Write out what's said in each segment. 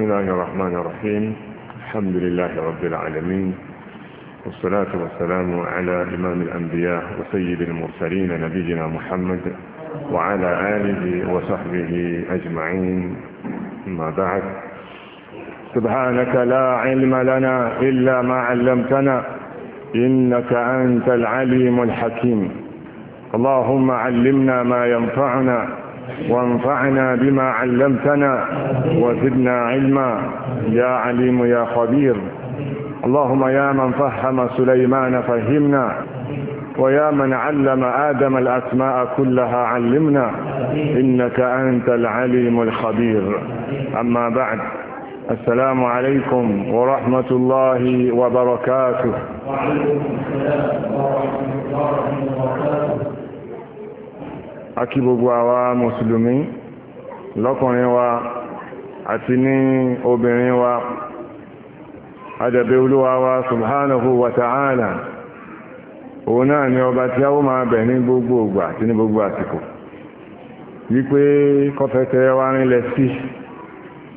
بسم الله الرحمن الرحيم الحمد لله رب العالمين والصلاة والسلام على إمام الأنبياء وسيد المرسلين نبينا محمد وعلى آله وصحبه أجمعين ما بعد سبحانك لا علم لنا إلا ما علمتنا إنك أنت العليم الحكيم اللهم علمنا ما ينفعنا وانفعنا بما علمتنا وزدنا علما يا عليم يا خبير اللهم يا من فهم سليمان فهمنا ويا من علم آدم الأسماء كلها علمنا إنك أنت العليم الخبير أما بعد السلام عليكم ورحمة الله وبركاته وعليكم السلام ورحمة الله وبركاته akí gbogbo àwa mùsùlùmí lọ́kùnrin wa àti ní obìnrin wa adẹ̀bẹ̀ wa subhanahu wa ta'ala òun náà ni ọba tí a ó máa bẹ̀ ní gbogbo ògbà àti ní gbogbo àsìkò wípé kọfẹ́tẹ́ wa rinlẹ̀ sí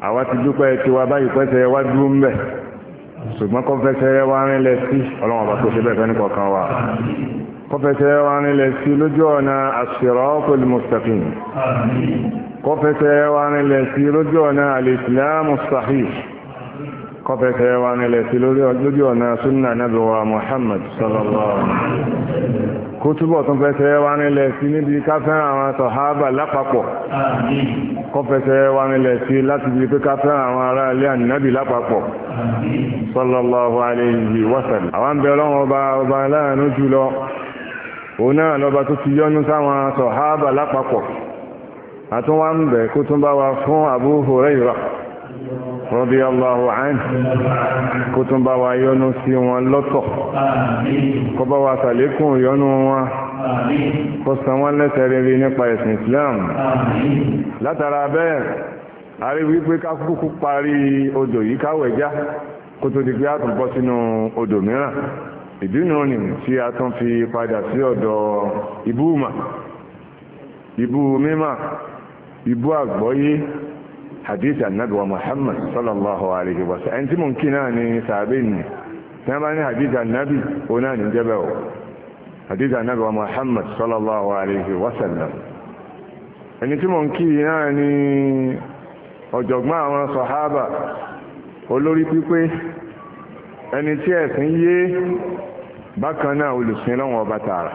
àwa ti dúpẹ́ tí wa báyìí pẹ́tẹ́ wa dúró ń ṣùgbọ́n kọfẹ́tẹ́ wa rinlẹ̀ sí ọlọ́wọ́n bá tó ṣe bẹ́ẹ̀ fẹ́ ní kọ̀ọ̀kan wa kọfẹsẹ̀ wa nílẹ̀ sí lójú ọ̀nà as-siratul mustaqim kọfẹsẹ̀ wa nílẹ̀ sí lójú ọ̀nà al-islamu sahih kọfẹsẹ̀ wa nílẹ̀ sí lójú ọ̀nà súnà nàbíwa Muhammad sallallahu kó sallallahu alayhi wa sallam àwọn bẹ̀rẹ̀ ọba ọba aláàánú òun náà lọ́ba tó ti yọ́nú sáwọn sọ̀hábà lápapọ̀ àtún wá ń bẹ̀ kó tún bá wa fún Abu Hurairah radiyallahu anhu kó tún bá wa yọ́nú sí wọn lọ́tọ̀ kó bá wa sàlékún yọ́nú wọn kó san wọ́n lẹ́sẹ̀ rere nípa ẹ̀sìn Islam látara bẹ́ẹ̀ a rí wípé ká kúkú parí odò yìí káwẹ̀ já kó tó di pé a tún bọ́ sínú odò mìíràn Ebi tí a tún fi padà sí ọ̀dọ̀ ibú mà ibú mímà ibú àgbọ́yé hadith muhammad sallallahu alaihi wasu, ẹni tí mo kí náà ni sàbẹ̀ ni tí bá ní hadith annabi ó náà ní jẹ́bẹ̀ hadith muhammad sallallahu alaihi wasallam. ẹni tí mo kí náà ni ọ̀jọ̀gbọ́n àwọn bákan náà olùsìn ọba tààrà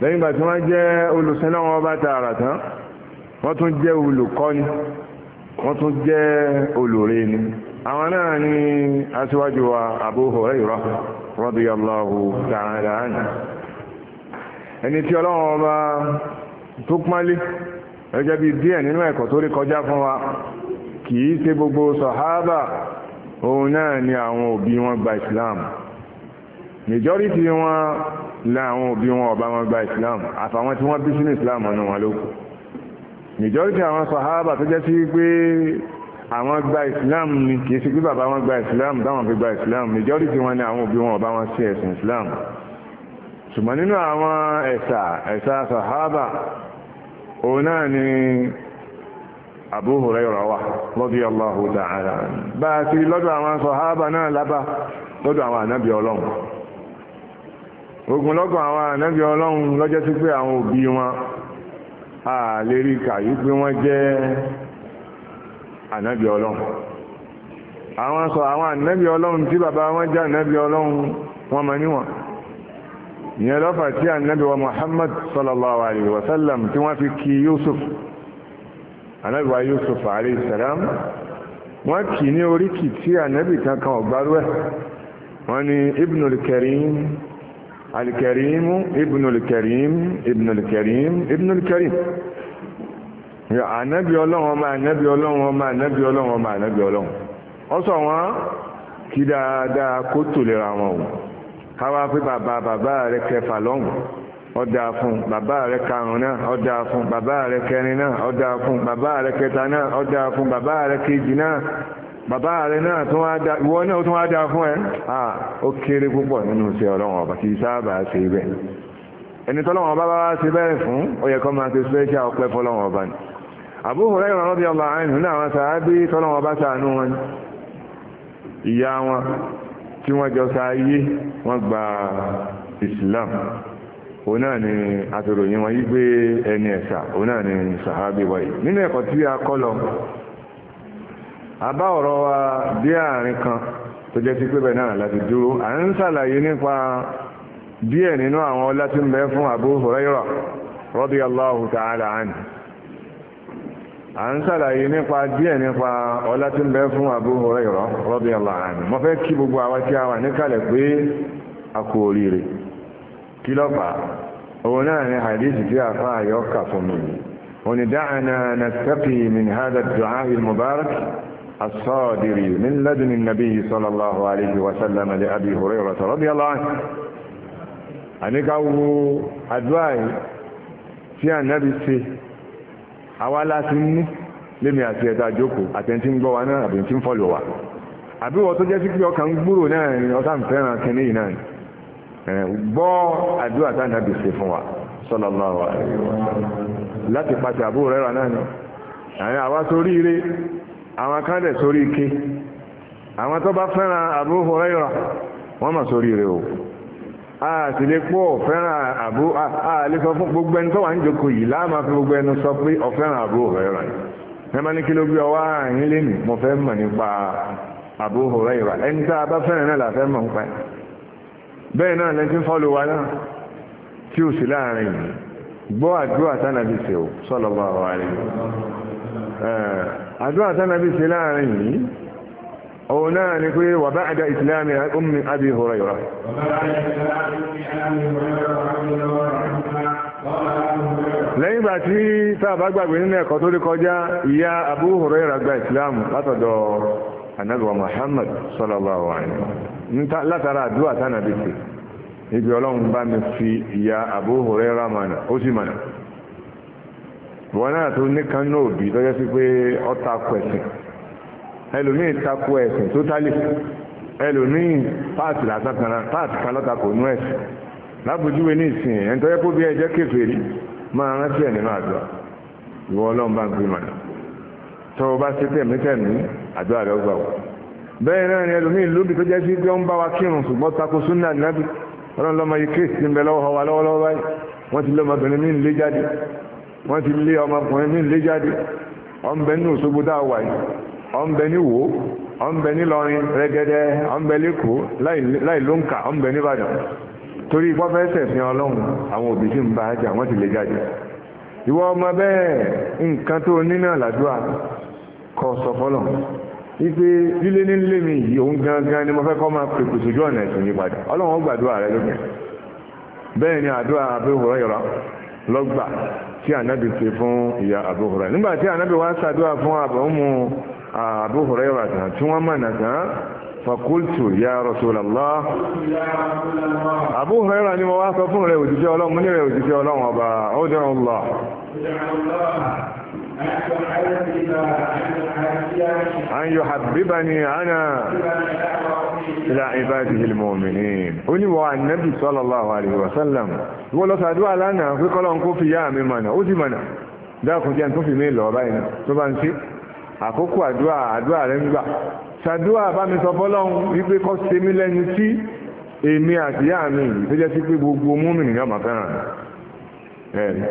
lẹ́yìn tí wọ́n jẹ́ ọba tààrà tán wọ́n tún jẹ́ olùkọ́ni wọ́n tún jẹ́ olùre ni àwọn náà ni aṣíwájú wa Abu Hurairah radiyallahu ta'ala anhu ẹni tí ọlọ́wọ́ ọba tó pọ́nlé ẹjẹ́ díẹ̀ nínú ẹ̀kọ́ tó rí kọjá fún wa gbogbo òun náà ni àwọn òbí wọn gba ìsìláàmù majority wọn láwọn òbí wọn ọba wọn gba islam àfàwọn tí wọ́n bí sínú islam ọ̀nà wọn lókù majority àwọn sahaba tó jẹ́ sí pé àwọn gba islam ni kìí sí pé bàbá wọn gba islam dáwọn fi gba islam majority wọn ni àwọn òbí wọn ọba wọn sí ẹ̀sìn islam ṣùgbọ́n nínú àwọn ẹ̀sà ẹ̀sà sahaba òun náà ni Abu Hurairah wà radiyallahu ta'ala bá a ti lọ́dọ̀ àwọn sahaba náà lábá lọ́dọ̀ àwọn ànábì ọlọ́run ogunlọ́gọ̀ àwọn ànábì ọlọ́run lọ́jọ́ sí pé àwọn òbí wọn a lè rí kàyí pé wọ́n jẹ́ ànábì ọlọ́run àwọn sọ àwọn ànábì ọlọ́run tí bàbá wọn jẹ́ ànábì ọlọ́run wọn mọ̀ níwọ̀n ìyẹn lọ́fà tí ànábì wa Muhammad sallallahu alayhi wa sallam tí wọ́n fi kí Yusuf ànábì wa Yusuf alayhi salam wọ́n kì ní oríkì tí ànábì الكريم ابن الكريم ابن الكريم ابن الكريم ànábì ọlọ́run ọmọ ànábì ọlọ́run ọmọ ànábì ọlọ́run ọmọ ànábì ọlọ́run ọ sọ wọn kí dáadáa kó tò lera wọn o káwá pé bàbá bàbá rẹ kẹfà lọ́hùn ó dáa fún bàbá rẹ karùn náà ó dáa fún bàbá rẹ kẹrin náà ó dáa fún bàbá rẹ kẹta náà ó dáa fún bàbá rẹ kejì náà bàbá rẹ̀ náà tún wá dá ìwọ náà tún wá dá fún ẹ ó kéré púpọ̀ nínú ṣe ọlọ́run ọba kì í sábà ṣe ibẹ̀ ẹni tọ́lọ́run ọba bá wá ṣe bẹ́ẹ̀ fún ó yẹ kó máa ṣe special ọpẹ́ fọ́lọ́run ọba ni Abu Hurairah radiyallahu anhu náà wọn sàábí tọ́lọ́run ọba sàánú wọn ni ìyá wọn tí wọ́n jọ sáyé wọ́n gba Islam òun náà ni àtòròyìn wọn yí pé ẹni ẹ̀sà òun náà ni a kọ́ àbá ọ̀rọ̀ wa bí àárín kan tó jẹ́ sí pé náà láti dúró à ń sàlàyé nípa díẹ̀ nínú àwọn fún Abu ta'ala à ń sàlàyé nípa díẹ̀ nípa fẹ́ gbogbo àwọn tí a wà níkàlẹ̀ pé a kí lọ́pàá òun náà ni hadithi tí a fa àyọ́kà fún mi òní min الصادر من لدن النبي صلى الله عليه وسلم لأبي هريرة رضي الله عنه a nábi ṣe àwa láti ní lémi àti ẹ̀ta jókòó àtẹ̀ntí ń gbọ́ wa náà àbí tí ń fọ́lù wa àbíwọ̀ tó jẹ́ sí pé ọkàn gbúrò náà ni ọ̀sán fẹ́ràn kìíní yìí náà gbọ́ àdúrà tá sallallahu àwọn kan dẹ̀ sórí ike àwọn tó bá fẹ́ràn Abu Huraira wọ́n mà sórí rẹ̀ o a sì lè pọ̀ fẹ́ràn àbú a lè sọ fún gbogbo ẹni tó wà ń jòkó yìí láàmà fún gbogbo ẹni sọ pé ọ̀fẹ́ràn Abu Huraira ẹ̀mà ní kí ló gbé ọwá mo fẹ́ mọ̀ Abu Huraira ẹni tá a bá fẹ́ràn náà gbọ́ àdúrà tánàbí ṣe ò sallallahu Eh, àdúrà tánàbí ṣe láàrin yìí òun náà ni pé wà bá àdá ìsìlámi ọmọ Abi Hurairah lẹ́yìn ìgbà tí tàbá gbàgbé nínú ẹ̀kọ́ tó rí kọjá ìyá Abu Hurairah gba ìsìlámù látọ̀dọ̀ anábíwa Muhammad sallallahu alaihi wasallam látara àdúrà tánàbí ibi fi Abu mana wọn náà tó nìkan náà òbí lọ́jọ́ sí pé ó takò ẹ̀sìn ẹlòmíì takò ẹ̀sìn tó tálè ẹlòmíì páàtì lásán kan páàtì kan lọ́takò nú ẹ̀sìn lábùjúwe ní ìsìn ẹ̀ ń tọ́jọ́ kó bí ẹjẹ́ kéferì máa rántí ẹ̀ nínú àdúrà ìwọ ọlọ́run bá ń pè màdà tó o bá ṣe tẹ̀mí tẹ̀mí àdúrà rẹ̀ gbà wọ́ bẹ́ẹ̀ náà ni ẹlòmíì lóbi tó jẹ́ sí pé ó ń bá wa kírun ṣùgbọ́n takò súnà nábì ọlọ́run lọ́mọ yìí kéèsì ń bẹ lọ́wọ́ wọ́n ti lé ọmọkùnrin ní ilé jáde ọ̀nbẹ ní Òṣogbo dáwà yìí ọ̀nbẹ ní Wó ọ̀nbẹ ní Lọrin rẹ́gẹ́dẹ́ ọ̀nbẹ lẹ́kọ̀ọ́ láì ló ń kà torí ọlọ́run àwọn òbí sì ń bá wọ́n ọmọ bẹ́ẹ̀ nǹkan tó sọ mi yìí òun gangan ni mo fẹ́ kọ́ máa ọ̀nà ẹ̀sìn yìí padà ọlọ́run ó bẹ́ẹ̀ lọ́gbà tí ànábì ṣe fún ìyá Abu Hurairah nígbà tí ànábì wá ṣàdúrà fún àbọ̀mù Abu Hurairah tàn tí wọ́n mọ̀nà tán fakultu ya Rasulallah Abu Hurairah ni mo wá sọ fún rẹ̀ òjíṣẹ́ Ọlọ́run ọba ọdún Allah an yuhabbibani ana ila ibadihi almu'minin ó ní wọ́n annabi sallallahu alaihi wasallam wọ́n lọ sàdúwà lánàá pé kọ́lọ̀ kó fi yá mi mọ̀nà ó sì mọ̀nà dákùn jẹ́ tó fi mí lọ báyìí tó bá ń sí àkókò àdúà àdúà rẹ̀ ń gbà sàdúà bá mi sọ fọ́lọ́hun wípé kọ́ sí mi lẹ́ni tí èmi àti yá mi tó jẹ́ sí pé gbogbo múmìnì náà mà fẹ́ràn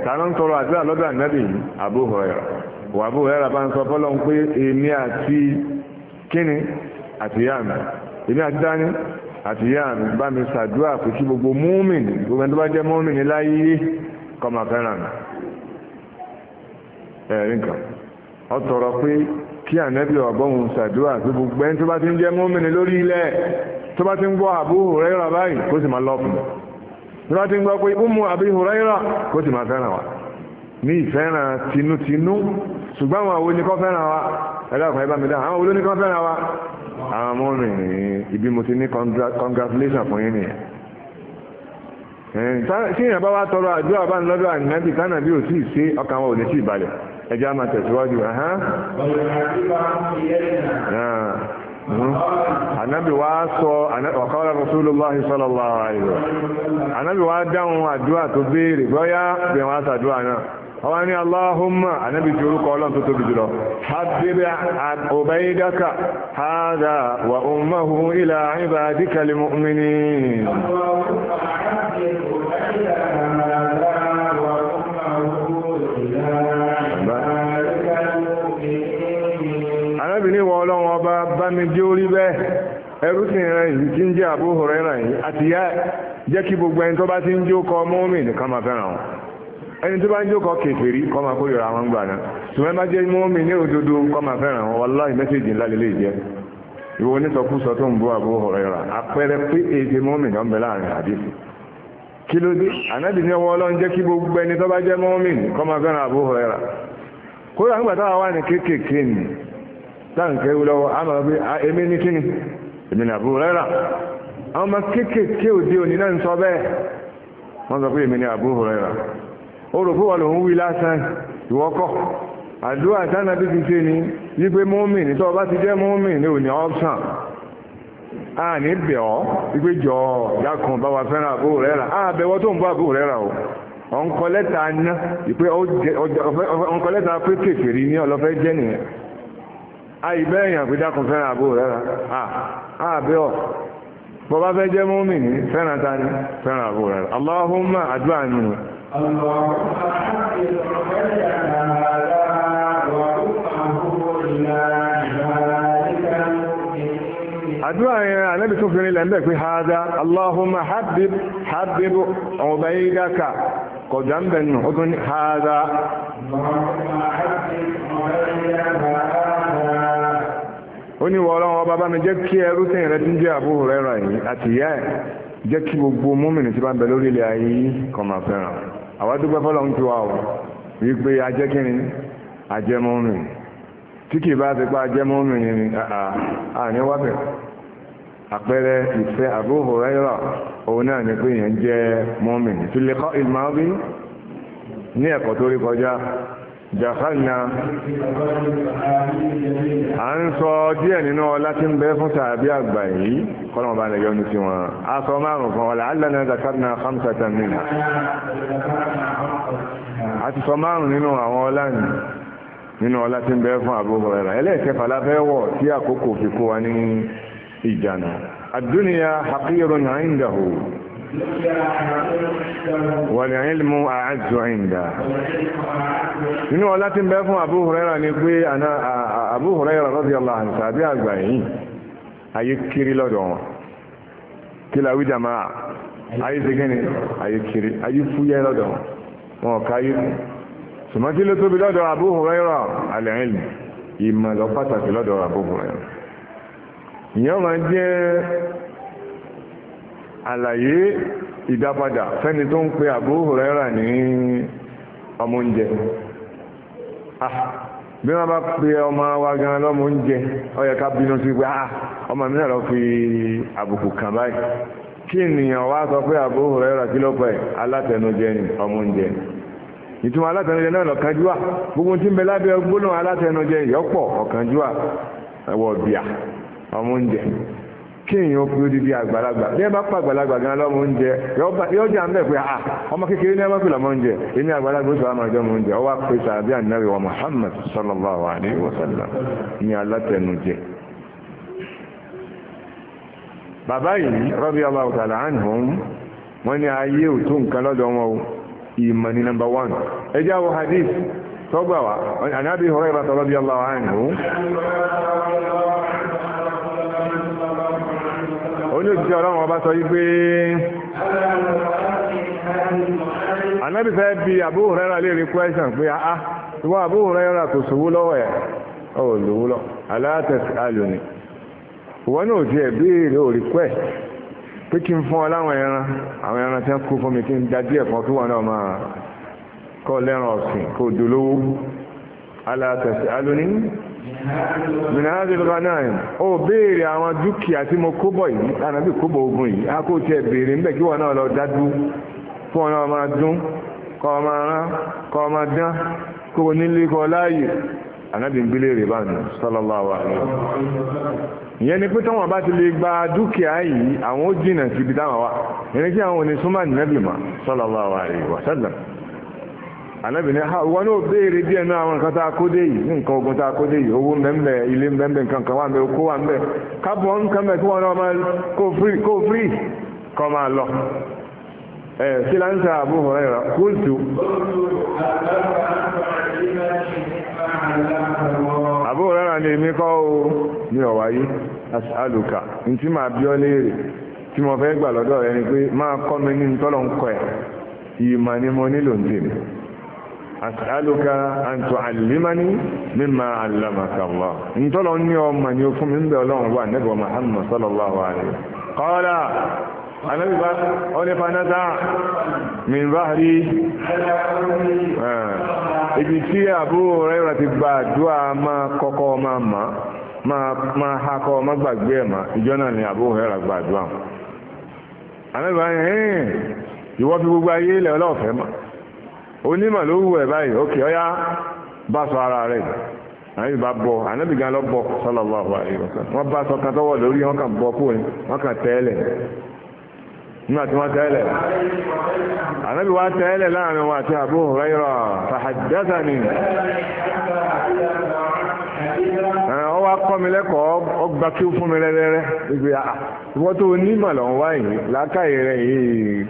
tààrà ń tọrọ àdúrà lọ́dọ̀ ànábì Abu Hurairah wà Abu Hurairah bá ń sọ fọ́lọ́ pé èmi àti kíni àti yá mi èmi àti dání àti yá mi bá mi ṣàdúrà pé kí gbogbo múmin gbogbo ẹni tó bá jẹ́ múmin láyé kó máa fẹ́ràn mi ẹ̀rí nǹkan ọ tọrọ pé kí ànábì ọ̀bọ̀hún ṣàdúrà pé gbogbo ẹni tó bá ti ń jẹ́ múmin lórí ilẹ̀ tó bá ti ń gbọ́ Abu Hurairah báyìí kó sì máa lọ́ọ̀fù lọ́wọ́ ti ń gbọ́ pé Ummu Abi Huraira kó sì máa fẹ́ràn wa ní ìfẹ́ràn tinútinú ṣùgbọ́n àwọn àwọn oníkọ́ fẹ́ràn wa ẹlẹ́kọ̀ọ́ ẹbá mi dá àwọn olóníkọ́ fẹ́ràn wa àwọn mọ́rin ibi mo ti ní congratulation fún yín nìyẹn tí ìyàn bá wá tọrọ àdúrà bá ń kánà bí ò sí ìṣe ọkàn wọn ò ní sí ìbalẹ̀ a máa tẹ̀síwájú anábì wá sọ ọ̀kọ́lá rasulullah sallallahu alaihi wa anábì wá dáhùn àdúrà tó béèrè bọ́yá bẹ̀rẹ̀ wá sàdúrà náà wọ́n ní aláhùnmá anábì tí orúkọ ọlọ́run tó tóbi jùlọ habbibá ubaydaka hadha wa ummahu ila ibadikal mu'minin arábìnrin wọn ọlọ́wọ́n ọba bá mi dé orí bẹ́ẹ̀ ẹrú sì rẹ̀ yìí tí ń jẹ́ Abu Hurairah àti jẹ́ kí gbogbo ẹni tó bá ti ń jókọ mọ́mìn nìkan máa fẹ́ràn wọn ẹni tó bá ń jókọ kèfèrí kọ́ máa kórìíra wọn gbà náà ṣùgbọ́n bá jẹ́ mọ́mìn ní òdodo kọ́ máa fẹ́ràn wọn mẹ́sẹ̀jì ńlá lélẹ́ ìjẹ́ ìwọ onítọ̀kùsọ tó ń bú táǹkẹ́ lọ́wọ́ a máa bí èmi ní kíni èmi ní àbúrò rẹ́rà àwọn ọmọ kéékèèké òde òní náà ń sọ bẹ́ẹ̀ wọ́n sọ pé èmi ní àbúrò rẹ́rà ó rò pé wí lásán ìwọ́kọ̀ àdúrà bí ti ṣe ni wípé mọ́mìn ní tọ́ bá ti jẹ́ ní òní ọ́pṣàn a ní bẹ̀ ọ́ wípé jọ bá fẹ́ràn àbúrò rẹ́rà a bẹ̀wọ́ tó ń àbúrò rẹ́rà o àìbẹ́ èèyàn pé dákun fẹ́ràn àbúrò rẹ̀ àbẹ́ ọ̀ bọ́bá fẹ́ jẹ́ mọ́mì ní fẹ́ràn ta ni fẹ́ràn àbúrò rẹ̀ Allahumma àdúrà nù. Allahumma àdúrà yẹn ànábì tó fìrin lẹ́m̀bẹ̀ pé haza allahumma habib habib ubaydaka kọjá ń bẹ̀nu ó tún ní haza ó ní wọ́n ọlọ́run ọba bá mi jẹ́ kí ẹrú sẹ́yìn rẹ ti ń jẹ́ àbúrò rẹ rà yìí àti ìyá ẹ̀ jẹ́ kí gbogbo múmìnì tí bá ń bẹ lórí ilẹ̀ ayé kó máa fẹ́ràn àwa dúpẹ́ fọlọ́run ti wà ó wípé ajẹ́kínrin ajẹ́mọ́mìnì tí kì bá ti pa ajẹ́mọ́mìnì ni àníwábẹ̀ àpẹẹrẹ ìfẹ́ Abu Hurairah òun náà ni pé èèyàn jẹ́ mọ́mìn ìtúlẹ̀kọ́ ìlmáwí ní ẹ̀kọ́ tó rí kọjá jàfánà a ń sọ díẹ̀ nínú ọlá tí ń bẹ fún sàbí àgbà yìí kọ́lọ̀mọ̀ bá lẹ́yọ́ ní sí wọn a sọ márùn-ún fún ọlá alẹ́nà zakarna khamsatan minha a ti sọ márùn nínú àwọn ọlá yìí nínú ọlá tí ń bẹ fún Abu Hurairah ẹlẹ́ẹ̀kẹfà láfẹ́ wọ̀ tí àkókò fi kó wa ní ìjànà àdúnìyà àkírùn àìndàhù wàlẹ̀ àìlmù àájò àìndà nínú ọlá tí ń bẹ fún Abu Hurairah ní pé Abu Hurairah radiyallahu anhu tàbí àgbà yìí ayé kiri lọ́dọ̀ wọn kí la wí jàmáà ayé segẹ́ni ayé kiri ayé fúyẹ́ lọ́dọ̀ wọn wọn ká ayé kù sùmọ́tí ló tóbi lọ́dọ̀ Abu Hurairah àlẹ́ àìlmù pàtàkì lọ́dọ̀ Abu ìyẹn máa jẹ́ àlàyé ìdápadà fẹ́ni tó ń pe Abu Huraira ní ọmọ oúnjẹ ah, bí wọ́n bá pe ọmọ wa gan lọ́mọ oúnjẹ ó yẹ ká bínú sí pé ah, ọmọ mi lọ fi àbùkù kàn báyìí kí ènìyàn wá sọ pé Abu Huraira kí ló pẹ̀ alátẹnujẹ ni ọmọ oúnjẹ ìtumọ̀ alátẹnujẹ náà lọ̀kánjúwà gbogbo tí ń bẹ lábẹ́ gbóná alátẹnujẹ yọpọ̀ ọ̀kánjúwà ẹwọ̀ bíà ọmọ oúnjẹ kí odi bí àgbàlagbà bí ẹ bá pa àgbàlagbà gan lọ́mọ oúnjẹ yóò jẹ́ àmì ẹ̀pẹ́ à ah, ọmọ kékeré ní ẹ bá fi lọ́mọ oúnjẹ èmi àgbàlagbà oṣù àmọ́ mọ oúnjẹ àpè sàbí wa Muhammad sallallahu alayhi wa sallam ní bàbá yìí ayé nǹkan lọ́dọ̀ wọn o ìmọ̀ nọmba hadith tọ́gbà wa oníòjíṣẹ́ ọlọ́run ọba sọ wípé anábì fẹ́ bi Abu Huraira lè rí kwẹ́sàn pé àá ìwọ Abu Huraira kò sówó lọ́wọ́ ẹ̀ ọ̀ lówó lọ alátẹ̀sí alòní ìwọ náà ti ẹ̀ béèrè ò rí kwẹ́ pé kí n fún ọ ẹran àwọn ẹran tí wọ́n kú fún mi kí n da díẹ̀ kan kí wọ́n náà máa kọ́ lẹ́ran ọ̀sìn kó dolówó alátẹ̀sí alòní minazil ghanaim ó béèrè àwọn dúkìá tí mo kó bọ̀ yìí ànábì kó bọ̀ ogun yìí a kò tiẹ̀ béèrè ńbẹ̀ kí wọ́n náà lọ dájú fún ọ̀nà ọmọ dún kọ́ ọmọ rán kọ́ ọmọ dán kó o nílé kọ́ láàyè ànábì ń bílé rè báyìí sallallahu alaihi wasallam ìyẹn ni pé táwọn bá ti lè gba dúkìá yìí àwọn ó jìnà síbi táwọn wà ìyẹn ni kí àwọn ò ní súnmọ́ ànábì mọ́ sallallahu alaihi wasallam anábì ní wọn ha béèrè díẹ̀ náà àwọn nǹkan tá a kó dé yìí ní nǹkan ogun tá a kó dé yìí owó mbẹ́mbẹ́ ilé mbẹ́mbẹ́ nǹkan kan wà mbẹ́ okó wà mbẹ́ kábọ̀ nǹkan tí náà máa kó firi kó firi kọ́ máa lọ. ẹ kí ló ń sa Abu Huraira kúùtù. ni ni as'aluka an tu'allimani mimma 'allamaka Allah ntọ́lọ ní ọmọ ni ó fún mi ń bẹ ọlọ́run wà nẹ́bọ̀ Muhammad sallallahu alaihi qala anábì bá ọlẹ́ fanata min bahri ibi tí àbúrò rẹ̀ rà ti gba àdúrà máa kọ́kọ́ máa máa máa ha kọ́ ọmọ gbàgbé ẹ̀mà ìjọ náà ni àbúrò rẹ̀ rà gba àdúrà wọn. yẹn ìwọ́ fi gbogbo ayé ilẹ̀ ọlọ́ọ̀fẹ́ máa onímọ̀ ló wù ẹ̀ báyìí ókè bá sọ ara rẹ̀ àyìn bá bọ̀ ànábì gan lọ bọ̀ sallallahu alaihi wasallam wọ́n bá sọ kan lórí wọn kàn bọ̀ kúrò ní wọ́n kàn tẹ́lẹ̀ nígbà tí wọ́n tẹ́lẹ̀ ànábì wá tẹ́lẹ̀ láàrin wọn àti Abu Hurairah fahaddathani ọ wá kọ́ mi lẹ́kọ̀ọ́ ọgbà kí ó fún mi rẹ́rẹ́rẹ́ ibi àà ìwọ́n tó onímọ̀ lọ́wọ́ lákàyè rẹ̀ yìí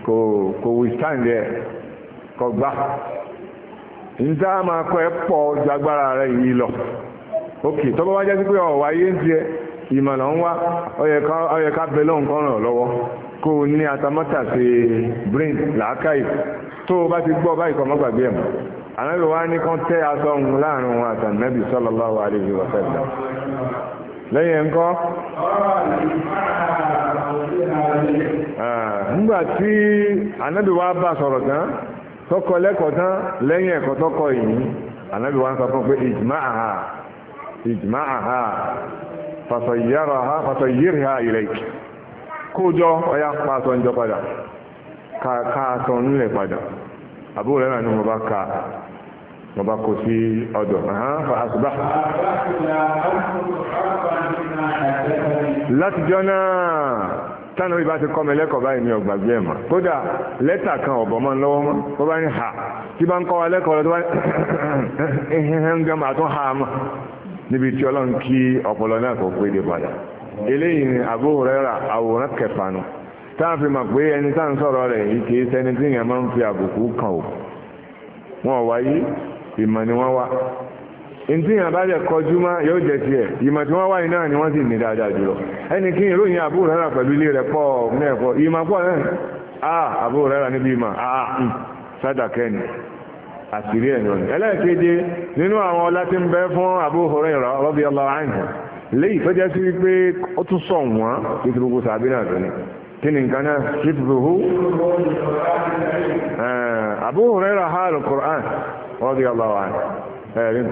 kò ẹ̀ kọgbá níta máa kọ́ ẹ pọ̀ jagbára rẹ yìí lọ òkè tọ́gbọ́n wá sí pé ọ̀wá yé ń tiẹ̀ ìmọ̀nà ń wá ọyẹ ká bẹ lóhùn kan ràn lọ́wọ́ kó o ní atamátà sí brain làákàyè tó o bá ti gbọ́ báyìí kọ́ mọ́gbàgbé ẹ̀ mọ́ ànábì wa ní kán tẹ́ aṣọ láàrin lẹ́yìn ẹ̀ńkọ́ ah, nígbà tí ànábì bá sọ̀rọ̀ tọkọ lẹ́kọ̀ọ́ tán lẹ́yìn ẹ̀kọ́ tọkọ yìí ànábì wa ń sọ fún pé ìjìmá ìjìmá ha ilẹ̀ kójọ ọya pàṣọ ìjọ padà káàṣọ nílẹ̀ padà àbúrò rẹ̀ ni mo bá ka mo bá kó sí ọ̀dọ̀ fa àṣùbá lati jọ náà tánà bí bá ti kọ́ mi lẹ́kọ̀ọ́ báyìí ní ọgbàgbé ẹ̀ mọ́ kódà lẹ́tà kan ọ̀bọ̀ mọ́ lọ́wọ́ mọ́ tó bá ní ha tí bá ń kọ́ wa lẹ́kọ̀ọ́ lọ́tọ́ bá ní ẹ̀hẹ́n gan máa tún ha mọ́ níbi tí ọlọ́run kí ọpọlọ náà kò pé dé padà eléyìí ni Abu Hurairah àwòrán kẹfà nù táà fi mọ̀ pé ẹni táà ń sọ̀rọ̀ rẹ̀ yìí kì í sẹ́ni tí ìyẹn máa ń fi àbùkù kàn ò wọ́n wáyé ìmọ̀ ni wọ́n wá ntí yàn bá lè kọjú má yóò jẹ tiẹ̀ ìmọ̀ tí wọ́n wáyé náà ni wọ́n sì ní dáadáa jùlọ ẹni kí ìròyìn àbúrò rárá pẹ̀lú ilé rẹ̀ pọ̀ mẹ́ẹ̀kọ́ ìmọ̀ pọ̀ náà à àbúrò rárá níbi ìmọ̀ à sádàkẹ́ni àṣírí ẹ̀ lónìí ẹlẹ́ẹ̀keje nínú àwọn ọlá fún léyìí sí ó tún sọ wọ́n sàbí náà tó ní kí ni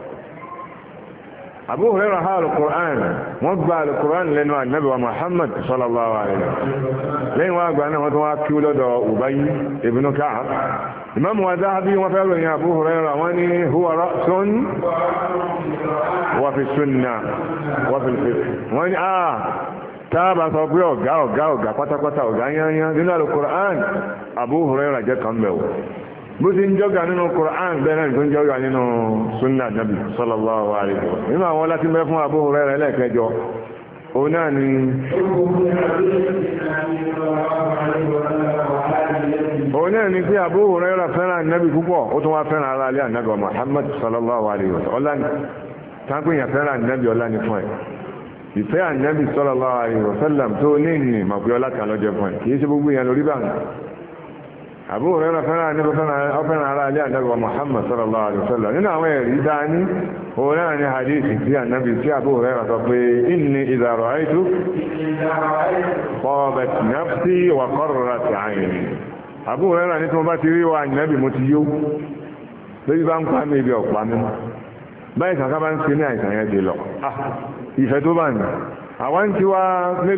Abu Huraira ha alukur'an wọ́n gba alukur'an lẹ́nu ànábì wa Muhammad sallallahu alayhi wa sallam lẹ́yìn wá gba náà wọ́n tún wá kí lọ́dọ̀ Ubay ibn Ka'ab Imam wa Zahabi wọ́n fẹ́ ròyìn Abu Huraira wọ́n ní huwa ra'sun wa fi sunna wa fi fiqh wọ́n ní ah táàbà sọ pé ọ̀gá ọ̀gá ọ̀gá pátápátá ọ̀gá yányán nínú alukur'an Abu Huraira jẹ́ kan bẹ̀wò bó ti ń jọ́gà nínú Qur'an bẹ́ẹ̀rẹ̀ tó ń jọ́gà nínú sunna nabi sallallahu alaihi wa nínú àwọn láti mẹ́ fún Abu Hurairah lẹ́ẹ̀kẹjọ òun náà ni òun náà ni pé Abu Hurairah fẹ́ràn nabi púpọ̀ ó tún wá fẹ́ràn ara alẹ́ ànábì Muhammad sallallahu alaihi wa ọlá ni tágbìyàn fẹ́ràn nabi ọlá ni fún ẹ̀ ìfẹ́ ànábì sallallahu alaihi wa sallam tó ní ìnì màpé ọlá fún ẹ̀ kì ṣe gbogbo ìyàn lórí báyìí àbú òrẹ́rẹ́ fẹ́ràn àníbọ̀ fẹ́ràn ara alẹ́ àdágbà Muhammad sallallahu alaihi wasallam nínú àwọn ẹ̀rí dání òrẹ́rẹ́ ní hadithi tí ànábi tí àbú òrẹ́rẹ́ sọ pé inni idha ra'aytu tabat nafsi wa qarrat 'ayni àbú òrẹ́rẹ́ ní tí mo bá ti rí wa ànábi mo ti yó lórí bá ń pa mí ibi ọ̀pá ah, mi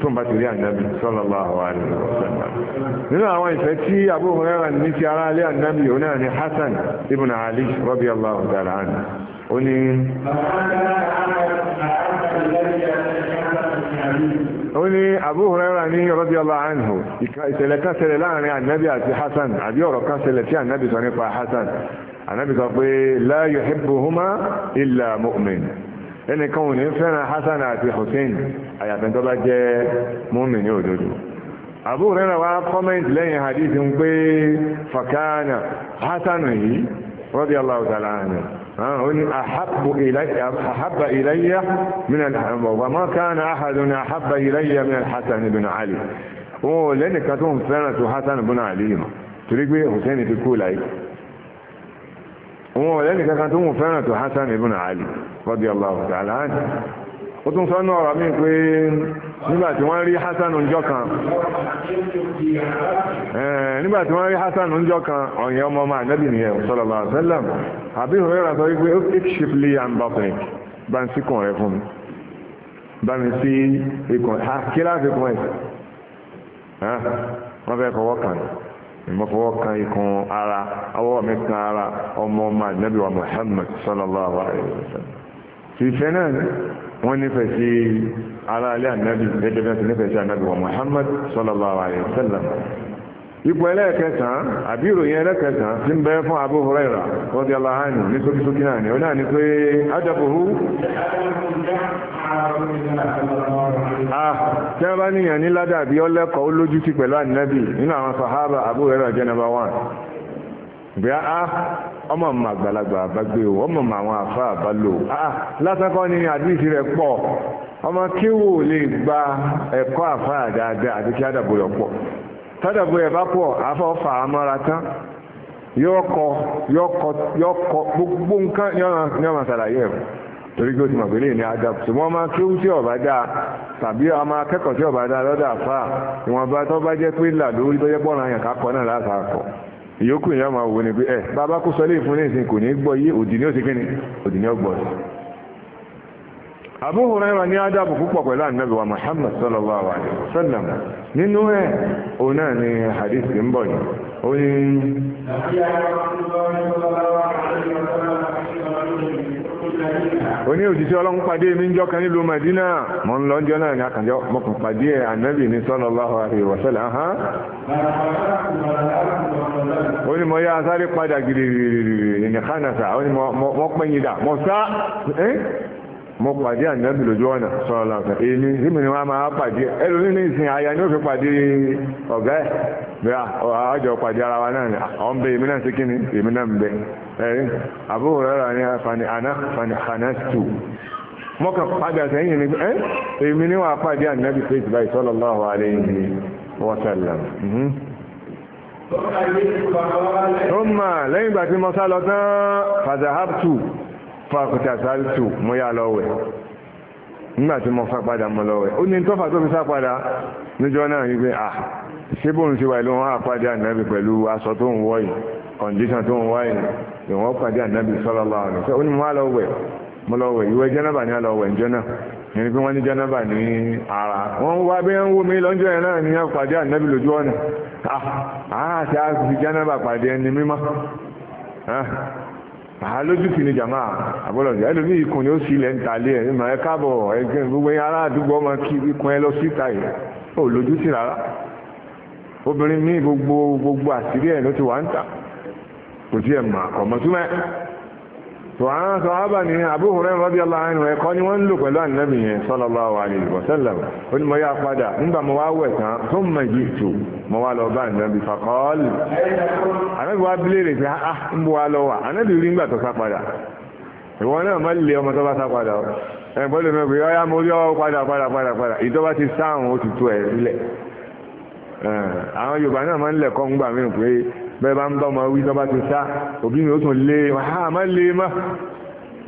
tó ń bá ti rí ànábì sallallahu alaihi wasallam nínú àwọn ìfẹ́ tí Abu Hurairah ní ti ara alẹ́ ànábì òun náà ni Hasan ibn Ali radiyallahu ta'ala anhu ó ní ó ní Abu Hurairah ní radiyallahu anhu ìṣẹ̀lẹ̀ kan ṣẹlẹ̀ láàrin ànábì àti Hasan àbí ọ̀rọ̀ kan ṣẹlẹ̀ tí ànábì sọ la yuhibbuhuma illa mu'min ẹnìkan ò ní fẹ́ràn Hasan àti Hussein àyàfẹ́ tó bá jẹ́ mùmínì òdodo Abu Hurairah wá kọ́mẹ́ntì lẹ́yìn hadith ń pé fàkánà Hasan yìí radiyallahu ta'ala anhu أن أحب إلي أحب إلي من الحب وما كان أحد أحب إلي من الحسن بن علي ولأن كتوم سنة حسن بن علي تريد حسين في wọn ọ̀rẹ́ nìkan kan tó ń fẹ́ràn tó Hassan ibn Ali radiyallahu ta'ala anhu ó tún sọ náà rà mí pé nígbà tí Hassan ńjọ́ kan eh, Hassan kan ọ̀yẹ́ ọmọ ọmọ ànábì nìyẹn sallallahu alaihi wasallam àbí ìhòòrẹ́ rà sọ wípé ó kéèkì ṣìfìlì ìmọ̀fọwọ́ kan ikùn ara awọ́ mi kan ara ọmọ ọmọ ànábì wa Muhammad sallallahu alayhi wa sallam fìfẹ́ náà wọ́n nífẹ̀ẹ́ sí ara alẹ́ ànábì gẹ́gẹ́ bí wọ́n ti sí ànábì wa Muhammad sallallahu alayhi wa sallam ipò ẹlẹ́ẹ̀kẹsàn-án àbí ìròyìn ẹlẹ́ẹ̀kẹsàn-án ti ń bẹ fún Abu Huraira rọ́dí aláhánù ní sókísókí náà ni ó náà ni pé ajabuhu ah, tí wọ́n bá níyàn ní ládàbí ọlẹ́kọ̀ọ́ lójú ti pẹ̀lú ànábì nínú àwọn sahaba Abu Huraira jẹ́ bí a ah, ọmọ mọ àgbàlagbà àbágbé o ọmọ mọ àwọn àfa àbálò ah, ni rẹ̀ pọ̀ ọmọ kíwò tọ́dọ̀bù ẹ̀ bá pọ̀ afọ́fà amọ́ra tán yọ́kọ yọ́kọ yọ́kọ gbogbo nǹkan ní ọmọ sàlàyé ẹ̀ torí pé o ti mọ̀ pé lè ní adab ṣùgbọ́n ọmọ akéwù tí ọ̀bá dáa tàbí ọmọ akẹ́kọ̀ọ́ tí ọ̀bá dáa lọ́dọ̀ àfà ìwọ̀nba tó bá jẹ́ pé là lórí tó jẹ́ pọ̀nà àyàn kákọ́ náà láta kọ̀ ìyókù ìyá ọmọ òwò ni pé ẹ bàbá kó sọ lè fún ní ìsìn kò ní gbọ́ yé òdì ní òsì kíni òdì ní ọgbọ́n Abu Hurairah ní ádàbù púpọ̀ pẹ̀lú ànábì wa Muhammad sallallahu alaihi wasallam nínú ẹ̀ òun náà ni hadith ń bọ̀ yìí ó ní oní òjíṣẹ́ ọlọ́run pàdé mi ń jọ́kan nílùú Madina mọ́ ń lọ́jọ́ náà ní àkànjọ́ mọ́kàn pàdé ẹ̀ ànábì ní sallallahu alaihi wasallam hàn ó ní mọ́ yá sáré padà gírígírí ìnìkánàsà ó ní mọ́ sá mo pàdé ànábì lójú ọ̀nà sọ̀rọ̀ èmi ni wọ́n máa pàdé ẹlòmí ní ìsìn àyà ni ó fi pàdé ọ̀gá ẹ̀ bí ọjọ́ pàdé ara wa náà ni ọ̀n bẹ èmi náà sí kíni èmi náà ń bẹ ẹ̀rí àbúrò rẹ̀ ni fani àná fani àná tù mo kàn padà sẹ́yìn ni ẹ́ èmi ni wọ́n pàdé ànábì fèsì báyìí sallallahu alayhi wa sallam. ala mhm. mà lẹ́yìn ìgbà tí mo sá lọ tán fákòtà sáàlùtù mo yà lọ́wẹ̀ nígbà tí mo fà padà mo lọ́wẹ̀ ó ní tọ́fà tó fi sá padà níjọ́ náà yí pé à ṣé bóun ti wà ló wọn àpàdé ànábì pẹ̀lú aṣọ tó ń wọ̀ yìí kọ̀ǹdíṣàn tó ń wọ̀ yìí ìwọ̀n pàdé ànábì sallallahu alaihi wasallam ó ní mo wà lọ́wẹ̀ mo lọ́wẹ̀ ìwẹ̀ jẹ́nàbà ní àlọ́wẹ̀ ìjọ náà ní pé wọ́n ní jẹ́nàbà ní ara wọ́n wá bí wọ́n wó mi lọ́jọ́ ẹ̀ náà ní àpàdé ànábì lójú ọ̀nà àti àti jẹ́nàbà pàdé ẹni mímọ́ àlójútì ni jàmá àbọ̀lọ̀ jẹ́ ẹlòmí ikùn ni ó sì ilẹ̀ ń talé ẹ̀ ní màá káàbọ̀ ẹgbẹ́ gbogbo yẹn ará àdúgbò ọmọ kí ikùn ẹ lọ síta yìí ó lójútì rárá obìnrin míì gbogbo gbogbo àṣírí ẹ̀ ló ti wà ń tà kò tí ẹ̀ mà ọ̀mọ̀túmẹ́ so àwọn sọ̀hábà ní Abu Hurairah radiyallahu anhu ẹ̀kọ́ ni wọ́n ń lò pẹ̀lú ànábì yẹn sallallahu alayhi wa sallam ó ní mo yá padà nígbà mo wá wẹ̀ tán tó mọ̀ yìí tù mo wá lọ bá ànábì faqala ànábì wá bílèrè pé ah, ah ń bọ̀ wá lọ wà ànábì rí ńgbà tó sá padà ìwọ náà má lè ọmọ tó bá sá padà ọ ẹ̀gbọ́n lè pé ọ bẹ́ẹ̀ bá ń bá ọmọ wí tó bá ti sá òbí mi ó tún lé e. ha má lé e má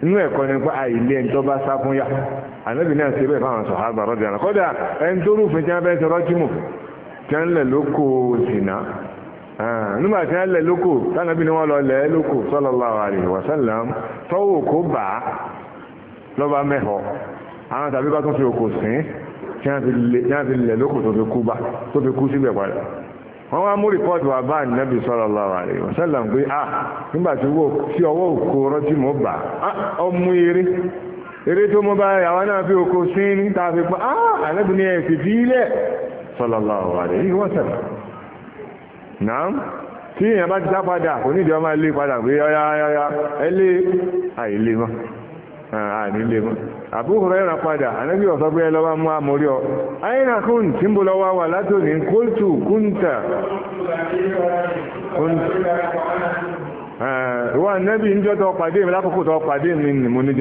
inú ẹ̀kọ́ ni pé àìlé ẹni tó bá sá fún yá ànábì náà ṣe bẹ́ẹ̀ fáwọn sọ̀hábà rọ́dì àná kódà ẹni tó rúfin tí wọ́n fẹ́ sọ rọ́jìmù tí wọ́n lẹ̀ lóko sìnà nígbà tí wọ́n lẹ̀ lóko tánàbí ni wọ́n lọ lẹ̀ lóko sallallahu alaihi wasallam tọ́wọ́ kó bà á lọ́ba mẹ́họ àwọn tàbí bá tún fi òkò sìn tí wọ́n fi lẹ̀ lóko tó fi kú síbẹ̀ padà wọ́n wá mú rìpọ́ọ̀tù wà bá ànábì sallallahu alaihi wasallam pé ah nígbà tí ọwọ́ òkú rọ́tí mọ́ bà ah, ọmú eré eré tó mọ́ bá àwọn náà fi oko sí ní tàbí pa ah ànábì ní ẹ̀sì fi ilẹ̀ sallallahu alaihi wasallam náà tí èèyàn bá ti sá padà onídìí ọmọ ilé padà pé ọyá ẹlé àìlè mọ́ ànílé mọ́ na rẹ̀ rà padà anábì ọ̀sọ́ pé mú àmórí ọ ayéna kún tí ń lọ́wọ́ wà látòní kóòtù kúńtà eh, ń jọ́tọ̀ pàdé mi lákòókò ni mo ní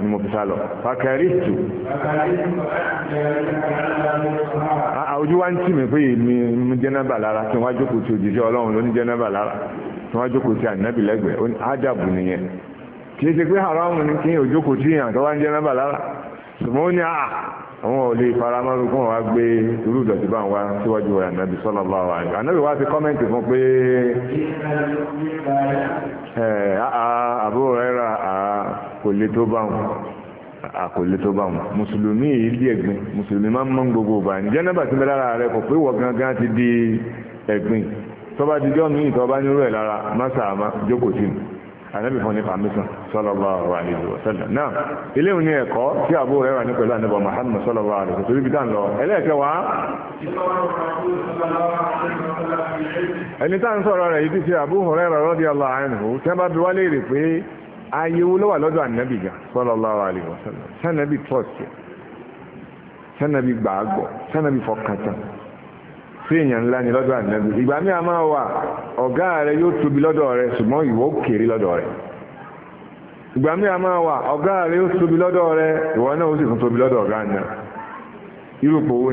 ni mo fi sá lọ ah, ah, wa ń tì mí pé mi jẹ́nàbà lára tí wọ́n á jókòó tí òjijì ọlọ́run ló ní jẹ́nàbà tí wọ́n á kìí ṣe pé haramu ní kí òjókòó tí yàn tó wá ń jẹ́ nọ́mbà lára ṣùgbọ́n ó ní àà ah! àwọn ò lè faramọ́rù kún wa gbé irú ìdọ̀tí bá ń wá síwájú ànábì sallallahu alaihi wasallam ànábì wá sí kọ́mẹ́ǹtì fún pé àbúrò rẹ́ra kò lè tó bá wọn kò lè tó bá wọn mùsùlùmí yìí dí ẹ̀gbin mùsùlùmí máa ń mọ́ gbogbo bá ní jẹ́nàbà tí mẹ́lára rẹ̀ kò pé wọ́n gangan ti di ẹ̀gbin tọ́ba dijọ́ mi ìtọ́ba nírú ẹ̀ lára má sàmá jókòó sí mi ànábì fún ní permission sallallahu alaihi wasallam náà ilé òní ẹ̀kọ́ tí àbú rẹ̀ wà ní pẹ̀lú ànábì Muhammad sallallahu alaihi wasallam torí bí dáà ń lọ ẹlẹ́ẹ̀kẹ́ wá. ẹni tá à ń sọ̀rọ̀ rẹ̀ yìí ti ṣe Abu Hurairah radiyallahu anhu tí wọ́n bá bi wálé rè pé ayé wo ló wà lọ́dọ̀ ànábì gan sallallahu alaihi wasallam sí èèyàn ńlá ni lọ́dọ̀ ìgbà wà ọ̀gá rẹ yóò tóbi lọ́dọ̀ rẹ ṣùgbọ́n ìwọ kéré lọ́dọ̀ rẹ ìgbà míì a wà ọ̀gá rẹ yóò tóbi lọ́dọ̀ rẹ ìwọ náà ó sì tún tóbi lọ́dọ̀ ọ̀gá náà owó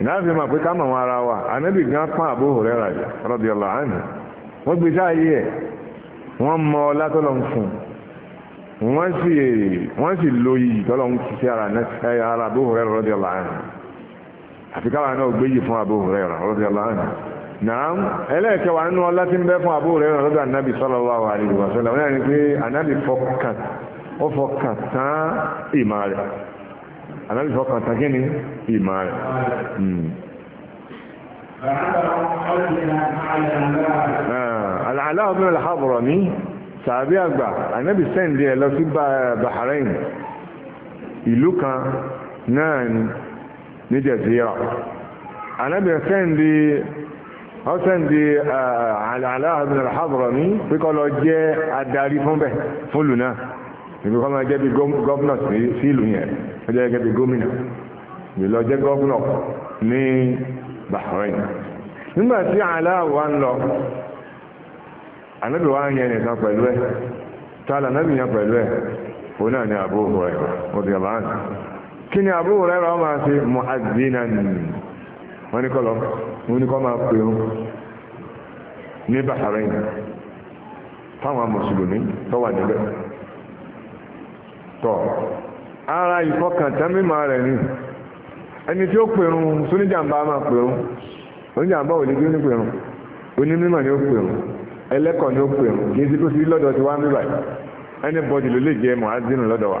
ni rẹ wá pé ká mọ̀ wọn ara wa ànábì gan àfi káwa náà gbéjì fún Abu Hurairah radiyallahu anhu náà ẹlẹ́ẹ̀kẹwà nínú ọlá tí ń bẹ fún Abu Hurairah lọ́dọ̀ anábì sallallahu alaihi wasallam wọ́n ní pé anábì fọkàn ó fọkàn tán ìmọ̀ rẹ̀ anábì fọkàn tán kí ni ìmọ̀ rẹ̀ hmm. ah, Al-Ala bin al-Hadrami sàbí àgbà anábì sẹ́ǹdì ẹ̀ lọ sí Bahrain ìlú kan náà ni Ni jẹ̀síra anábì sẹ́ndì ọ́sẹ́ndì aláàbìn alhábọ̀rọ̀ ní píkọ́ jẹ́ adarí fún bẹ̀ náà ìbí máa jẹ́ bí gọ́ọ̀nà sí ìlú yẹn ó jẹ́ bí gómìnà ìbí jẹ́ gọ́ọ̀nà ní Bahrain nígbà aláàwọ̀ ń lọ anábì yẹn nìkan pẹ̀lú ẹ̀ kí ni àbúrò rẹ̀ rọ máa ṣe mọ̀ àdínà wọ́n ní kọ́lọ̀ wọ́n ní kọ́ máa pè ó ní Bahrain fáwọn mùsùlùmí tó wà níbẹ̀ tọ́ ara rẹ̀ ni ẹni tí ó pèrún sóníjàmbá máa oníjàmbá ò bí ó ní pèrún onímímọ̀ ni ó ẹlẹ́kọ̀ọ́ ni ó kó sí lọ́dọ̀ tí ẹni bọ́dì ló lè jẹ́ wa.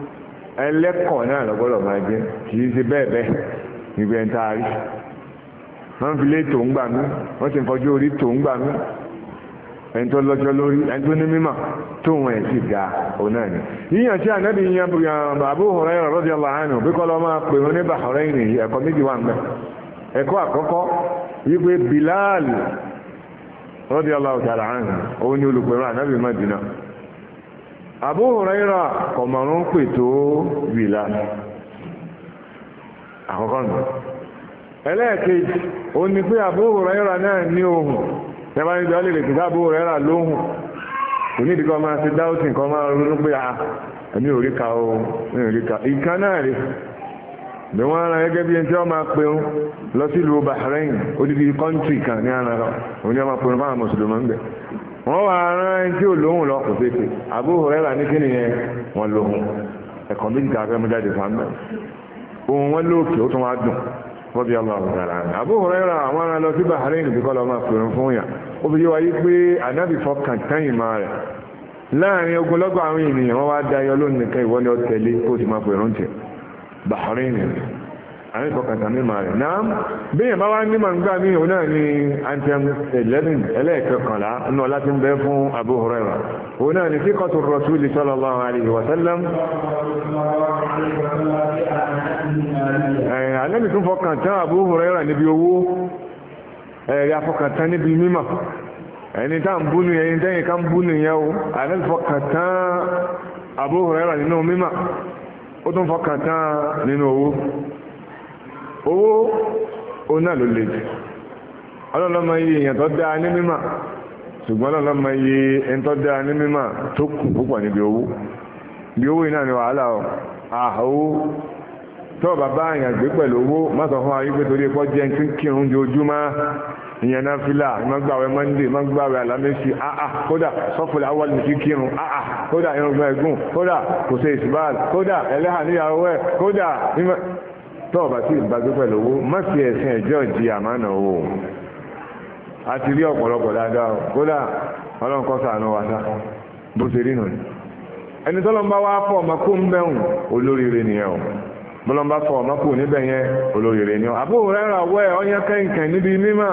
ẹlẹ́kọ̀ọ́ náà lọ́gbọ́dọ̀ máa jẹ́ kì ṣe bẹ́ẹ̀ bẹ́ẹ̀ nígbà ń tá wọ́n fi lé tòun gbà mí wọ́n sì fọjú orí tòun gbà mí ẹni tó lọ́jọ́ lórí ẹni tó ní ẹ̀ sì òun náà ni. yíyan tí yan Abu bí kọ́ lọ́ máa pè ní nìyí Abu Huraira ọ̀mọ̀rún pè tó wila akụkọ nù ẹlẹ́ẹ̀kejì ó Abu Huraira na ní ohun tẹ́bá níbi ọlẹ́ lè Abu Huraira lóhùn kò ní ìdíkọ́ máa ṣe dáútì nǹkan máa ronú pé a ah, ẹ̀mí ka o ka ara pe lọ Bahrain odidi ni wọ́n wá rán tí ò lóhùn lọ kò pépè Abu ní kíni yẹn wọ́n lóhùn ẹ̀kọ́ méjì tá a fẹ́ mú jáde fún amẹ́ òun lóòkè ó tún wá dùn rọ́bì aláwọ̀ dára ní àwọn ará lọ sí Bahrain bí kọ́ lọ máa pèrò fún yà ó fi yé wa yí pé anábì tẹ́yìn máa rẹ̀ láàrin àwọn ènìyàn wọ́n wá lónìí kan àríkọkàtà mímọ̀ rẹ̀ náà bíyàn bá wá ní ma ń gbà mí òun náà ni anthem 11 ẹlẹ́ẹ̀kọkànlá ní ọlá tí ń bẹ fún Abu Hurairah òun náà ni tí kọ́tù Rasuli sallallahu alaihi wasallam alẹ́bì tún fọkàn tán Abu Hurairah níbi owó ẹ̀rẹ́ afọkàn tán níbi mímọ̀ ẹni nínú mímọ̀ ó tún fọkàn nínú owó owó òun náà ló le jù ọlọ́lọ́mọ iye èèyàn tó dáa ní mímọ̀ ṣùgbọ́n ọlọ́lọ́mọ iye ẹni tó dáa ní mímọ̀ tó kù púpọ̀ níbi owó bí owó iná ni wàhálà ọ àhówó ah, tó bàbá àyàn gbé pẹ̀lú owó má sọ fún ayé pé torí ẹ̀kọ́ jẹ́ tí ń kírun jojúmọ́ ìyẹn náà fílà mọ́gbàwẹ̀ mọ́ndé mọ́gbàwẹ̀ alámẹ́sì àà ah, ah, kódà sọ́fùlà awọ́lì ní kíkírun àà kódà irun gbọ́n kódà kò ìsìbáàlì tọ́ọ̀bà tí ìbágbé pẹ̀lú owó má fi ẹ̀sìn ẹ̀jọ́ di àmánà owó a ti rí ọ̀pọ̀lọpọ̀ dáadáa kódà ọlọ́run kọ́ sàánú wa sá bó ṣe rí ẹni tọ́lọ́n bá wá fọ́ ọmọ kó ń bẹ̀rùn olóríire nìyẹn ọ rẹ́rà kẹ́ǹkẹ́ níbi mímà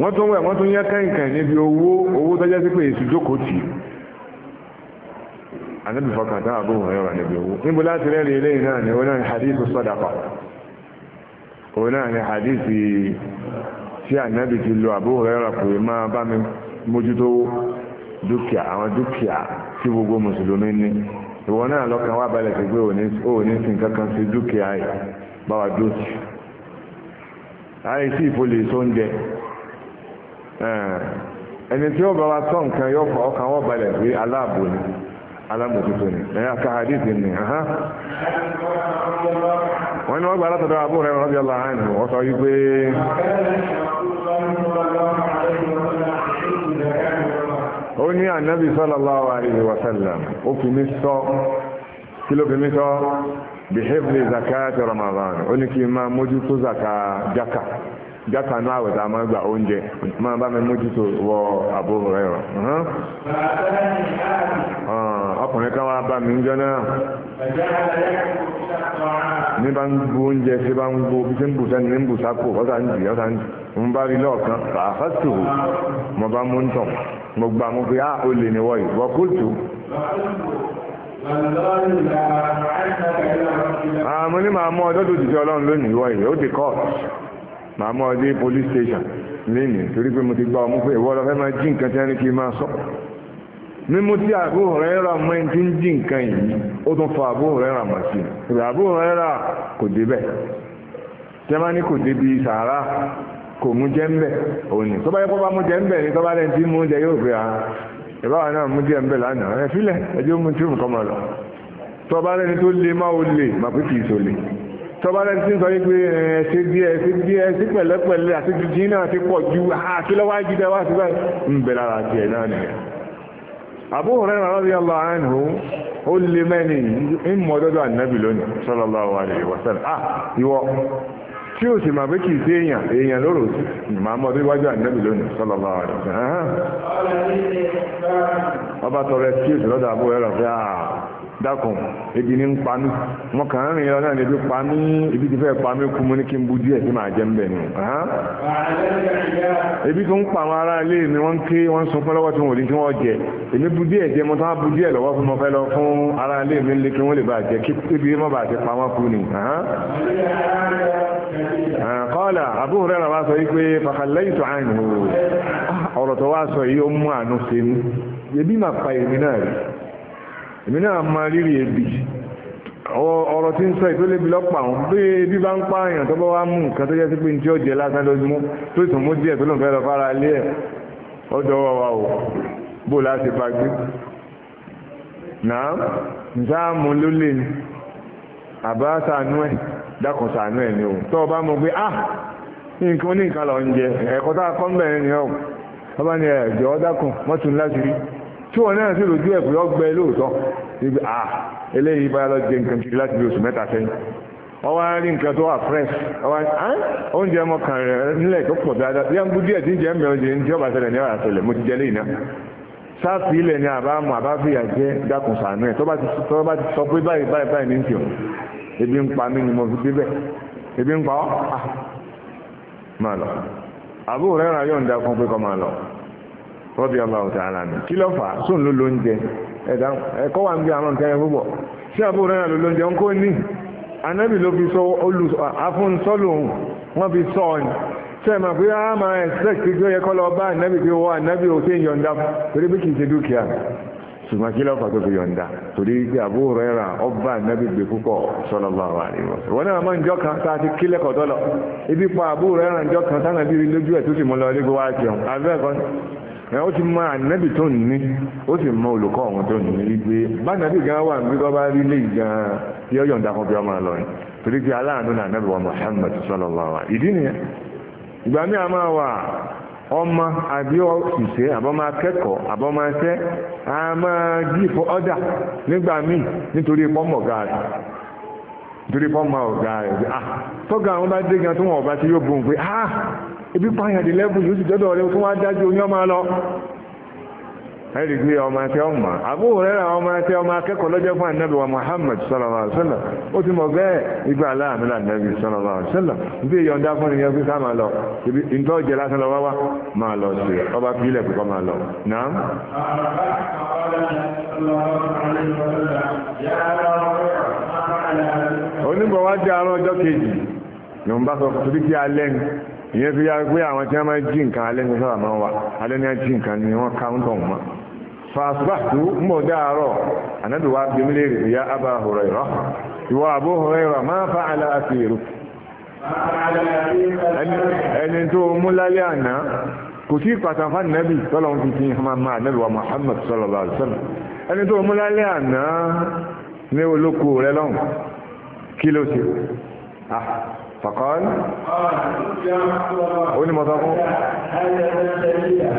wọ́n tún wẹ̀ wọ́n tún kẹ́ǹkẹ́ níbi owó owó anábì fọkàn tán àbú wọn yọrọ níbi owó níbo láti rẹ́rì eléyìí náà ni onáà ni hadith sọ́dàpà onáà ni hadith tí anábì ti lo àbú wọn yọrọ pé máa bá mi mójútó dúkìá àwọn dúkìá tí gbogbo mùsùlùmí ní ìwọ náà lọ́kàn wà balẹ̀ sí pé òní sí nǹkan kan sí dúkìá yìí báwa dúró sí àìsí sóúnjẹ ẹni tí ó bá wa tọ́ nǹkan yọ ọkàn wọ́n balẹ̀ pé aláàbò ni alámòtútù ni ẹ̀yà ká hadithi ni ahá wọ́n ni wọ́n gba látọ̀dọ̀ Abu Hurairah radiyallahu anhu wọ́n sọ wípé ó ní ànábì sallallahu alaihi wa sallam ó fi mí sọ kí ló fi mí sọ bihifzi zakati Ramadan ó ní kí n máa mójútó zaka jákàánú àwẹ̀ tá a máa gba oúnjẹ máa bá mi mójútó wọ àbúrò rẹ rọ. ọkùnrin kan wá bá mi ń jọ́nà ní bá ń bu oúnjẹ tí bá ń bu bí tí ń bù sẹ́ni ní ń bù sápò ọ̀sà ń jì ọ̀sà ń jì ń bá rí lọ́ọ̀kan fàáfàtò mo bá mú ń tàn mo gbà mo fi á olè ní wọ̀nyí wọ́kútù àmọ́ ah, ní màá mú ọjọ́ tó ti ṣe ọlọ́run lónìí wọ̀nyí ó ti kọ́ọ̀tù. màá mọ́ ọdí police station lénìí torí pé mo ti gba ọmú pé ìwọ lọ fẹ́ máa jí nǹkan tí sọ mímú tí Abu Huraira mọ́ ẹni tí ń jí nǹkan yìí ó tún fọ Abu Huraira mọ̀ sí i Abu Huraira kò débẹ̀ tẹ́mání kò débi sàárà kò mú jẹ́ ńbẹ̀ òní bá yẹ kó bá mú jẹ́ ńbẹ̀ ni bá lẹ́ni tí mú jẹ yóò fi hàn ìbá wa náà mú jẹ́ ńbẹ̀ lánàá tọba rẹ̀ sí sọ wípé ẹ̀ṣẹ́ eh, díẹ̀ ẹ̀ṣẹ́ díẹ̀ ẹ̀ṣẹ́ pẹ̀lẹ́pẹ̀lẹ́ àti náà ti pọ̀ ju àkílọ́wà jíjẹ wá sí báyìí ń bẹ náà nìyẹn Abu Hurairah radiyallahu anhu ó lè dákun ebi ní ń pa mí wọn kàn ń rìn lọ náà ní ebi pa mí ebi ti fẹ́ pa mí kú mu ní kí n bu díẹ̀ tí màá jẹ́ ń bẹ̀ nù. ebi tó ń pa àwọn ará ilé mi wọ́n ń ké wọ́n ń sunkún lọ́wọ́ tí wọ́n ò ní kí wọ́n jẹ èmi bu díẹ̀ jẹ mo tán bu díẹ̀ lọ́wọ́ fún mo fẹ́ lọ fún ará ilé mi lé kí wọ́n lè bàa jẹ kí ebi má bàa jẹ pa kú ni. kọ́lá Abu Hurairah wá sọ yìí pé fàkàlẹ́yìn tó àyìn ọ̀rọ̀ tó wá sọ yìí ó mú àánú èmi náà ma rírì ebi ọ̀rọ̀ tí ń sọ ìtólé bí lọ́pàá àwọn bí ebi bá ń pa àyàn tó bá wá mú nǹkan tó jẹ́ sí pé ní tí ó jẹ lásán lójúmọ́ tó tún mú díẹ̀ tó lòun fẹ́ lọ fara ilé ẹ̀ ọjọ́ wa wa o láti bá gbé náà nzáàmù ló lè ní àbá sànú ẹ̀ dákùn sànú ẹ̀ ni o tó o bá mú pé ah nǹkan oníkan lọ ń jẹ ẹ̀kọ́ tá a kọ́ ń bẹ̀rẹ̀ ni ọ̀ ọba ni ẹ̀jọ̀ dákùn mọ́tún láti rí tí wọ́n náà sí lójú ẹ̀ pé ọgbẹ́ lóòótọ́ níbi à ah, eléyìí bá lọ jẹ nǹkan kiri láti bí oṣù mẹ́ta sẹ́yìn ọwọ́ rí nǹkan tó wà fresh ọwọ́ ah, oúnjẹ ọmọkàn rẹ̀ nílẹ̀ tó pọ̀ dáadáa bí wọ́n díẹ̀ tí ń jẹ́ mẹ́rin jẹ́ ní ọba ṣẹlẹ̀ ní ọ̀rà ṣẹlẹ̀ mo ti jẹ́ léyìn náà sáàfì ilẹ̀ ni àbá mọ̀ àbá fìyà jẹ́ dákun sànú ẹ̀ tó bá ti sọ pé báyìí báyìí báyìí ní tiọ̀ ebi ń pa mí ni mo fi débẹ̀ ebi ń pa ọ́ ah, máa lọ àbúrò rẹ̀ rà yọ̀ǹda fún pé kọ́ máa lọ rọ́bì ọlọ́run tí a rà mí kí ló fà á sóun ló lóúnjẹ ẹ̀dá ẹ̀kọ́ wà ń bí àwọn nǹkan yẹn púpọ̀ sí àbúrò náà ló lóúnjẹ ń kó ní anábì ló fi sọ olù wọn fi sọ ọ ni ṣe é ma pé a máa expect pé ó yẹ kọ́ lọ bá anábì pé wọ́n anábì ò sí yọ̀ǹda torí pé kì í ṣe dúkìá ṣùgbọ́n kí ló fà tó fi yọ̀ǹda torí pé àbúrò ẹ̀ rà ọba anábì gbé púpọ̀ sallallahu alaihi wasallam wọn náà máa ń jọ kan tá a ti ó ti mọ ànábì tó ní ó sì mọ olùkọ́ ọ̀hún tó ní wípé bánàbì gan wà ní bọ́ bá rí lè gan yọ yọ̀ǹda kan ọmọ lọ ní torí pé aláàánú ní ànábì wa ìdí nìyẹn ìgbà máa wà ọmọ àbí òṣìṣẹ́ àbọ́mọ akẹ́kọ̀ọ́ àbọ́mọ ẹsẹ́ a máa jí ìfọ́ ọ́dà nígbà míì nítorí pọ́mọ̀ gáàdì nítorí pọ́mọ̀ rẹ̀ ah àwọn bá dé gan tó wọn ibi pààyàn dì lẹ́bù yóò sì dọ́dọ̀ rẹ̀ tó wá dájú oní ọmọ lọ ẹ̀rì gbé ọmọ ẹ̀tẹ́ ọmọ Abu Huraira ọmọ ẹ̀tẹ́ ọmọ akẹ́kọ̀ọ́ lọ́jọ́ fún ànábì wa Muhammad sallallahu alaihi wasallam ó ti mọ̀ bẹ́ẹ̀ igba aláàánú lànàbì sallallahu alaihi wasallam bí ìyọ̀ǹda fún ìyẹn fi sáà máa lọ ibi ìtọ́ jẹ lásán lọ wáwá máa lọ sí ọba pílẹ̀ pípọ́ máa lọ. Naam. onígbọ̀wá jẹ́ àárọ̀ ìyẹn fi yára àwọn tí wọ́n máa jí nǹkan alẹ́ ní sábà máa wà alẹ́ ní jí nǹkan ni wọ́n ká ń tọ̀ wọ́n ń bọ̀ dáàárọ̀ ànábì wa bí mílẹ̀ rẹ̀ ya Abu Hurairah ìwọ Abu Hurairah máa fa àlà àfihàn ẹni tó mú lálẹ́ àná kò sí pàtàkì fún ànábì tọ́lọ́ fi fi hàn máa ànábì wa ẹni tó mú lálẹ́ àná ní olóko rẹ lọ́hùn kí ló ṣe ah, فقال ó ní mọ̀sọ́kún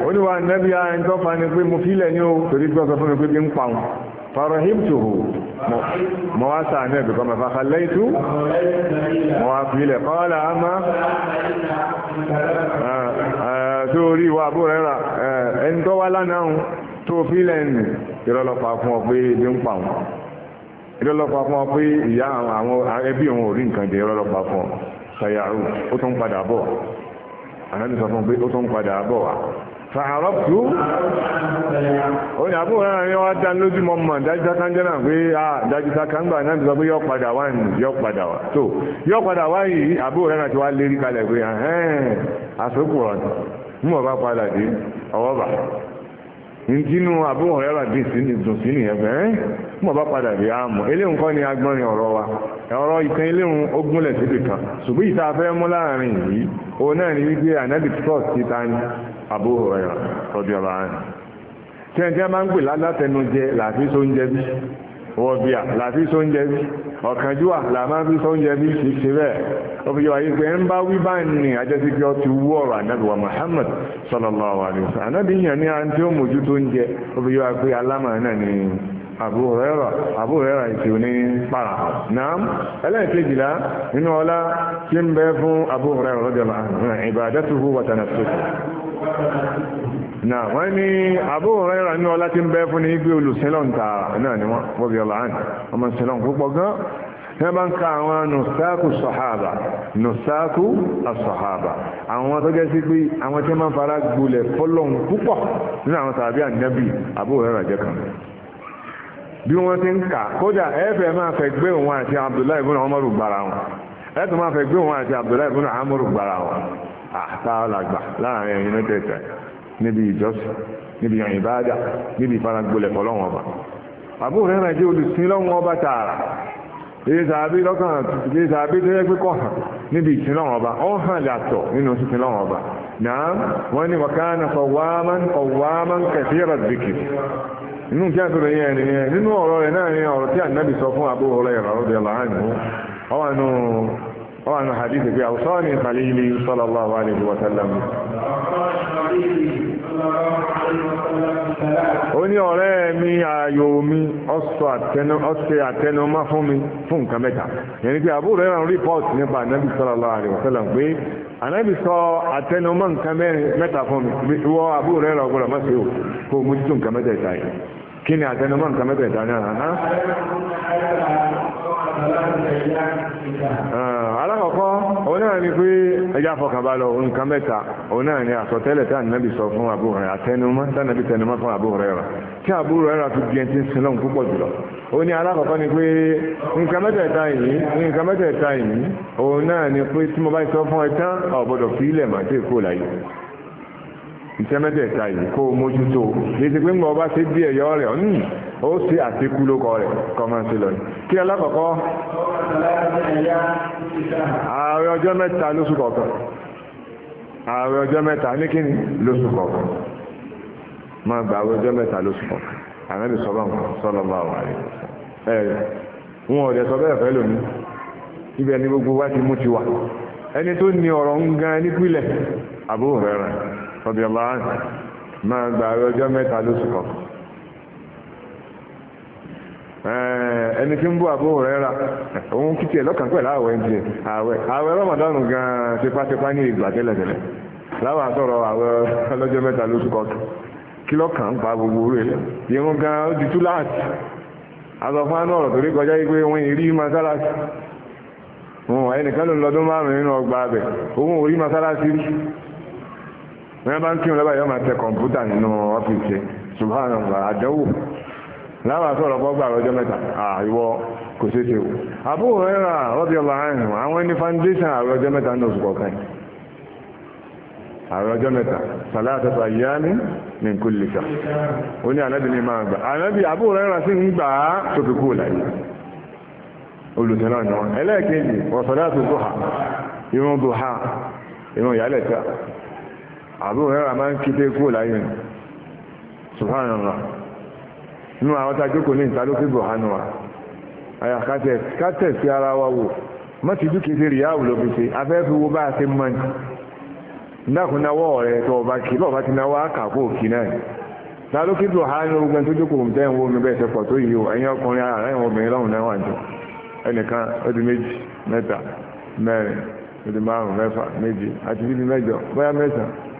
ó ní wa nẹ́bí a ń tọ́fà ní pé mo fílẹ̀ ní o torí pé ọ̀sọ̀ fún mi pé bí ń pa wọn farahimtuhu mọ̀ wá sáà náà bìkọ́ mẹ́fà kàlẹ́ìtú mọ̀ wá fílẹ̀ kọ́lá àmà tó rí wa àbúrò rẹ̀ rà ẹni tó wá lánàá tó fílẹ̀ ní ìrọlọ́pàá fún ọ pé bí ń pa wọn ìrọlọ́pàá fún ọ pé ìyá àwọn ẹbí òun ò rí nǹkan jẹ ìrọlọ́pàá fún ọ sayaru ó tún padà bọ̀ ànábì sọ fún pé ó tún padà bọ̀ wá fàárọ̀pù ó ní àbúrò náà ní wọ́n dá lójú mọ́ mọ́ dájúta kánjẹ́ náà pé à ah, dájúta kángbà náà sọ pé yọ́ padà wá ní yọ́ padà wá tó yọ́ padà wá yìí àbúrò náà ti wá lérí kalẹ̀ pé ntinu àbúrò rẹ̀ ràbí dùn sí nìyẹn bẹ́ẹ̀ mọ̀ bá padà rí àmọ́ eléhùn kọ́ ni agbọ́nrin ọ̀rọ̀ wa ọ̀rọ̀ ìtàn eléhùn ó gúnlẹ̀ síbi kan ṣùgbọ́n ìta fẹ́ mú láàrin yìí òun náà ni wípé anabi trust ti ta ni àbúrò rẹ̀ rọ̀bí ọ̀rọ̀ àárín tí ẹni tí a máa ń pè látẹnujẹ làfi sóúnjẹ bí wọ̀bíà láti sóúnjẹ bí ọ̀kànjúwà làmá fi sóúnjẹ bí kìí ṣe bẹ́ẹ̀ ó fi yíwa yí pé ń bá wí bá ní àjẹsí pé ó ti wú ọ̀rọ̀ ànábìwà Muhammad sallallahu alaihi wasallam ànábì yàn ní àwọn tí ó mójú tó ń jẹ ó fi yíwa pé alámà náà ni Abu Hurairah Abu Hurairah náà wọ́n ní Abu Hurairah ní ọlá tí ń bẹ fún ní gbé olùsẹ́lọ̀n tààrà náà ni wọ́n bọ́bí ọlá àná ọmọ sẹ́lọ̀n púpọ̀ gan wọ́n bá ń ka àwọn nùsáàkù sọ̀háàbà nùsáàkù àsọ̀háàbà àwọn tó jẹ́ sí pé àwọn tí wọ́n fara gbolẹ̀ fọlọ́n púpọ̀ nínú àwọn tàbí ànábì Abu Hurairah jẹ́ kan bí wọ́n ti ń kà kódà ẹ̀fẹ̀ máa fẹ́ gbé òun àti Abdullahi ibùnà ọmọrù gbára wọn ẹ̀tọ́ máa fẹ́ gbé òun àti Abdullahi ibùnà ọmọrù gbára wọn àtàlàgbà láàrin ẹ̀yìn mẹ́tẹ̀ẹ̀tẹ̀ níbi ìjọsìn níbi ìbádà níbi ìfaragbolẹ̀ fọlọ́wọ́n ọba àbúrò rẹ̀ náà jẹ́ olùsìn lọ́wọ́n ọba tààrà èyí sàbí lọ́kàn èyí sàbí tó yẹ pé kọ́ hàn níbi ìsìn lọ́wọ́n ọba ó hàn yàtọ̀ nínú sísìn lọ́wọ́n ọba náà wọ́n ní wàkánà fọwọ́mán fọwọ́mán kẹfìrà zikì inú kí a sọ̀rọ̀ yẹn nìyẹn nínú ọ̀rọ̀ rẹ̀ náà ní ọ̀rọ̀ tí ọwọ́ àná hadithi pé àwùsọ́ ní khalili sallallahu alaihi wa sallam ó ní ọ̀rẹ́ mi ààyò mi ọ̀sẹ̀ àtẹnumá fún mi fún nǹkan mẹ́ta yẹni pé àbúrò ẹ̀rọ report nípa anábì sallallahu alaihi wa sallam pé anábì sọ àtẹnumá nǹkan mẹ́ta fún mi wọ àbúrò ẹ̀rọ ọgbọ́dọ̀ mọ́sí o kó mójútó nǹkan mẹ́ta ìta yìí kí ni àtẹnumá nǹkan mẹ́ta ìta náà òun náà ni pé ẹja fọkànbalọ̀ nǹkan mẹ́ta òun náà ni àsọtẹ́lẹ̀ tí ànábì sọ fún Abu Hurairah àtẹnumọ́ tí ànábì tẹnumọ́ fún Abu Hurairah tí Abu Hurairah fi di ẹni tí ń sin lọ́hùn púpọ̀ jùlọ ó ní alákọ̀ọ́kọ́ ni pé nǹkan mẹ́tẹ̀ẹ̀ta yìí nǹkan mẹ́tẹ̀ẹ̀ta yìí òun náà ni pé tí mo bá sọ fún ẹ tán ọ̀gbọ́dọ̀ fi ilẹ̀ màá tẹ̀ láyé iṣẹ́ mẹ́tẹ̀ẹ̀ta yìí kó o mójútó èsì pé ń bọ̀ ọba ṣe bí ẹ̀yọ́ rẹ̀ ọ̀nì hmm, ó ṣe àtikú ló kọ rẹ̀ kọ́mọ sí lọ. kí alákọ̀ọ́kọ́ ààrẹ ọjọ́ mẹ́ta lóṣù kọ̀ọ̀kan ààrẹ ọjọ́ mẹ́ta ní kíni lóṣù kọ̀ọ̀kan máa gba ààrẹ ọjọ́ mẹ́ta lóṣù kọ̀ọ̀kan ànábì sọ báwọn sọlọ bá wà rẹ̀ ẹ̀ wọn ò dẹ̀ sọ bẹ́ẹ̀ fẹ́ lónìí ibẹ̀ ni gbogbo wa ti mú ti wà ẹni tó ní rọ̀bì ọlọ́wà máa gbà ọjọ́ mẹ́ta lóṣù kọ̀ọ̀kan ẹni tí ń bú àbó rẹ̀ ra òun kí tiẹ̀ lọ́kàn pẹ̀lú àwẹ̀ ń tiẹ̀ àwẹ̀ àwẹ̀ rọ̀mọ̀dánù gan-an tipátipá ní ìgbà tẹ́lẹ̀tẹ́lẹ̀ láwọn àtọ̀rọ̀ àwẹ̀ ọlọ́jọ́ mẹ́ta lóṣù kọ̀ọ̀kan kí lọ́kàn pa gbogbo rẹ̀ irun gan-an ó di tú láàtì ọ̀rọ̀ torí kọjá wípé wọ́n rí mọ́sálásí ẹnìkan ló ń lọ́dún márùn-ún nínú ọgbà òun ò rí rí wọ́n bá ń kí wọn lọ́ba yóò máa tẹ kọ̀ǹpútà nínú ọ́fíìsì subhanallah àdánwò láwọn àtọ̀rọ̀ bọ́gbà lọ́jọ́ mẹ́ta àìwọ ah, kò ṣeé ṣe o àbúrò rẹ̀ rà rọ́bì ọ̀la àìhùn àwọn ẹni foundation àrùn ọjọ́ mẹ́ta ní oṣù kọ̀ọ̀kan àrùn ọjọ́ mẹ́ta ní ó ní àbúrò rẹ̀ máa ń kété kúrò láyé ihe subhanallah nínú àwọn a jókòó ní ìtàlókè bọ̀hánu wa àyà kátẹ̀ sí ara wa wò mọ́tìdú kété ríyáwó fi ṣe wo bá a ṣe mọ́ ni ndákùnáwọ́ rẹ̀ tó ọba kì lọ́ọ̀bá ti náwó àkàkọ́ òkì náà tàlókè bọ̀hánu ogun tó jókòó ń tẹ́wọ́ omi bẹ́ẹ̀ ṣe pọ̀ tó yìí o ẹ̀yin ọkùnrin ara mẹ́rin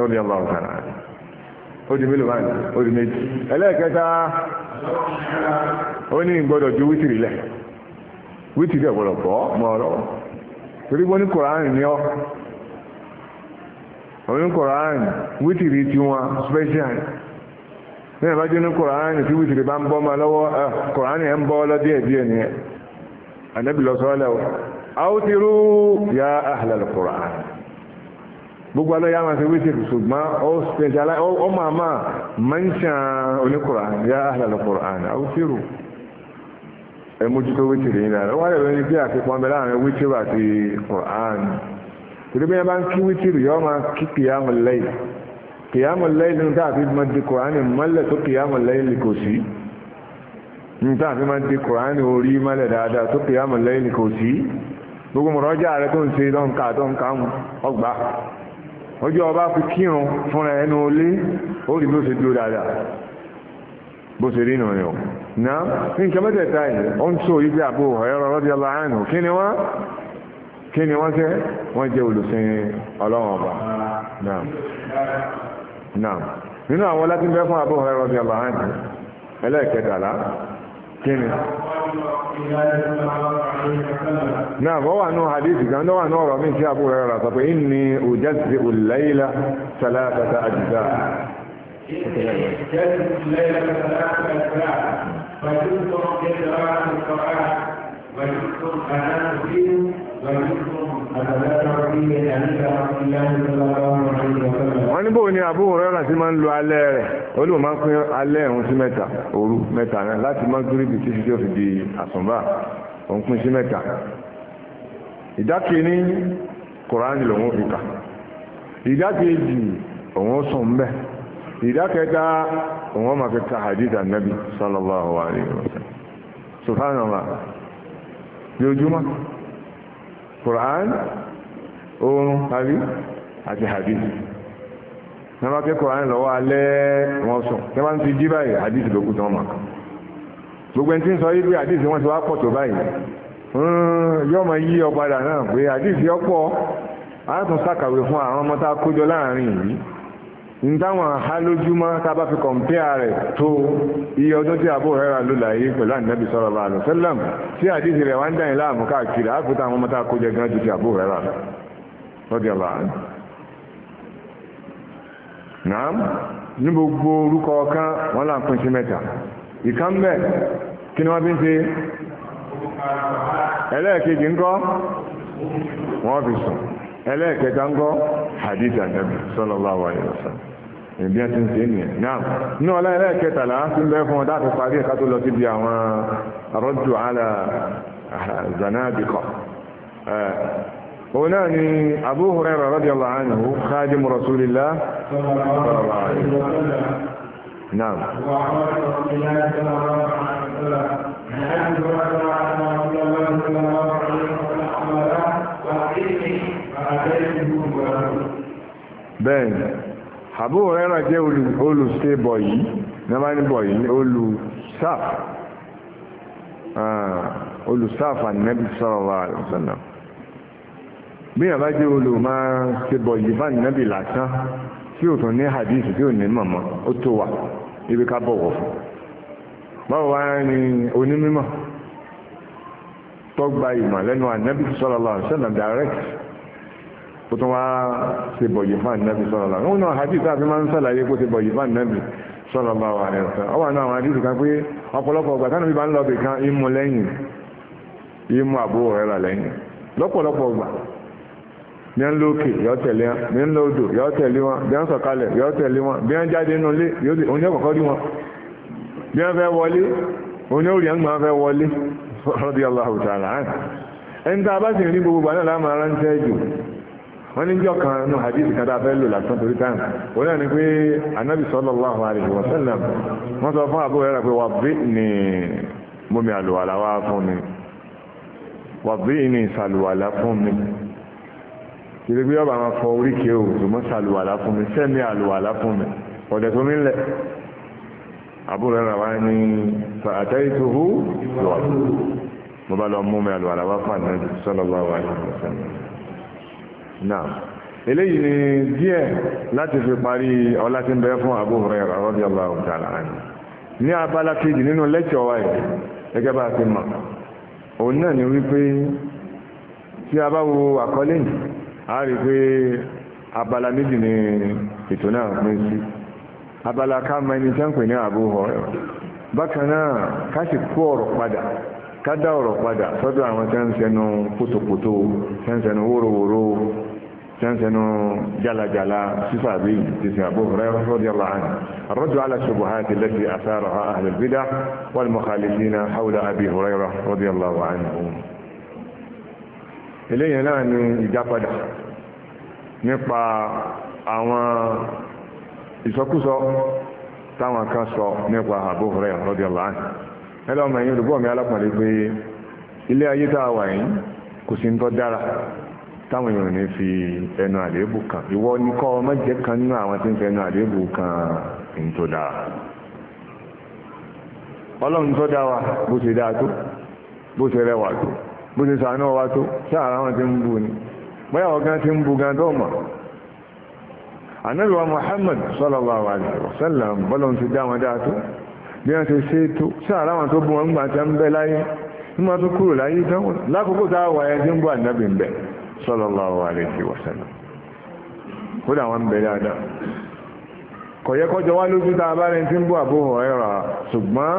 lórí ọba ọ̀tàrà ó di mélòó báyìí ẹlẹ́ẹ̀kẹta ó ní ìgbọ́dọ̀ ju wítìrì lẹ̀ wítìrì ọ̀gbọ̀dọ̀ bọ́ mọ́ ọ̀rọ̀ torí pé Koran ni ọ́ wítìrì special ní ìbájú ní kùránì tí wítìrì bá ń bọ́ ma lọ́wọ́ kùránì ẹ̀ ń bọ́ lọ́díẹ̀ díẹ̀ nìyẹn ànábì lọ sọ́ọ́lẹ̀ o yá Koran. gbogbo alẹ́ yà máa ma wíṣẹ̀ ṣùgbọ́n ó o ó máa máa máa ń ya oníkùrán yá àlàlẹ̀ kùrán àwùsírù ẹ mójútó wíṣẹ̀ rẹ̀ nílẹ̀ wọ́n rẹ̀ ní bí àfikún bẹ́ẹ̀ láàrin wíṣẹ̀ àti kùrán torí bí wọ́n bá ń kí wíṣẹ̀ rẹ̀ yọ́ máa kí kìyàmù lẹ́yìn kìyàmù lẹ́yìn ní káàfin máa di kùrán mọ́lẹ̀ tó ọjọ́ ọba fi kírun fúnra ẹnu olé ó rí bó ṣe dúró dáadáa bó ṣe rí nìyẹn o na nǹkan mẹ́tẹ̀ẹ̀ta yìí ó ń tó yíjẹ́ àbò ọ̀rẹ́rọ̀ radiyallahu anhu kí ni wọ́n kí ni wọ́n jẹ́ wọ́n jẹ́ olùsìn ọlọ́run ọba náà nínú àwọn láti bẹ́ fún àbò ọ̀rẹ́rọ̀ radiyallahu anhu ẹlẹ́ẹ̀kẹtàlá kí ni náà wọ́n wà nù hadith kan lọ́wọ́ nù ọ̀rọ̀ mi sí àbúrò rẹ̀ sọ pé inni ujazzi al-layla salatata ajza ويذكر أنام فيه ويذكر أبدا ربي أنك رسول الله صلى الله عليه وسلم wọ́n ní bóun ni Abu Hurairah ti máa ń lo alẹ́ rẹ̀ olú máa ń pín alẹ́ ẹ̀hún sí mẹ́ta òru mẹ́ta náà láti máa ń gírí bìtì tí ó fi di àsùnbà òun pín sí mẹ́ta ìdákìíní kòránì lòun fi kà ìdákìíjì òun sùn mbẹ ìdákẹta òun máa fi ka hadith anabi sallallahu alayhi wa sallam subhanallah lójúmọ́ kòránì oorun tàbí àti hadith ní wọ́n kẹ́ kòránì lọ́wọ́ alẹ́ wọn sùn ní ti jí báyìí hadith lókùtàn wọn máa gbogbo ẹni tí ń sọ yí pé àdìsí wọn ti wá pọ̀ tó báyìí yóò máa yí ọ padà náà pé àdìsí ọ̀pọ̀ àátún sàkàwé fún àwọn ọmọ tá a kójọ láàrin yìí ń dáwọn àhá lójúmọ́ tá a bá fi kọ̀m̀pẹ́à rẹ̀ tó iye ọdún tí àbúrò rẹ̀ rà ló láyé pẹ̀lú ànábì sọ̀rọ̀ bá lọ sẹ́lẹ̀m tí àdìsí rẹ̀ wá ń dáyìn láàmú káàkiri àáfíta àwọn ọmọ tá a kójọ gan ju ti àbúrò rẹ̀ rà lọ lọ́dẹ̀ ọ̀la nàám ní gbogbo orúkọ kan wọ́n là ń ìkan bẹ̀ kí ni wọ́n fi ń ṣe ẹlẹ́ẹ̀kejì ńkọ́ wọ́n fi sùn ẹlẹ́ẹ̀kẹta ńkọ́ hadith anabi sallallahu alaihi wasallam ìbí ẹ ti ń ṣe nìyẹn náà ní ọlá ẹlẹ́ẹ̀kẹtàlá ti ń bẹ́ fún ọ dáàfi parí ẹ̀ka tó lọ síbi àwọn rọ́jò àlà zanadiqa òun náà ni Abu Hurairah radiyallahu نعم وعمر رضي الله صلى الله عليه وسلم عن ابي هريره ان رسول الله صلى الله عليه وسلم امر واعطني فاتيته bẹ́ẹ̀ ni àbú rẹ́rà jẹ́ olùsẹ́ bọ̀ yìí nọ́bá ní bọ̀ yìí olùsáf olùsáf ànẹ́bí sallallahu alaihi bí àbá jẹ́ olùmọ́ ṣe bọ̀ yìí bá ànẹ́bí lásán tí ò tún ní hadith tí ò ní mọ̀mọ́ ó tó wà ibi ká bọ̀wọ̀ fún báwo wá ní onímọ̀ tọ́gba ìmọ̀ lẹ́nu ànábì sallallahu alaihi wasallam direct ó tún wá ṣe bọ̀yì sallallahu alaihi wasallam náà hadith àfi sallallahu alaihi wasallam ọwọ́ náà àwọn hadith kan pé ọ̀pọ̀lọpọ̀ ọgbà tánàbí bá ń lọ bìkan ìmú lẹ́yìn ìmú àbúrò rẹ̀ lẹ́yìn lọ́pọ̀lọpọ̀ ọgbà bí wọ́n lókè yọ́ tẹ̀lé wọn bí wọ́n lódò yọ́ tẹ̀lé wọn bí wọ́n sọ̀kalẹ̀ yọ́ tẹ̀lé wọn bí wọ́n jáde nínú ilé òun yóò kọ́kọ́ rí wọn bí wọ́n fẹ́ wọlé òun yóò rí ẹ̀ngbọ́n fẹ́ wọlé radiyallahu ta'ala anhu ẹni tá a bá sì rí gbogbo àná láàmú ara ń tẹ́ jù wọ́n ní jọ kan nù hadith kan tá a fẹ́ lò lásán torí tán òun náà ni pé anabi sallallahu alaihi wa sallam wọ́n sọ fún àbúrò rẹ̀ pé wà bí ní mọ́mi àlùwàlà wá fún mi wà bí ní ìsàlùwàlà fún mi kìrì pé ọba máa fọ oríkèé o ṣùgbọ́n ṣàlùwàlá fún mi sẹ́mi àlùwàlá fún mi ọ̀dẹ̀ tó mi lẹ̀ àbúrò rẹ̀ wá ní àtẹ́ ìtòhú lọ́wọ́ mo bá lọ mú mi àlùwàlá wá fún àná sallallahu alaihi wasallam náà eléyìí ni díẹ̀ láti fi parí ọlá tí ń bẹ fún Abu Hurairah radiyallahu ta'ala anhu ní abala kejì nínú lẹ́kọ̀ọ́ wa yìí gẹ́gẹ́ bá a ti mọ̀ òun náà ni wípé tí a bá wo àkọlé yìí a rí pé abala méjì ni ètò náà pín sí abala ká mọ ẹni tí wọ́n pè ní Abu Hurairah bákan náà ká sì kó ọ̀rọ̀ padà ká dá ọ̀rọ̀ padà sọ́dọ̀ àwọn tí wọ́n ń sẹnu pótòpótò tí wọ́n ń sẹnu wórówóró tí wọ́n ń sẹnu jálajàla sífà bí ìtìsìn Abu Hurairah radiyallahu anhu الرد على الشبهات التي أثارها أهل البدع والمخالفين حول أبي هريرة رضي الله عنه eléyìn náà ni ìdápadà nípa àwọn ìsọkúsọ táwọn kan sọ nípa Abu Hurairah radiyallahu anhu ẹlọ́mọ ẹ̀yìn olùgbọ́ mi alápàdé pé ilé ayé tá wà yìí kò sí tọ́ dára táwọn èèyàn ní fi ẹnu àléébù kan ìwọ ní kọ́ ọmọ jẹ́ kan nínú àwọn tí ń fi ẹnu kan ń tó ọlọ́run tó bó ṣe sàánú ọwá tó sáàrà wọn ti ń bú ni bóyá ọ̀gán ti ń bú gan tó mọ̀ anábìwá Muhammad sallallahu alaihi wasallam bọ́lọ̀ ti dá wọn dáa tó bí wọ́n ti ṣe tó sáàrà wọn tó bú wọn gbà tẹ́ ń bẹ láyé ní wọ́n tó kúrò sallallahu alaihi wasallam kódà wọn ń bẹ dáadáa kọ̀yẹ́kọ́jọ wá lójú tá a bá rẹ̀ ti ń bú àbúhọ̀ ẹ̀rọ ṣùgbọ́n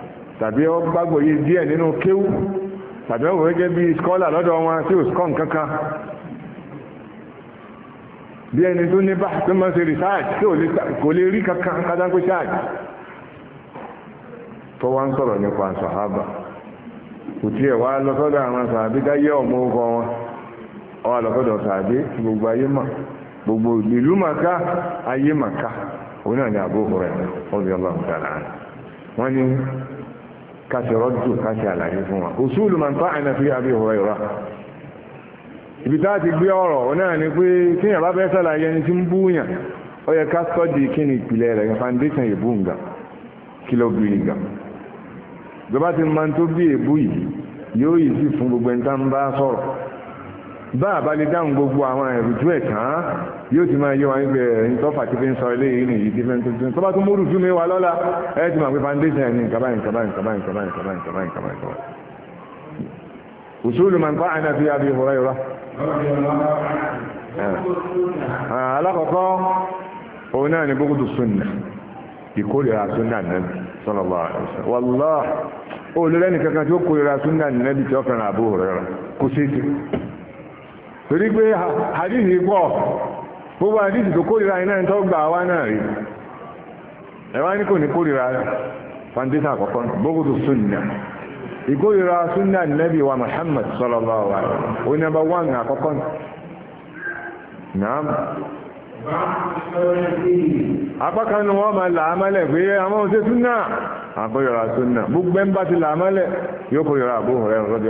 tàbí ọ gbàgbọ́ yìí díẹ̀ nínú kéwú tàbí ọ wò gẹ́gẹ́ bí skọ́là lọ́dọ̀ wọn tí ò skọ́n kankan bí ẹni tó ní bá tó máa ṣe research tí kò lè rí kankan kádánkó ṣáàjì tó wá ń sọ̀rọ̀ nípa kò tí ẹ̀ wá lọ sọ́dọ̀ àwọn dáyé ọmọ ọ gbogbo ayé mà gbogbo ìlú ayé òun náà ni wọ́n ní káṣẹ rọ́jù káṣẹ àlàyé fún wa òṣùlù máa ń tọ́ àìnà fi àbí òwúrọ̀ ìrọ̀ ibi tá a ti gbé ọ̀rọ̀ náà ni pé kí yàrá bẹ́ẹ̀ sàlàyé ẹni tí ń búyàn ó yẹ ká sọ́dí kí ni ìpìlẹ̀ rẹ̀ foundation èbú nga kí ló bí nga ìjọba ti máa ń tó bí èbú yìí yóò yìí sí fún gbogbo ẹni tá ń bá sọ̀rọ̀ bá àbálẹ̀ dáhùn gbogbo àwọn ìrùjú ẹ̀ tán yóò ti máa yé wa nígbẹ̀ ẹ̀yìn tọ́fà tí fi ń sọ ilé yìí nìyí tí fi ń tuntun tọ́ba tó mú rùjú mi wá lọ́la ẹ̀ ti máa pé foundation ẹ̀ ní nǹkan báyìí nǹkan báyìí nǹkan báyìí nǹkan báyìí nǹkan báyìí nǹkan báyìí nǹkan báyìí nǹkan báyìí usulu man ta'ana fi abi hurayra alakọ̀kọ́ òun náà ni búkútù súnnà ìkórìíra súnnà nẹ́bí sallallahu alaihi wasallam wallahi olùrẹ́nì kankan tí ó kórìíra súnnà nẹ́bí tí ó fẹ́ràn àbúhùrẹ́ra kò sí torí pé àdìsí pọ̀ gbogbo àdìsí tó kórìíra iná ẹni gbà wá náà rí ẹ̀wá ní kò ní kórìíra fàndésà àkọ́kọ́ gbogbo tó sunna ìkórìíra sunna nẹ́bí wa Muhammad sallallahu alaihi wà ní àkọ́kọ́ náà wọ́n máa làámálẹ̀ pé àwọn òṣè sunna gbogbo ẹ̀ ń bá ti làámálẹ̀ yóò àbúrò rẹ̀ rọ́dí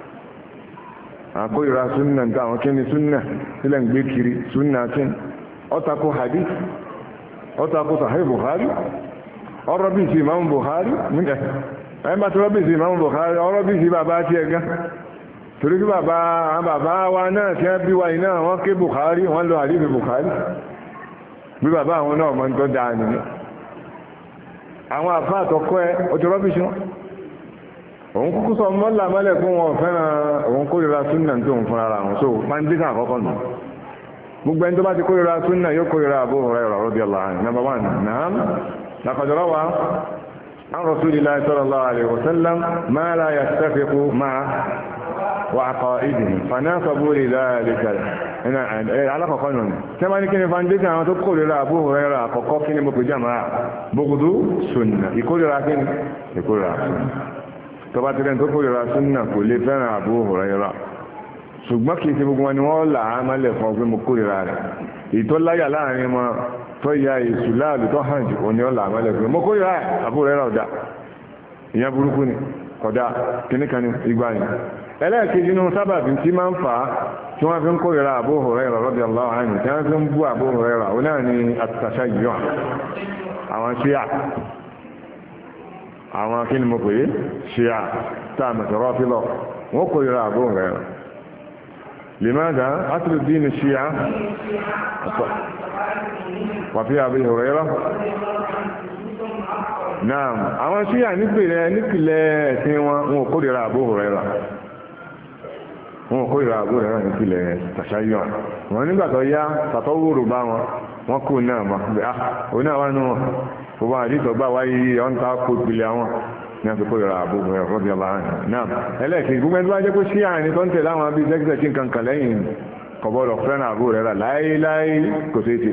àkóyìra súnà nǹkan àwọn kíni súnà sílẹ̀ ń gbé kiri súnà kín ọ́tako hadith ọ́tako sahih buhari ọ́rọ́bì sí imam buhari nígbà ẹ̀ bá ti rọ́bì sí imam buhari ọ́rọ́bì sí bàbá tí ẹ̀ gan torí kí bàbá àwọn bàbá wa náà tí wọ́n bí wa iná wọ́n ké buhari wọ́n lọ hadith buhari bí bàbá àwọn náà mọ́ ń tọ́ dáa àwọn àfáà tọkọ ẹ ọjọ́ rọ́bì wọn òun kúkú sọ mọ́là mọ́lẹ̀ fún wọn fẹ́ràn òun kórìíra súnà tó ń fúnra àwọn so pàǹdíkà àkọ́kọ́ nù gbogbo ẹni tó bá ti kórìíra súnà yóò kórìíra Abu Hurairah radiyallahu anhu nàbà wà náà làkàjọ́rọ́ wa an Rasulillah sallallahu alaihi wasallam ma la yattafiqu ma'a wa aqa'idihi fanasabu li dhalika alákọ̀ọ́kọ́ nù ní tí wọ́n ní kí ni foundation àwọn tó kórìíra tọba tẹ́lẹ̀ tó kórìíra súnà kò lè fẹ́ràn Abu Hurairah ṣùgbọ́n kì í ṣe gbogbo wọn ni wọ́n là á mọ́lẹ̀ fún ọ pé mo kórìíra rẹ̀ ìtọ́láyà láàrin wọn tó ya èṣù láàlú tó hàn jù òní ọ̀là àmọ́lẹ̀ fún mi mo kórìíra Abu Hurairah ọ̀dà ìyẹn burúkú ni kọ̀dá kìnnìkan ni igba ni ẹlẹ́ẹ̀kejì nínú sábàbí tí máa ń fà á tí wọ́n fi ń kórìíra Abu Hurairah radiyallahu anhu tí wọ́n fi ń bú Abu Hurairah òun náà ni àtàṣà yìí hàn àwọn ṣíà àwọn kí ni mo pè é ṣíà táàmùtì wọ́n kò ríra àbó rẹ̀ lèmọ́dá átìlù dínú ṣíà wàfí àbí ìhòrẹ́rọ́ náà àwọn ṣíà nípìlẹ̀ nípìlẹ̀ ẹ̀sìn wọn wọn kò ríra àbó rẹ̀rà wọn kò ríra àbó rẹ̀rà nípìlẹ̀ tàṣáyọ̀ wọn nígbàtọ̀ yá tàtọ́wòrò bá wọn ah, wọn kò náà gbogbo àdìsọ̀gbà wáyé ọ̀ǹtà kó pilẹ̀ àwọn ní àsìkò ìrà àbúgbò ẹ̀rọ bí ọba ààrẹ náà ẹlẹ́ẹ̀kì gbogbo ẹni tó bá jẹ́ pé sí àárín tó ń tẹ̀lé àwọn abí sẹ́kítẹ̀ kí nǹkan kan lẹ́yìn kọ̀bọ̀lọ̀ fẹ́ràn àbú rẹ̀ rà láéláé kò ṣeé ṣe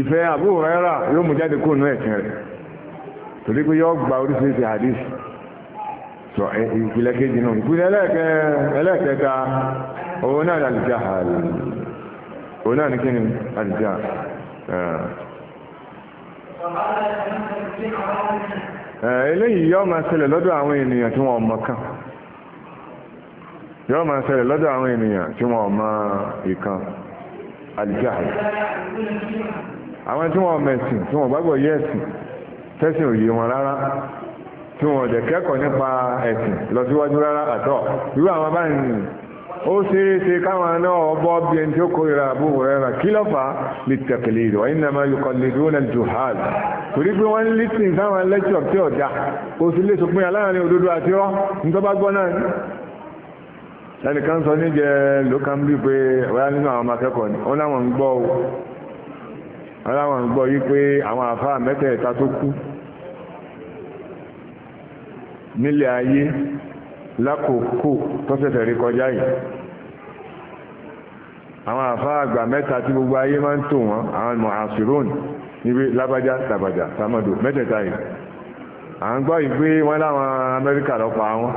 ìfẹ́ rẹ̀ rà yóò mú jáde kó nú ẹ̀sìn rẹ̀ torí pé yóò gba oríṣiríṣi eléyìí yọ́ máa ṣẹlẹ̀ lọ́dọ̀ àwọn ènìyàn tí wọ́n mọ̀ kan yọ́ máa ṣẹlẹ̀ lọ́dọ̀ àwọn ènìyàn tí wọ́n mọ̀ ìkan àwọn tí wọ́n tí wọ́n gbàgbọ́ ẹ̀sìn òye wọn rárá tí wọ́n dẹ̀ kẹ́kọ̀ọ́ nípa ẹ̀sìn lọ síwájú rárá àtọ̀ irú àwọn ó ṣeéṣe káwọn náà bọ́ bí ẹni tí ó kórìíra Abu Hurairah kí lọ́fà lè tẹ̀kẹ̀lẹ̀ ìdọ̀ ẹ̀yìn náà máa yọ kọ́ lè dúró lẹ́nu jùhàl torí pé wọ́n ń lítìn sáwọn lẹ́tọ̀ tí ọ̀dà kò sí lè sọpin aláàárín òdodo àti ọ́ nítorí gbọ́ náà ẹnìkan sọ níjẹ lókàn bí pé ọ̀yá nínú àwọn akẹ́kọ̀ọ́ ni ó láwọn ń gbọ́ aláwọn gbọ́ yí pé àwọn àfáà mẹ́tẹ̀ẹ̀ta tó kú nílé ayé lákòókò tó ṣẹ̀ṣẹ̀ rí kọjá yìí àwọn àfá àgbà mẹ́ta tí gbogbo ayé máa ń tò wọ́n àwọn mọ̀hásíròn níbi lábájá tàbàjà sàmọ́dò mẹ́tẹ̀ẹ̀ta yìí à ń gbọ́ yìí pé wọ́n láwọn amẹ́ríkà lọ́pọ̀ àwọn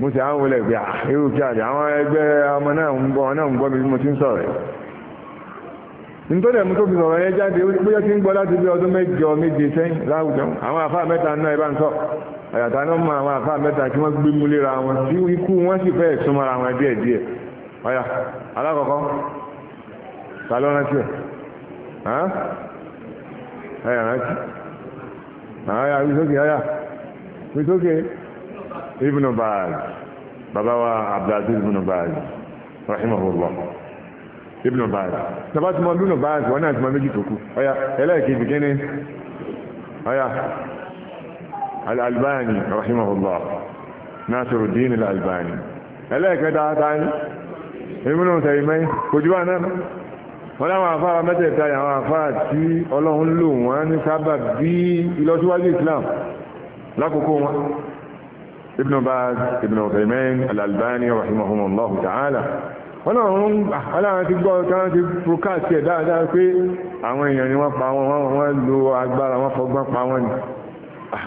mo sì àwọn olè gbà irú kí àjà àwọn ẹgbẹ́ ọmọ náà ń gbọ́ náà ń gbọ́ mi bí mo ti ń sọ̀rọ̀ yìí nítorí ẹ̀mú tó fi sọ̀rọ̀ yẹn jáde bóyá ti ń gbọ́ láti bí ọdún mẹ́jọ méje sẹ́yìn láwùjọ àwọn àfá mẹ́ta náà ẹ bá ń sọ̀rọ̀ àyàtà náà mọ àwọn àfáà mẹ́ta tí wọ́n gbé múlera wọn tí ikú wọn sì fẹ́ súnmọ́ra wọn díẹ̀ díẹ̀ ọ̀yà alákọ̀ọ́kọ́ ta ló rántí ẹ̀ ẹ̀yà rántí ọ̀yà wíṣókè ọ̀yà wíṣókè ibùnú báàlì bàbá wa abdulaziz ibùnú báàlì rahimahullah ibùnú báàlì tàbá tí mo lùnú báàlì wọn náà ti mọ méjì tó kù ọ̀yà ẹlẹ́ẹ̀kejì kíní ọ̀yà. الألباني رحمه الله ناصر الدين الألباني ẹlẹ́ẹ̀kẹ́ like dáadáa ní ìmúnà tẹ̀yìmẹ́ kò jù bá náà wọ́n láwọn àfáà mẹ́tẹ̀ẹ̀ta àwọn àfáà tí ọlọ́run lò wọ́n ní sábà bí ìlọsíwájú Islam lákòókò wọn Ibn Baz Ibn Uthaymin Al-Albani rahimahumullahu ta'ala wọ́n láwọn ti gbọ́ táwọn ti procast ẹ̀ dáadáa pé àwọn èèyàn ni wọ́n pa wọn wọ́n lo agbára wọn fọgbọ́n pa wọn ni ah,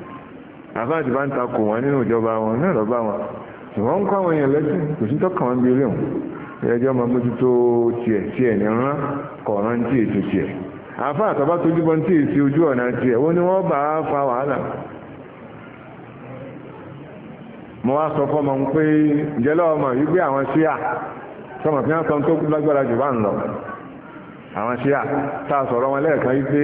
àfáàtì bá ń takò wọn nínú ìjọba wọn náà lọ bá wọn ṣùgbọ́n ń kọ́ àwọn èèyàn lẹ́sìn kò sí tọ́kàn wọn bí ilé wọn ẹjọ́ máa mójútó tiẹ̀ tiẹ̀ ní rán kọ̀ọ̀rán tí èso tiẹ̀ àfáàtà bá tójú bọ́ tí èso ojú ọ̀nà tiẹ̀ wọ́n ni wọ́n bá fa wàhálà mo wá sọ fọ́mọ ń pé ìjẹ́lọ́ ọmọ yìí gbé àwọn síà sọmọ fi hàn sọ tó lágbára jù bá ń lọ àwọn síà tá a sọ̀rọ̀ wọn lẹ́ẹ̀kan yìí pé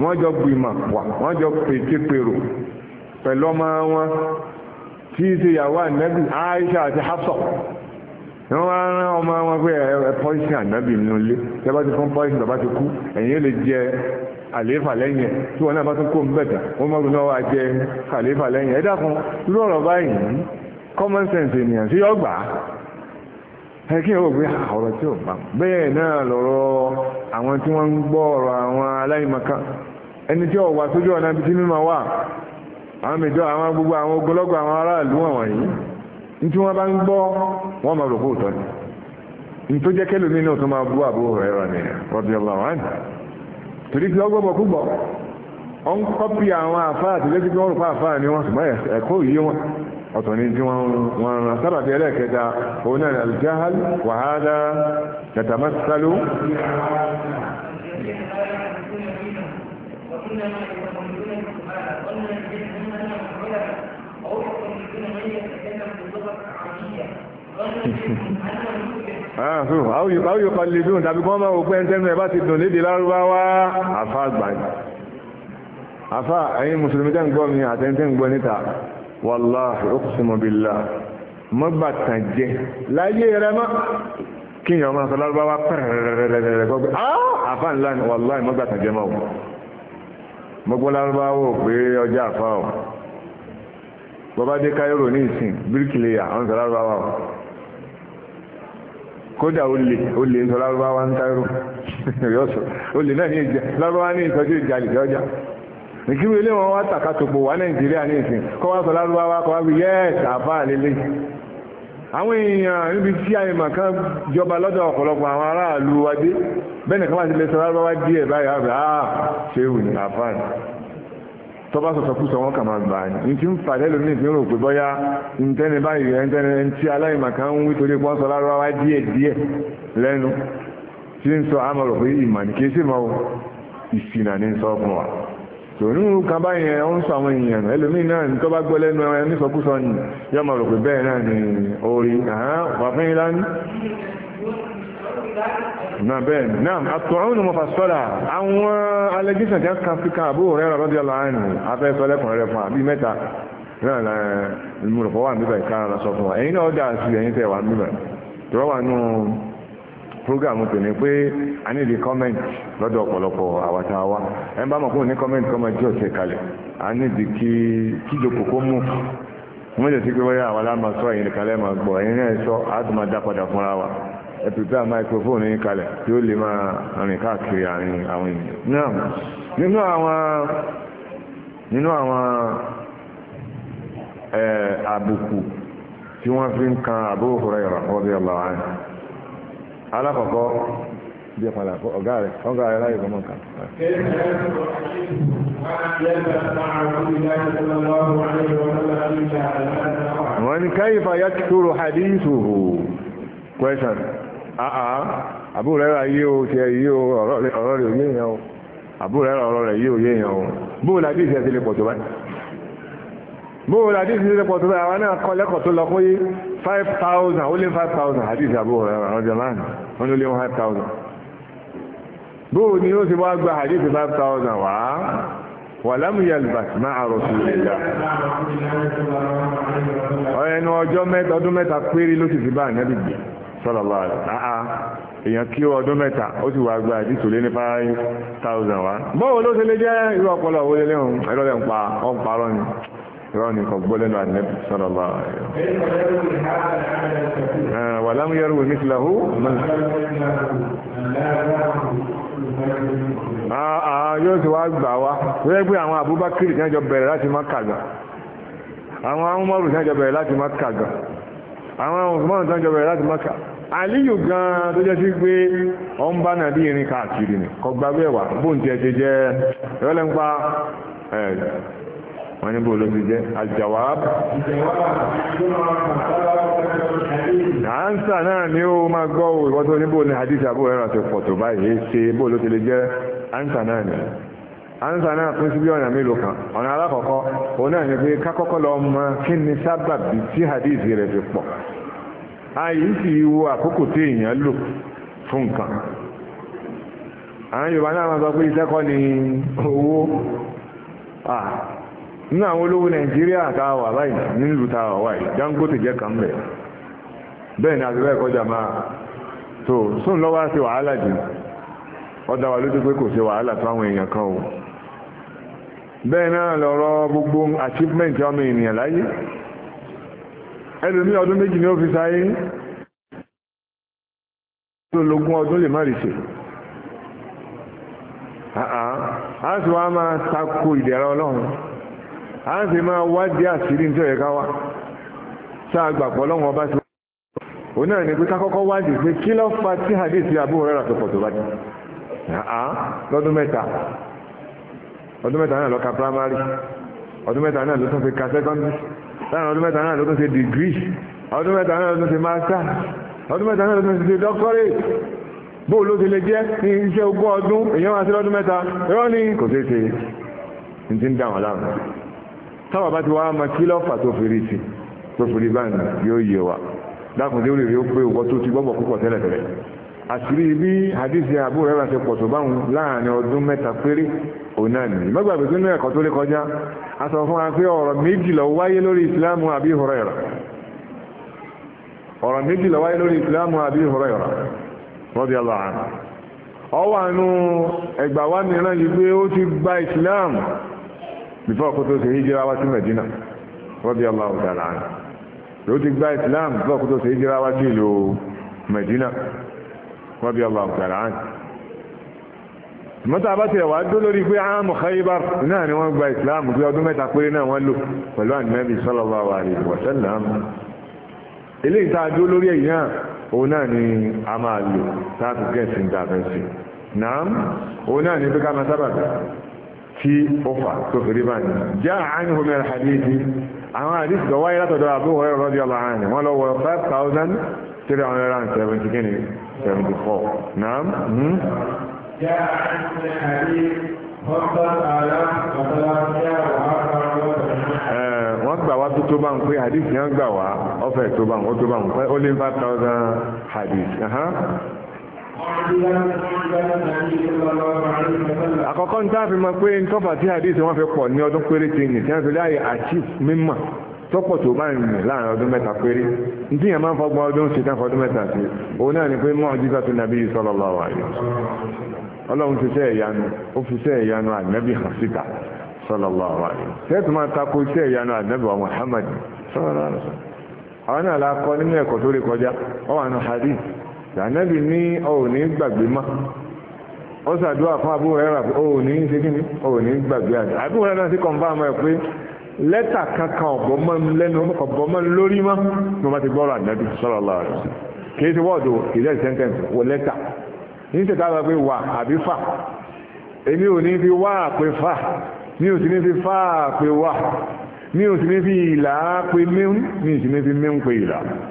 wọ́n jọ gbìmọ̀ wà wọ́n jọ pètèpèrò pẹ̀lú ọmọ wọn tí í ṣe ìyàwó ànábì Aisha àti Hafsa ni wọ́n rán ọmọ wọn pé ẹ pọ́ìsì ànábì nínú ilé tí wọ́n bá ti fún pọ́ìsì bàbá ti kú ẹ̀yìn lè jẹ àlééfà lẹ́yìn tí wọ́n náà bá tún kó ń bẹ̀tà wọ́n mọ̀ lónà wá jẹ àlééfà lẹ́yìn ẹ dákun irú ọ̀rọ̀ báyìí common sense ènìyàn sí yọgbàá ẹ̀kí ò gbé ah, ọ̀rọ̀ tí ò bá bẹ́ẹ̀ náà lọ́rọ̀ àwọn tí wọ́n ń gbọ́ ọ̀rọ̀ àwọn aláìmọ̀ká ẹni tí sójú ọ̀nà ibi tí mímọ̀ wà àwọn mẹjọ àwọn gbogbo àwọn ogologo àwọn aráàlú wọ̀n yìí ní tí bá ń máa ni ní tó náà tó máa bú rà ní torí ọ ń àwọn àfáà وترى ذلك هنا الجهل وهذا يتمثل أو أو يقلدون تبقوا ما هو كان تنمو بس ابن لدي لاروا أفاد بعد أفا أي مسلمتين قوم يعتنين قوم wàláhì uqsimu billah mọ́ bàtàn jẹ láyé rẹ mọ́ kí yàn máa sọ lárúbáwá pẹ̀rẹ̀rẹ̀rẹ̀rẹ̀ gbọ́gbẹ́ àfà ńlá ni wàláhì mọ́ bàtàn jẹ mọ́ mọ́gbọ́ lárúbáwá ò pé ọjà àfà ò bọ́bá dé káyọ̀rò ní ìsìn bíríkìlẹ̀yà ọ̀n sọ lárúbáwá ò kódà olè olè ń sọ lárúbáwá ń káyọ̀rò olè náà ní ìjà lárúbáwá ní ìsọjú ìjà ìkírò ilé wọn wá tàkàtòpò wà nàìjíríà ní ìsìn kọ́ wá sọ lárúbáwá kọ́ wá fi yẹ́ẹ̀sì àfáà lélẹ̀ àwọn èèyàn níbi tí àyèmọ̀ kan jọba lọ́dọ̀ ọ̀pọ̀lọpọ̀ àwọn aráàlú wa dé bẹ́ẹ̀ nìkan bá ti lè sọ lárúbáwá díẹ̀ báyìí àbẹ̀ áà ah, ṣé wù ní àfáà tọba sọsọkúsọ wọn kàmá gbà ní ní tí ń fàdé lónìí ìfín rò tòun kan báyẹn ó ń sọ àwọn èèyàn ẹlòmíì náà ní tó bá gbọ́ lẹ́nu ẹran ní sọkúsọ ni yọ máa rò pé bẹ́ẹ̀ náà ni orí wàfín ilá ní náà bẹ́ẹ̀ náà àtọ̀rọ̀ ní mo fà àwọn alẹ́gísàn tí a kan fi kan àbúrò rẹ̀ rọ́dí ọ̀la àìní afẹ́fẹ́ lẹ́kùnrin rẹ̀ fún àbí mẹ́ta náà la ìmúròpọ̀ wà níbẹ̀ kára sọ fún wa ẹ̀yin náà ó dà sí program tò ní pé a ní di comment lọ́dọ̀ ọ̀pọ̀lọpọ̀ àwàtàwà ẹn bá mọ̀ kó ní comment kọ́mọ jẹ́ ọ̀sẹ̀ kalẹ̀ a ní di kí kíjòkó kó mú wọ́n jẹ́ sí pé wọ́n yá àwọn aláma sọ ẹ̀yìn kalẹ̀ máa gbọ́ ẹ̀yìn náà sọ a dá padà fúnra wa ẹ prepare microphone yín kalẹ̀ tí ó lè máa rìn káàkiri àárín àwọn ènìyàn nínú àwọn nínú àwọn àbùkù tí wọ́n fi ń kan Abu Hurairah radiyallahu anhu alákọ̀ọ́kọ́ bí ẹ̀pàdà ọ̀gá rẹ̀ ọ̀gá rẹ̀ láyé ọmọ nǹkan. wọ́n ní káyífà yá ti kúrò hadithuhu question àà àbúrò rẹ̀ ayé o ti ayé o ọ̀rọ̀ rẹ̀ òye èèyàn o àbúrò rẹ̀ ọ̀rọ̀ rẹ̀ yé òye èèyàn o bóò làdí ìṣẹ́ ti lè pọ̀ tó báyìí bóò làdí ìṣẹ́ ti lè pọ̀ tó báyìí àwọn náà kọ́ lẹ́kọ̀ọ́ tó lọ fún yìí five thousand 5,000 lé five thousand àdìsí àbúrò ọjà bóò ni ó ti wá gba àdìsí five thousand wá wàlámù yalbas máa rasulillah ẹnu ọjọ́ mẹ́ta ọdún mẹ́ta péré ló sì fi bá èèyàn kí ọdún mẹ́ta ó wà gba lé ní five wá ló jẹ́ ìrọ́ni kan gbọ́ lẹ́nu ànẹ́bì sọ́lọ́lá wà láwọn yẹ́rù wèmí ti láhú yóò ti wá gbà wá wẹ́ẹ́ jọ bẹ̀rẹ̀ láti má kàgbà àwọn amúmọ́rù tí wọ́n jọ bẹ̀rẹ̀ lati má kàgbà àwọn ọ̀sùnmọ́rù tí jọ bẹ̀rẹ̀ láti má kàgbà àlíyù gan tó jẹ́ sí pé ọ̀n bá nàbí wọ́n ní bó ló ti jẹ́ aljawab àánsà náà ni ó máa gbọ́ ìwọ́n tó ní bó ní hadith àbúrò ẹ̀rọ àti pọ̀ tó báyìí ṣe bó ló ti lè jẹ́ àánsà náà ni àánsà náà pín sí bí ọ̀nà mélòó kan ọ̀nà alákọ̀ọ́kọ́ òun náà ni pé kákọ́kọ́ lọ mọ kí ni sábàbí tí hadith rẹ̀ fi pọ̀ àyè sì wo àkókò tí èèyàn lò fún nǹkan àwọn Yorùbá náà máa sọ pé iṣẹ́ ni owó nínú olówó nàìjíríà tàwà báyìí nílùú tàwà wáyìí Dangote jẹ́ kan bẹ̀ bẹ́ẹ̀ ni àtúbẹ̀ kọjá máa tó sún lọwọ sí wàhálà jù ọ̀dà wà lójú pé kò sí wàhálà tó àwọn èèyàn kan o bẹ́ẹ̀ náà lọ́rọ̀ gbogbo achievement ọmọ ènìyàn láyé ẹlòmí ọdún méjì ni ó fi sáyé lógún ọdún lè má rí ṣe a wá máa takò ọlọ́run a ń fi máa wádìí àṣírí nítorí ẹ̀ka wa sáà gbàgbọ́ lọ́wọ́ ọba sí òun náà ni pé kákọ́kọ́ wádìí pé kí ló fa tí hadithi Abu Hurairah tó pọ̀ tó bá jẹ́ lọ́dún mẹ́ta ọdún mẹ́ta náà lọ ka primary ọdún mẹ́ta náà ló tún fi ka secondary láàrin ọdún mẹ́ta náà ló tún fi degree ọdún mẹ́ta náà ló tún fi master ọdún mẹ́ta náà ló tún fi doctorate bó ló ti lè jẹ́ ní iṣẹ́ ogún ọdún èèyàn wá sí lọ́dún mẹ́ta irọ́ ni kò ṣeé ṣe ní ti ń dà wọ́n láàmú táwà bá ti wá ma kí lọ́fà tó fi rí sí tó fi rí báyìí yóò yẹ wa dákùn tí ó lè rí ó pé òwò tó ti gbọ́bọ̀ púpọ̀ tẹ́lẹ̀tẹ́lẹ̀ àṣírí bí hadithi Abu Hurairah ṣe pọ̀tọ̀ báwọn láàrin ọdún mẹ́ta péré òun náà nìyí mọ́gbàgbé tó ní ẹ̀kọ́ tó lè kọjá a sọ fún wa pé ọ̀rọ̀ méjì ló wáyé lórí ìsìláàmù Abi Hurairah ọ̀rọ̀ méjì ló wáyé lórí ìsìláàmù Abi Hurairah radiyallahu anhu ọwọ́ àánú ẹgbàá wa mìíràn yìí pé ó ti gba ìsìláàmù bífọ́ kó tó ṣe hijira wá sí Medina rọ́bí aláwọ̀ dára rẹ̀ ló ti gba Islam bífọ́ kó tó ṣe hijira wá sí ìlú Medina rọ́bí aláwọ̀ dára rẹ̀ mọ́ta bá ti ẹ̀wà dó lórí pé àmù ah, Khaybar náà ni wọ́n gba Islam pé ọdún mẹ́ta péré náà wọ́n lò pẹ̀lú ànẹ́bí sallallahu tí ó fà tó fi rí báyìí já àánú omi alhadithi àwọn àdìsí tó wáyé látọ̀dọ̀ àbúrò ẹ̀rọ rọ́dí ọlọ́ àánì wọ́n lọ wọ five thousand three hundred and seventy kìíní seventy four naam. já àánú omi alhadithi wọ́n gbà wá tó tó bá ń pé hadith yẹn gbà wá ọ̀fẹ́ tó bá ń pé ó lé five hadith. àkọ́kọ́ ń táàfin ma pé ń tọ́fà tí hadith wọn fi pọ̀ ní ọdún péré ti nì tí fi láàyè achieve mímọ̀ tọ́pọ̀ tó bá rìn láàrin ọdún mẹ́ta péré ní tí yẹn máa ń fọgbọ́n ọdún ṣe tán fọdún mẹ́ta sí òun náà ni pé mọ́ ọjíṣà na nàbí yìí sallallahu alaihi ọlọ́run sẹ́ ìyanu ó fi sẹ́ ìyanu hàn síta máa sẹ́ ìyanu wa Muhammad àwọn náà la kọjá ọ sànẹ́bì ní ọ̀ní gbàgbé má ó sàdúrà fún Abu Hurairah pé ọ̀ní ṣe kí ni ọ̀ní gbàgbé àti Abu Hurairah náà sì kọ̀ǹfàmù ẹ̀ pé lẹ́tà kankan ọ̀bọ̀ mọ́ lẹ́nu ọ̀bọ̀ mọ́ lórí mọ́ ní wọ́n bá ti gbọ́rọ̀ ànábì sallallahu alaihi wasallam kì í ṣe wọ́ọ̀dù kì í ṣe sẹ́ńtẹ́ǹsì wọ lẹ́tà ní ṣètà lọ pé wà àbí fà èmi ò ní fi wá àpè fà mi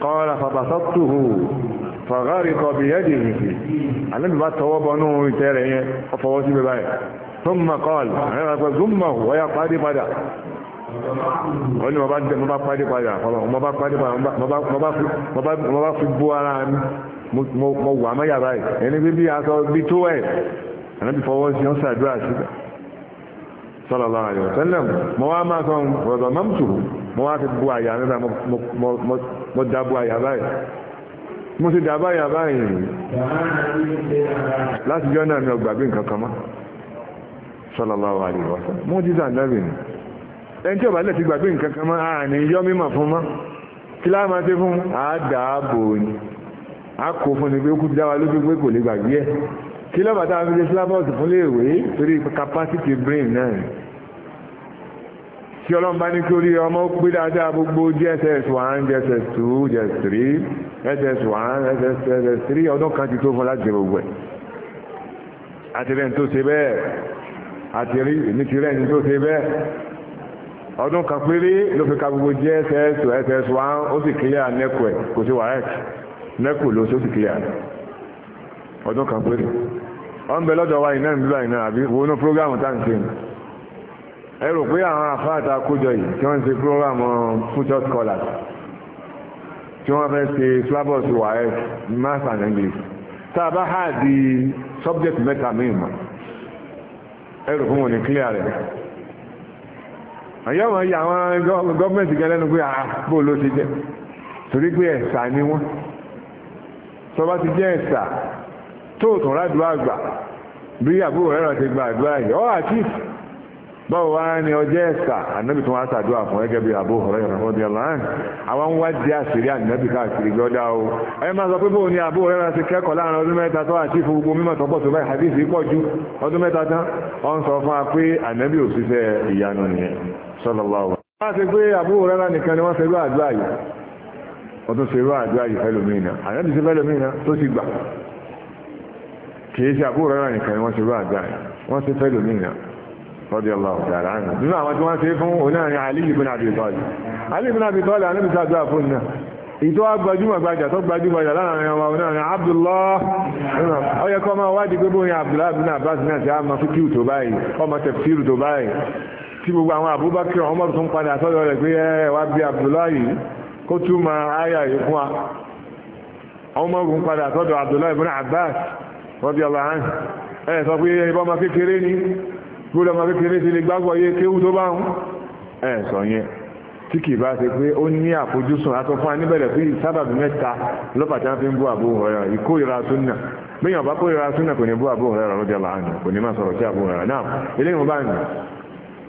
قال فبسطته فغرق بيده النبي بقى توبنه يترى فواسي بباي ثم قال ثمه ويا قادي بدا قال ما بعد ما بعد بدا ما بعد بدا ما بعد ما بعد ما بعد ما بعد في بوالان mo wà mọ́ yàrá ẹ̀ ẹni bí bí aṣọ bí tó ẹ̀ ẹni bí fọwọ́ sí ọ́n ṣàdúrà síbẹ̀ sallallahu alaihi wasallam mo wá máa sọ rọ̀dọ̀ mọ́mùtù mo wá fi bu àyà nígbà mo dá bu àyà báyìí mo ti dá báyà báyìí alaihi wasallam mo jí sàǹdàbì ni ẹni tí ò bá lẹ̀ ti gbàgbé nǹkan kan mọ́ àní yọ́ mímọ̀ fún mọ́ kí láà kí ló bàtà fi ṣe syllabus fún léèwé torí capacity brain náà ni tí ọlọ́run bá ní kí orí ọmọ pé dáadáa gbogbo jss one jss two jss three jss one jss two jss three ọdún kan ti tó fún láti gbogbo ẹ̀ àti rẹ̀ tó ṣe bẹ́ẹ̀ àti rí ní ti rẹ̀ tó ṣe bẹ́ẹ̀ ọdún kan péré ló fi ka gbogbo jss ss one ó sì clear nẹ́kù ẹ̀ kò sí wàhálà nẹ́kù ló sì clear ọdún kan péré ọ̀n bẹ lọ́dọ̀ wa iná ìbílọ̀ iná àbí wọnú prógámù tá n ṣe ẹ rò pé àwọn afáàtà kójọ yìí tí wọ́n ń ṣe prógámù future scholars tí wọ́n fẹ́ ṣe syllabus wàhálà eh, math and english tá a bá hà di subject mẹ́ta míì mọ́ ẹ rò fún wọn ní clear rẹ̀ àyẹ̀wò yìí àwọn gọ́ọ̀mẹ̀ntì gẹ́lẹ́ nu pé àbò ah, ló ti jẹ́ torí pé ẹ̀sà ni wọ́n tọ́ba ti jẹ́ ẹ̀sà tó tún rádùá àgbà bí àbúrò rẹ̀ ti gba àdúrà yìí ọ́ àtìf báwo wá ní ọjọ́ ẹ̀sà ànábì tó wá sàdúrà fún ẹgẹ́ bí àbúrò rẹ̀ àwọn wá di àṣírí ànábì káàkiri gbọ́dá o ẹ máa sọ pé bóun ni àbúrò rẹ̀ ti kẹ́kọ̀ọ́ láàrin ọdún mẹ́ta tó àti ìfowó gbogbo mímọ̀ tó báyìí ju ọdún mẹ́ta tán ọ ń sọ fún wa pé ànábì kìí ṣe àbúrò rẹ̀ nìkan ni wọ́n ṣe rú àgbà wọ́n ṣe fẹ́ lòmìnira rọ́dí ọlọ́run dára ánà nínú àwọn tí wọ́n ṣe fún onáàrin Àlí ibn Abí Tálib Àlí ibn Abí Tálib anábìsá àdúrà fún náà ìtọ́ agbajúmọ̀ gbajà tó gbajúgbajà láàrin ọmọ onáàrin Abdullah ọyẹ kọ́ máa wádìí pé bóyá Abdullah ibn Abbas náà ti á máa fi kíw tó báyìí ọmọ tẹ̀fíìrù tó báyìí tí gbogbo àwọn Abubakar ọmọ tó ń padà sọ́dọ̀ rẹ̀ pé ẹ wá bí Abdullah kó túmọ̀ áyà yìí fún ọmọ ogun padà sọ́dọ̀ Abdullah ibn Abbas rọ́bí aláhán ẹ̀ sọ pé ẹbọ́ ma kékeré ní gbọ́dọ̀ ma kékeré sí lè gbágbọ́ yé kéwú tó bá ń ẹ̀ sọ yẹn tí kì bá ṣe pé ó ní àfojúsùn atọ́fún aníbẹ̀rẹ̀ pé sábàbí mẹ́ta lọ́pàá fi ń bú àbú ọ̀rẹ́ ìkórira súnà súnà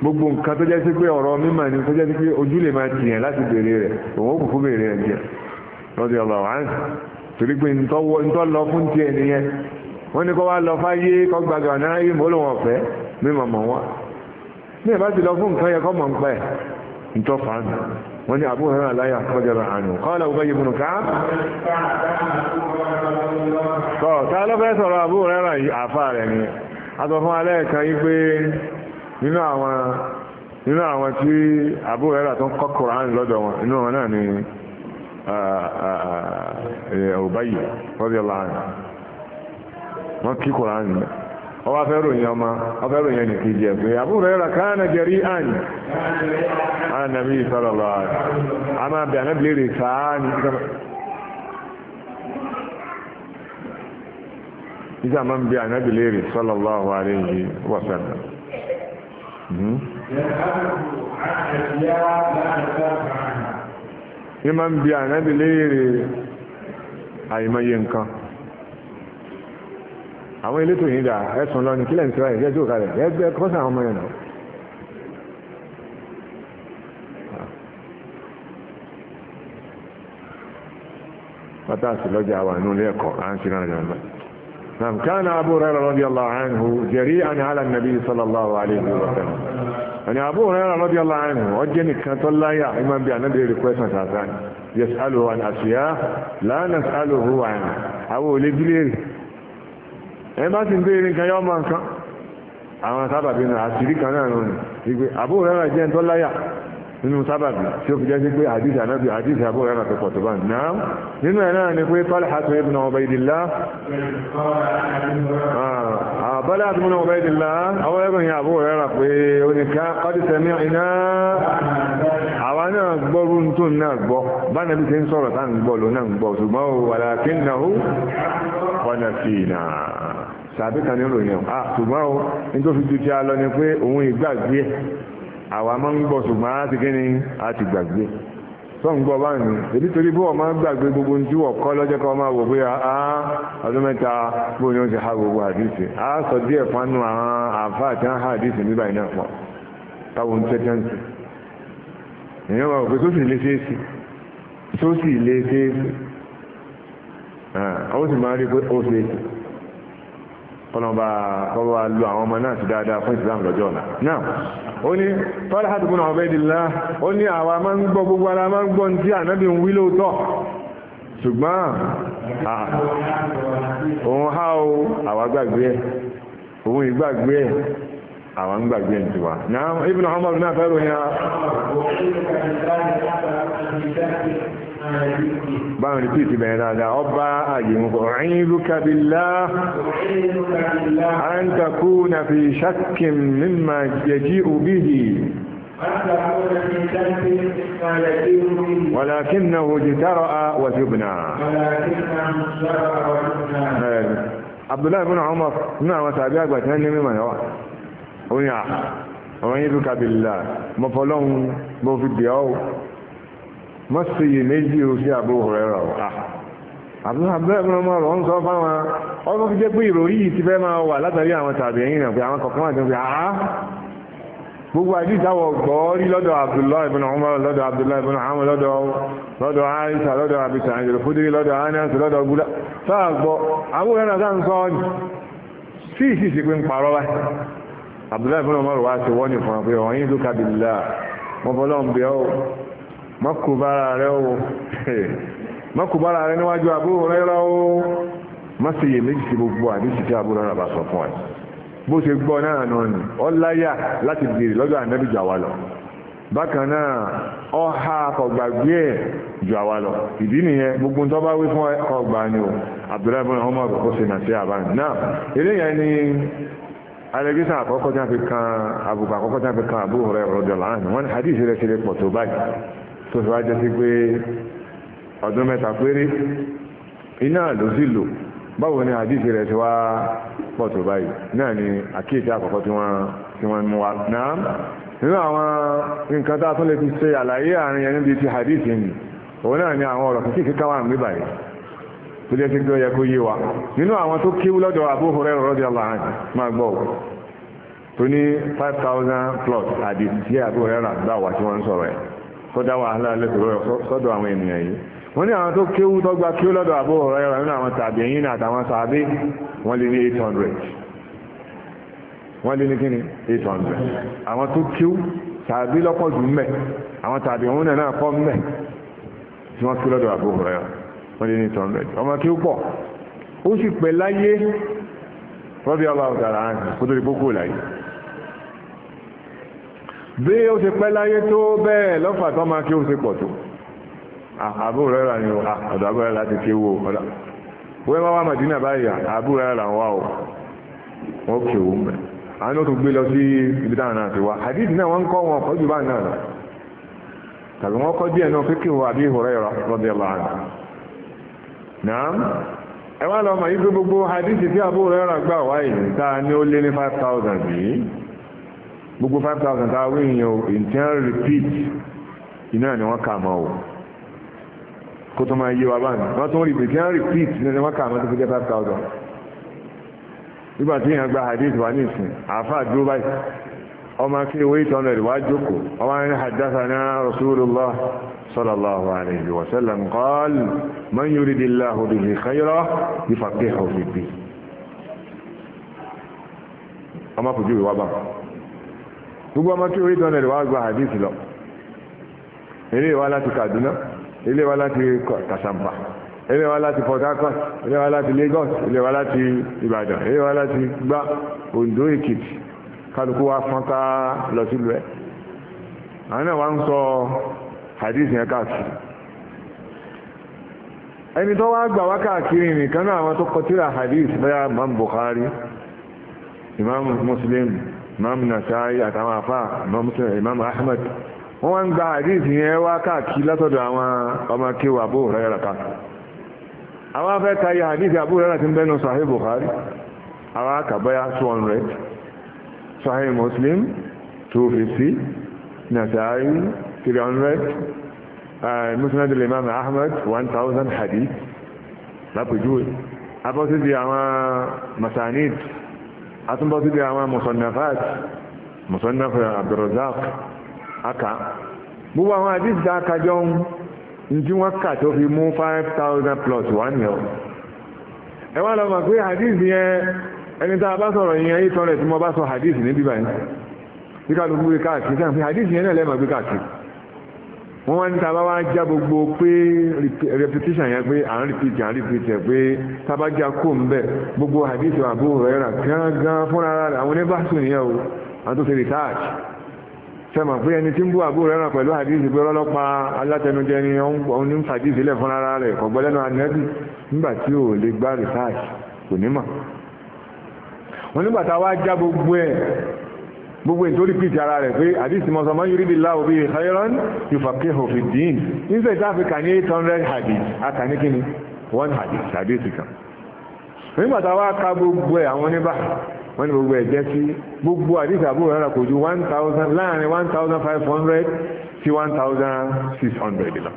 gbogbo nǹkan tó jẹ́ pé ọ̀rọ̀ mímọ̀ ni tó jẹ́ pé ojú lè máa tìyàn láti béèrè rẹ̀ òun ó kù fún béèrè rẹ̀ jẹ́ lọ́dí ọ̀lọ́ ń torí pé ntọ́ lọ fún tiẹ̀ nìyẹn wọ́n ní wá lọ fáyé kó gbàgbà náà yìí lòun ọ̀fẹ́ mímọ̀ mọ̀ wá ní ti lọ fún nǹkan yẹ kọ́ mọ̀ ń pẹ́ ntọ́ fàánù wọ́n ní láyà àánú sọ̀rọ̀ yìí nínú àwọn tí àbúrò ẹ̀rọ tó ń kọ́ koran lọ́dọ̀ wọn inú wọn náà ni ọ̀báyì e, radiyallahu anhu wọ́n kí koran ní ọwọ́ afẹ́ ròyìn ọmọ afẹ́ ròyìn ẹni kejì ẹ̀ pé àbúrò ẹ̀rọ ànàbí sallallahu alaihi wasallam a máa bẹ̀ ànábìlérè sáà ní ìgbà máa Hmm? ní máa ń bi ànábì léèrè àìmọye nǹkan àwọn elétò yìí dà ẹ̀sùn lọ ní kílẹ̀ ní tíra ìjẹ́jú kalẹ̀ ẹgbẹ́ kọ́sà àwọn ọmọ yẹn pátá sí lọ́jà wà nínú ilé ẹ̀kọ́ à ń ṣe نعم كان أبو هريرة رضي الله عنه جريئا على النبي صلى الله عليه وسلم يعني أبو هريرة رضي الله عنه وجني كانت الله يا إمام بي نبي ريكويست مساتان يسأله عن أشياء لا نسأله عنه أبو لبليري ẹ bá ti ń béèrè nǹkan yọ́ máa ń kan àwọn sábàbí náà àṣírí nínú sábàbí tí ó fi jẹ́ sí pé àdíṣà náà bí àdíṣà àbúrò ẹ̀rọ tó pọ̀ tó bá náà nínú ẹ̀ náà ni pé Talhatu ibn Ubaydillah ah, ah, Talhatu ibn Ubaydillah àwọn ẹgbẹ̀rún yà àbúrò ẹ̀rọ pé ó ní ká kọ́dísẹ̀ ní iná àwa náà gbọ́ rú tó tàbí kan ní ìròyìn ah ṣùgbọ́n o ní tó fi ju ti a lọ ni pé òun ìgbàgbé àwa máa ń gbọ́ ṣùgbọ́n á ti kí ni a ti gbàgbé tó ń gbọ́ báyìí èdè bó ọmọ gbàgbé gbogbo ní tí wọ́n kọ́ lọ́jọ́ ya máa wò pé àá ah, ah, ọdún mẹ́ta ha gbogbo àdìsí á sọ díẹ̀ fánú àwọn àfa àti àhà àdìsí nígbà pọ̀ táwọn pé ah, sì máa rí kọlọmọba kọlọmọba lu àwọn ọmọ náà ti dáadáa fún ìsìlámù lọ́jọ́ ọ̀la náà ó ní Talhat ibn Ubaydillah ó ní àwa máa ń gbọ́ gbogbo ara máa ń gbọ́ ní tí ànábì ń wí lóòótọ́ ṣùgbọ́n òun há o àwa gbàgbé ẹ̀ òun ìgbàgbé ẹ̀ àwa ń gbàgbé ẹ̀ tiwa náà Ibn Umar náà fẹ́ ròyìn باو ني تي بينا دا اوبا بالله ان تكون في شك مما يجيء به ولكنه اجترا وجبنا عبد الله بن عمر نعم عمر تابعه بتهني مما هو ويا اعوذ بالله ما فلون مو في má ṣe yè méjì o sí Abu Hurairah o àbúrò abẹ́rẹ́ ọmọ rọ̀ ń sọ fáwọn ọmọ fi jẹ́ pé ìròyìn yìí ti fẹ́ máa wà látàrí àwọn tàbí ẹ̀yìn rẹ̀ pé àwọn kọ̀ọ̀kan wà tó fi àá ah, ah. gbogbo àdìsáwọ̀ gbọ́ rí lọ́dọ̀ Abdullahi ibn Umar lọ́dọ̀ Abdullahi ibn Umar lọ́dọ̀ lọ́dọ̀ Aisha lọ́dọ̀ abisa àjẹrò fúdírí lọ́dọ̀ Anas lọ́dọ̀ gúdá sáà gbọ́ àwọn ẹ̀rọ sáà ń sọ ọ́ ní sí ìsìsì pé ń parọ́ wá Abdullahi ibn Umar wá ti wọ́n ní fún ọ pé ọ̀yìn lókàbílà mọ́bọ́lọ́ ń bẹ́ ọ́ mọ́kùbára rẹ̀ o mọ́kùbára rẹ̀ níwájú àbúrò rẹ̀ rẹ̀ o má sì yè méjì sí gbogbo àdísì tí àbúrò rẹ̀ bá sọ fún ẹ bó ṣe gbọ́ náà nà ní ọláyà láti béèrè lọ́dọ̀ ànábì jù àwa lọ bákan náà ọha kọgbàgbé ẹ̀ jù àwa lọ ìdí nìyẹn gbogbo tó bá wí fún ọgbà ni o Abdullahi bin Umar kò ṣe nàṣẹ àbáyé alẹ́gísà àkọ́kọ́ tí wọ́n fi kan àbùkù àkọ́kọ́ tí wọ́n fi kan àbúrò rẹ̀ rọ̀dọ̀ láàánú wọn ni hadith rẹ̀ ṣe lè pọ̀ tó báyìí tó fi wá jẹ́ sí pé ọdún mẹ́ta péré iná ló sì lò báwo ni àdìsí rẹ̀ ti wá pọ̀ tó báyìí náà ni àkíyèsí àkọ́kọ́ tí wọ́n tí wọ́n mú wa náà nínú àwọn nǹkan tá a tún lè fi ṣe àlàyé àárín ẹni bíi ti àdìsí ni òun náà ni àwọn ọ̀rọ̀ kékeré káwà ń gbé báyìí tó jẹ́ sí pé ó yẹ kó yé wa nínú àwọn tó kíwú lọ́dọ̀ Abu Hurairah radiyallahu anhu máa gbọ́ tó ní five thousand plus àdìsí Abu Hurairah gbà wá tí wọ́n ń sọ̀rọ̀ ẹ̀ tó dá wàhálà lẹ́sọ̀rọ̀ sọ́dọ̀ àwọn ènìyàn yìí wọ́n ní àwọn tó kéwú tó gba kí ó lọ́dọ̀ àbó ọ̀rọ̀ ẹ̀rọ nínú àwọn tàbí ẹ̀yìn náà àtàwọn sàbí wọ́n lé ní 800 wọ́n lé ní kí ni 800 àwọn tó kéwú tàbí lọ́pọ̀ jù mẹ́ àwọn tàbí òun náà pọ̀ mẹ́ tí wọ́n kí lọ́dọ̀ àbó ọ̀rọ̀ ẹ̀rọ wọ́n lé ní 800 ọmọ kéwú pọ̀ ó sì pẹ̀ láyé rọ́bì ọlọ́ọ̀dà bí ó ṣe pẹ́ láyé tó bẹ́ẹ̀ lọ́fà tó máa kí ó ṣe pọ̀ tó àbúrẹ́ra ah, ni ah, ọ̀dọ̀ àbúrẹ́ra láti fi wo ọ̀dọ̀ wọ́n máa wá màdínà báyìí àbúrẹ́ra là wá o wọ́n kì ó mẹ́ àwọn ló tún gbé lọ sí ibi táwọn náà ti wá hadith náà wọ́n ń kọ́ wọn kọjú bá náà tàbí wọ́n kọ́ díẹ̀ náà fíkì wọ àbí Hurairah radiyallahu anhu naam ẹ wá lọ mà yí gbogbo hadith tí àbúrẹ́ra gbà wáyé ta ni ó lé thousand yìí gbogbo 5,000 tá a wé yẹn o ìtẹ́ repeat iná ni wọ́n kà mọ́ o kó tó máa yé wa báyìí wọ́n tún rí ìtẹ́ repeat iná ni wọ́n kà mọ́ tó fi jẹ́ 5,000 nígbà tí èèyàn gba hadith wa ní ìsìn àáfàá dúró báyìí ọmọ kí owó ìtàn rẹ̀ wá jókòó ọmọ rẹ̀ haddathana rasulullah sallallahu alayhi wa sallam qal man yuridillahu bihi khayran yufaqihu fi ddin ọmọ kò ju ìwà gbogbo ọmọ tí orí hundred wá gba hadith lọ ilé wa láti Kaduna ilé wa láti Kasamba ilé wa láti Port Harcourt ilé wa láti Lagos ilé wa láti Ìbàdàn ilé wa láti gbá Ondo Èkìtì kálukú wa fọ́n ká lọ sílùú ẹ̀ àwọn náà wá ń sọ hadith yẹn káàkiri ẹni tó wá gbà wá káàkiri nìkan náà àwọn tó kọtíra hadith bẹ́ẹ̀ Imam Bukhari Imam Muslim imam nasai àtàwọn afa imam ahmed wọ́n wá ń gba àdíìsì yẹn wá káàkiri látọ̀dọ̀ àwọn ọmọ kéwà Abu Hurairah ká àwọn afẹ́ ta yẹ àdíìsì Abu Hurairah ti ń bẹ́nu Sahih Bukhari àwọn akàbọ́yá 200 Sahih Muslim 250 Nasai 300 eh, Musnad al-Imam Ahmad 1000 hadith lápèjúwe abọ́sídìí àwọn masanid àtúnbọ̀ síbi àwọn musannafat musannaf Abdurrazzaq aka gbogbo àwọn àdìsí tá a kájọ ń ntí wọ́n kà tó fi mú 5000 plus one yọ ẹ wá lọ mọ̀ pé àdìsí yẹn ẹni tá a bá sọ̀rọ̀ yẹn eight hundred tí mo bá sọ àdìsí níbí báyìí bí kálukú gbé káàkiri sáà pé àdìsí yẹn náà lẹ́ẹ̀mọ̀ gbé káàkiri wọ́n wá ní tàbá wá já gbogbo pé repetition yẹn pé à ń repeat à ń repeat yẹn pé tàbá kó ń bẹ̀ gbogbo hadith Abu Hurairah gángan fúnra rẹ̀ àwọn oníbàṣọ nìyẹn o àwọn tó ṣe research sẹ́mà pé ẹni tí ń bú Abu Hurairah pẹ̀lú hadith pé ọlọ́pàá alátẹnujẹ ni òun ní fàdí ìfilẹ̀ fúnra rẹ̀ kọ̀gbọ́lẹ́nu anẹ́bí nígbà tí ò lè gbá research kò ní mọ̀ wọ́n nígbà tá já gbogbo ẹ̀ gbogbo nítorí pìtì ara rẹ̀ pé àdìsí mọ̀sánmọ́ yìí ríbi láwọ̀ bíi khairan yufaqihu fi din níṣẹ́ ìta Áfíríkà ní eight hundred hadith àkàní kíni one hadith àdìsí kan nígbà táwa ka gbogbo ẹ̀ àwọn oníbà wọ́n ní gbogbo ẹ̀ jẹ́ sí gbogbo àdìsí àbúrò rẹ̀ kò ju one thousand láàrin one thousand five hundred sí one thousand six hundred lọ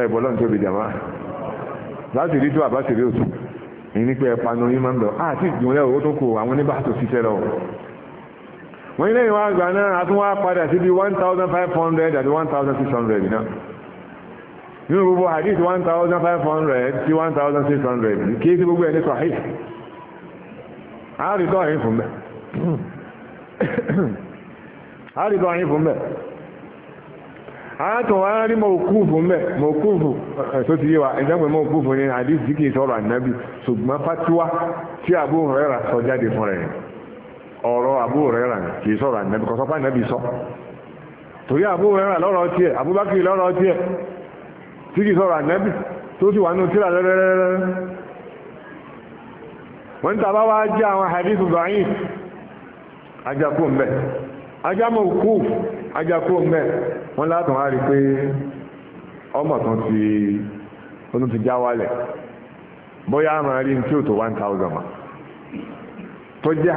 ẹ̀ bọ́lọ́ nítorí jàmá láti rí tó àbá ṣe rí òtún ní pé ẹ̀ panu yín máa ń bẹ̀rù àti ìgbìmọ̀lẹ́ òwò tó kù àwọn oníbà wọ́n ilé ìwọ̀n àgbà náà a tún wá padà sí bí 1500 àti 1600 náà nínú gbogbo hadith 1500 sí 1600 kí sí gbogbo ẹni sọ̀hí àárítọ́ àyín fún bẹ́ àárítọ́ àyín fún bẹ́ àátọ̀ wá rí mọ̀kúfù mẹ́ mọ̀kúfù tó ti yé wa ìjọba mọ̀kúfù ní hadith kìí sọ̀rọ̀ ànábì ṣùgbọ́n fatuwa tí Abu Hurairah sọ jáde fún rẹ̀ ọ̀rọ̀ Abu kì í sọ̀rọ̀ ànábì kọ́ sọ́pá sọ torí Abu Hurairah lọ́rọ̀ tiẹ̀ Abubakar lọ́rọ̀ tiẹ̀ tí kì í tó ti wà wọ́n ń tàbá wá jẹ́ àwọn mbẹ́ ajámọ̀ òkú mbẹ́ wọ́n látàn á rí pé ọmọ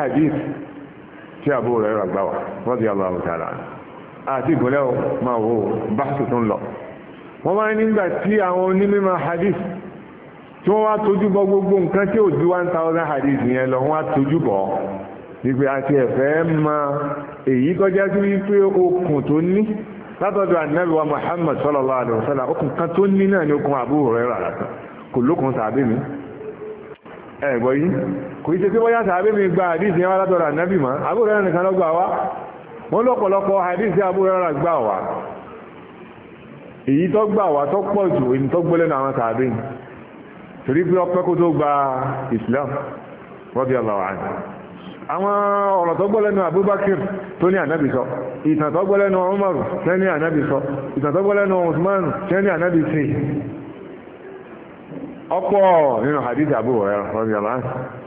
hadith tí àbúrò rẹ̀ ràgbà wà rọ́dí aláwọ̀ tààrà àti ìgbọ́lẹ̀ ò máa wò bá tuntun lọ wọ́n máa nígbà tí àwọn onímọ̀ hadith tí wọ́n wá tójú bọ gbogbo nǹkan tí ò ju one thousand hadith yẹn lọ wọ́n á tójú bọ̀ ìgbé àti ẹ̀fẹ́ ma èyí kọjá sí wípé okùn tó ní látọ̀dọ̀ ànábì wa Muhammad sallallahu alaihi okùn kan tó ní náà ni okùn àbúrò rẹ̀ rà látọ̀ kò lókun tàbí mi ẹ̀gbọ́ yìí kò í ṣe tí wọ́n yá sàábé mi gba àdíṣe wá látọ̀rọ̀ ànábì mọ́ àbúrò rẹ̀ nìkan lọ́gbà wá wọ́n lọ́pọ̀lọpọ̀ àdíṣe àbúrò rẹ̀ gbà wá èyí tó gbà wá tó pọ̀ jù èyí tó gbọ́lẹ̀ náà àwọn sàábé ni torí pé ọpẹ́ kó tó gba Islam rọ́bì ọlọ́wà àwọn ọ̀rọ̀ tó gbọ́lẹ́nu Abubakar tó ní ànábì sọ ìtàn tẹ́ ní ànábì sọ ìtàn tẹ́ ní ànábì sí nínú hadith Abu Hurairah rọ́bì ọlọ́wà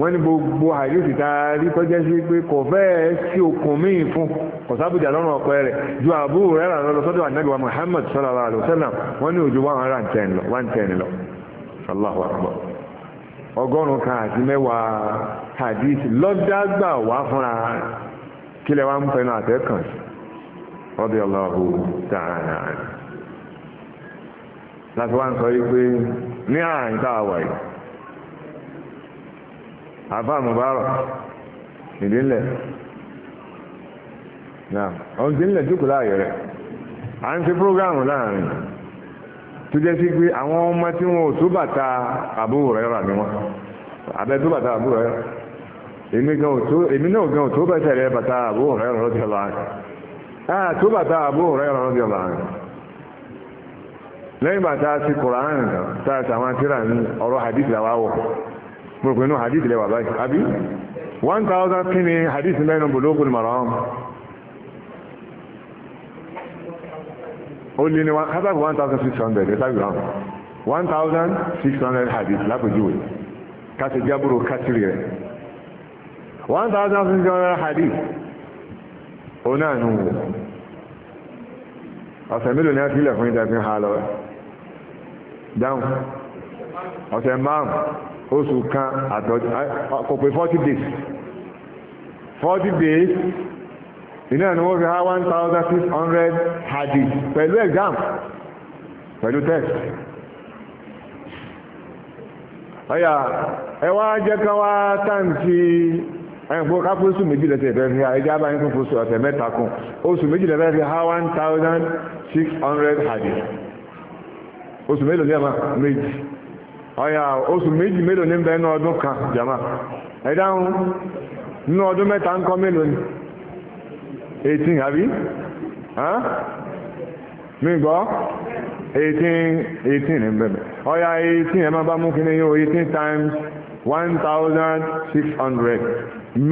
wọ́n ní gbogbo àìrísì tá a rí tọ́jẹ́ sí pé kò fẹ́ẹ́ sí okùn míì fún kọ̀sábùjà lọ́rùn ọ̀pẹ rẹ̀ ju àbú rẹ̀ rà lọ sọ́dọ̀ ànábìwá Muhammad sallallahu alayhi wa sallam wọ́n ní òjò one hundred and ten lọ one ten lọ Allahu akbar ọgọ́rùn-ún kan àti mẹ́wàá hadith lọ́dàgbà wá fúnra kílẹ̀ wá ń fẹnu àtẹ́kàn sí radiyallahu ta'ala láti wá ń sọ yí pé ní àárín táwa wà àfà àmọ̀bárọ̀ ìdílẹ̀ náà ọ̀n tí ń láàyè rẹ̀ à ń ṣe prógáàmù láàrin tó jẹ́ sí pé àwọn ọmọ tí wọn ò tó bàtà àbúrò rẹ̀ rà ní wọn abẹ́ tó bàtà àbúrò rẹ̀ èmi náà gan ò tó bẹ̀tẹ̀ rẹ̀ bàtà àbúrò rẹ̀ rọ̀ lọ́dí ọ̀la àà tó bàtà àbúrò rẹ̀ rọ̀ lọ́dí lẹ́yìn bàtà sí ní ọ̀rọ̀ hadith mo pinnu hadith lẹ́wà báyìí àbí 1000 kí ni hadith mẹ́nu Bulughul Maram ó lé ní 1600 ẹ̀sàgbì wọn 1600 hadith lápèjúwe káti jábúrò kátìrì rẹ̀ 1600 hadith ó náà nù wò ọ̀sẹ̀ mélòó ni a ti lẹ̀ fún ìdájọ́ ha lọ dáhùn ọ̀sẹ̀ márùn oṣù kan àtọ́jú kò pé forty days forty days iná ni wọ́n fi há one thousand six hundred hadith pẹ̀lú exam pẹ̀lú test ọ̀yà ẹ wá jẹ́ ká wá táǹtì ẹ̀yìnkú káfóṣù méjì lẹ́tẹ̀ ìfẹ́ fi ha ẹjá bá yín fóṣù ọ̀sẹ̀ mẹ́ta kún oṣù méjì lẹ́fẹ́ fi ha one thousand six hundred hadith oṣù mélòó ní ẹ̀ma méjì ọ̀yà oṣù méjì mélòó ní bẹ́ẹ̀ ní ọdún kan jama ẹ̀dáhùn nínú ọdún mẹ́ta ń kọ́ mélòó ni 18 àbí mi gbọ́ 18 18 ní bẹ̀rẹ̀ ọ̀yà Eighteen ẹ̀ máa bá mú kí ní yóò 18 times 1600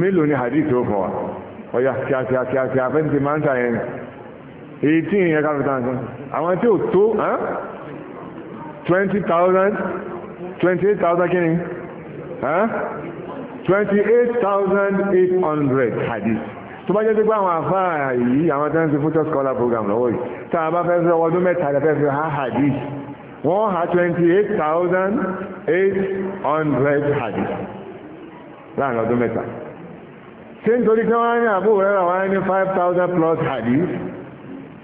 mélòó ni hadith ó fọ́ wa ọ̀yà kíákíákíá fẹ́ntì máa ń sàyẹn 18 yẹn káfíńtà àwọn tí ò tó thousand. 28,000 kíni ẹ́n 28,800 hadith tó bá jẹ́ pé àwọn àfáà yìí àwọn tẹ́ǹsì future scholar program lọ́wọ́ yìí tá a bá fẹ́ fẹ́ ọdún mẹ́ta lẹ́fẹ́ fẹ́ ha hadith wọ́n ha 28,800 hadith láàrin ọdún mẹ́ta ṣé nítorí kí wọ́n á ní àbúrò rẹ̀ wọ́n á ní 5,000 plus hadith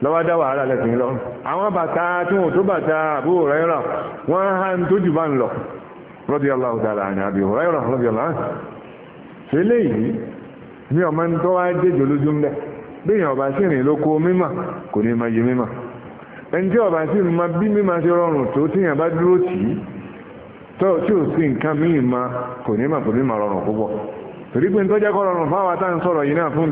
lọ́wọ́ dá wàhálà lẹ́sìn lọ àwọn bàtà tí wọ́n tó bàtà àbúrò rẹ̀ rà wọ́n há ń tó jù bá ń lọ radiyallahu ta'ala àní àbí rẹ̀ rà radiyallahu ṣe léyìí ní ọmọ ń tọ́wá déjò lójú ọba sí rìn lóko mímọ̀ kò ní ma yé mímọ̀ ẹni ọba sí ma bí mímọ̀ rọrùn tó bá dúró tì í tó tí ma kò ní kò ní rọrùn púpọ̀ torí pé ń fún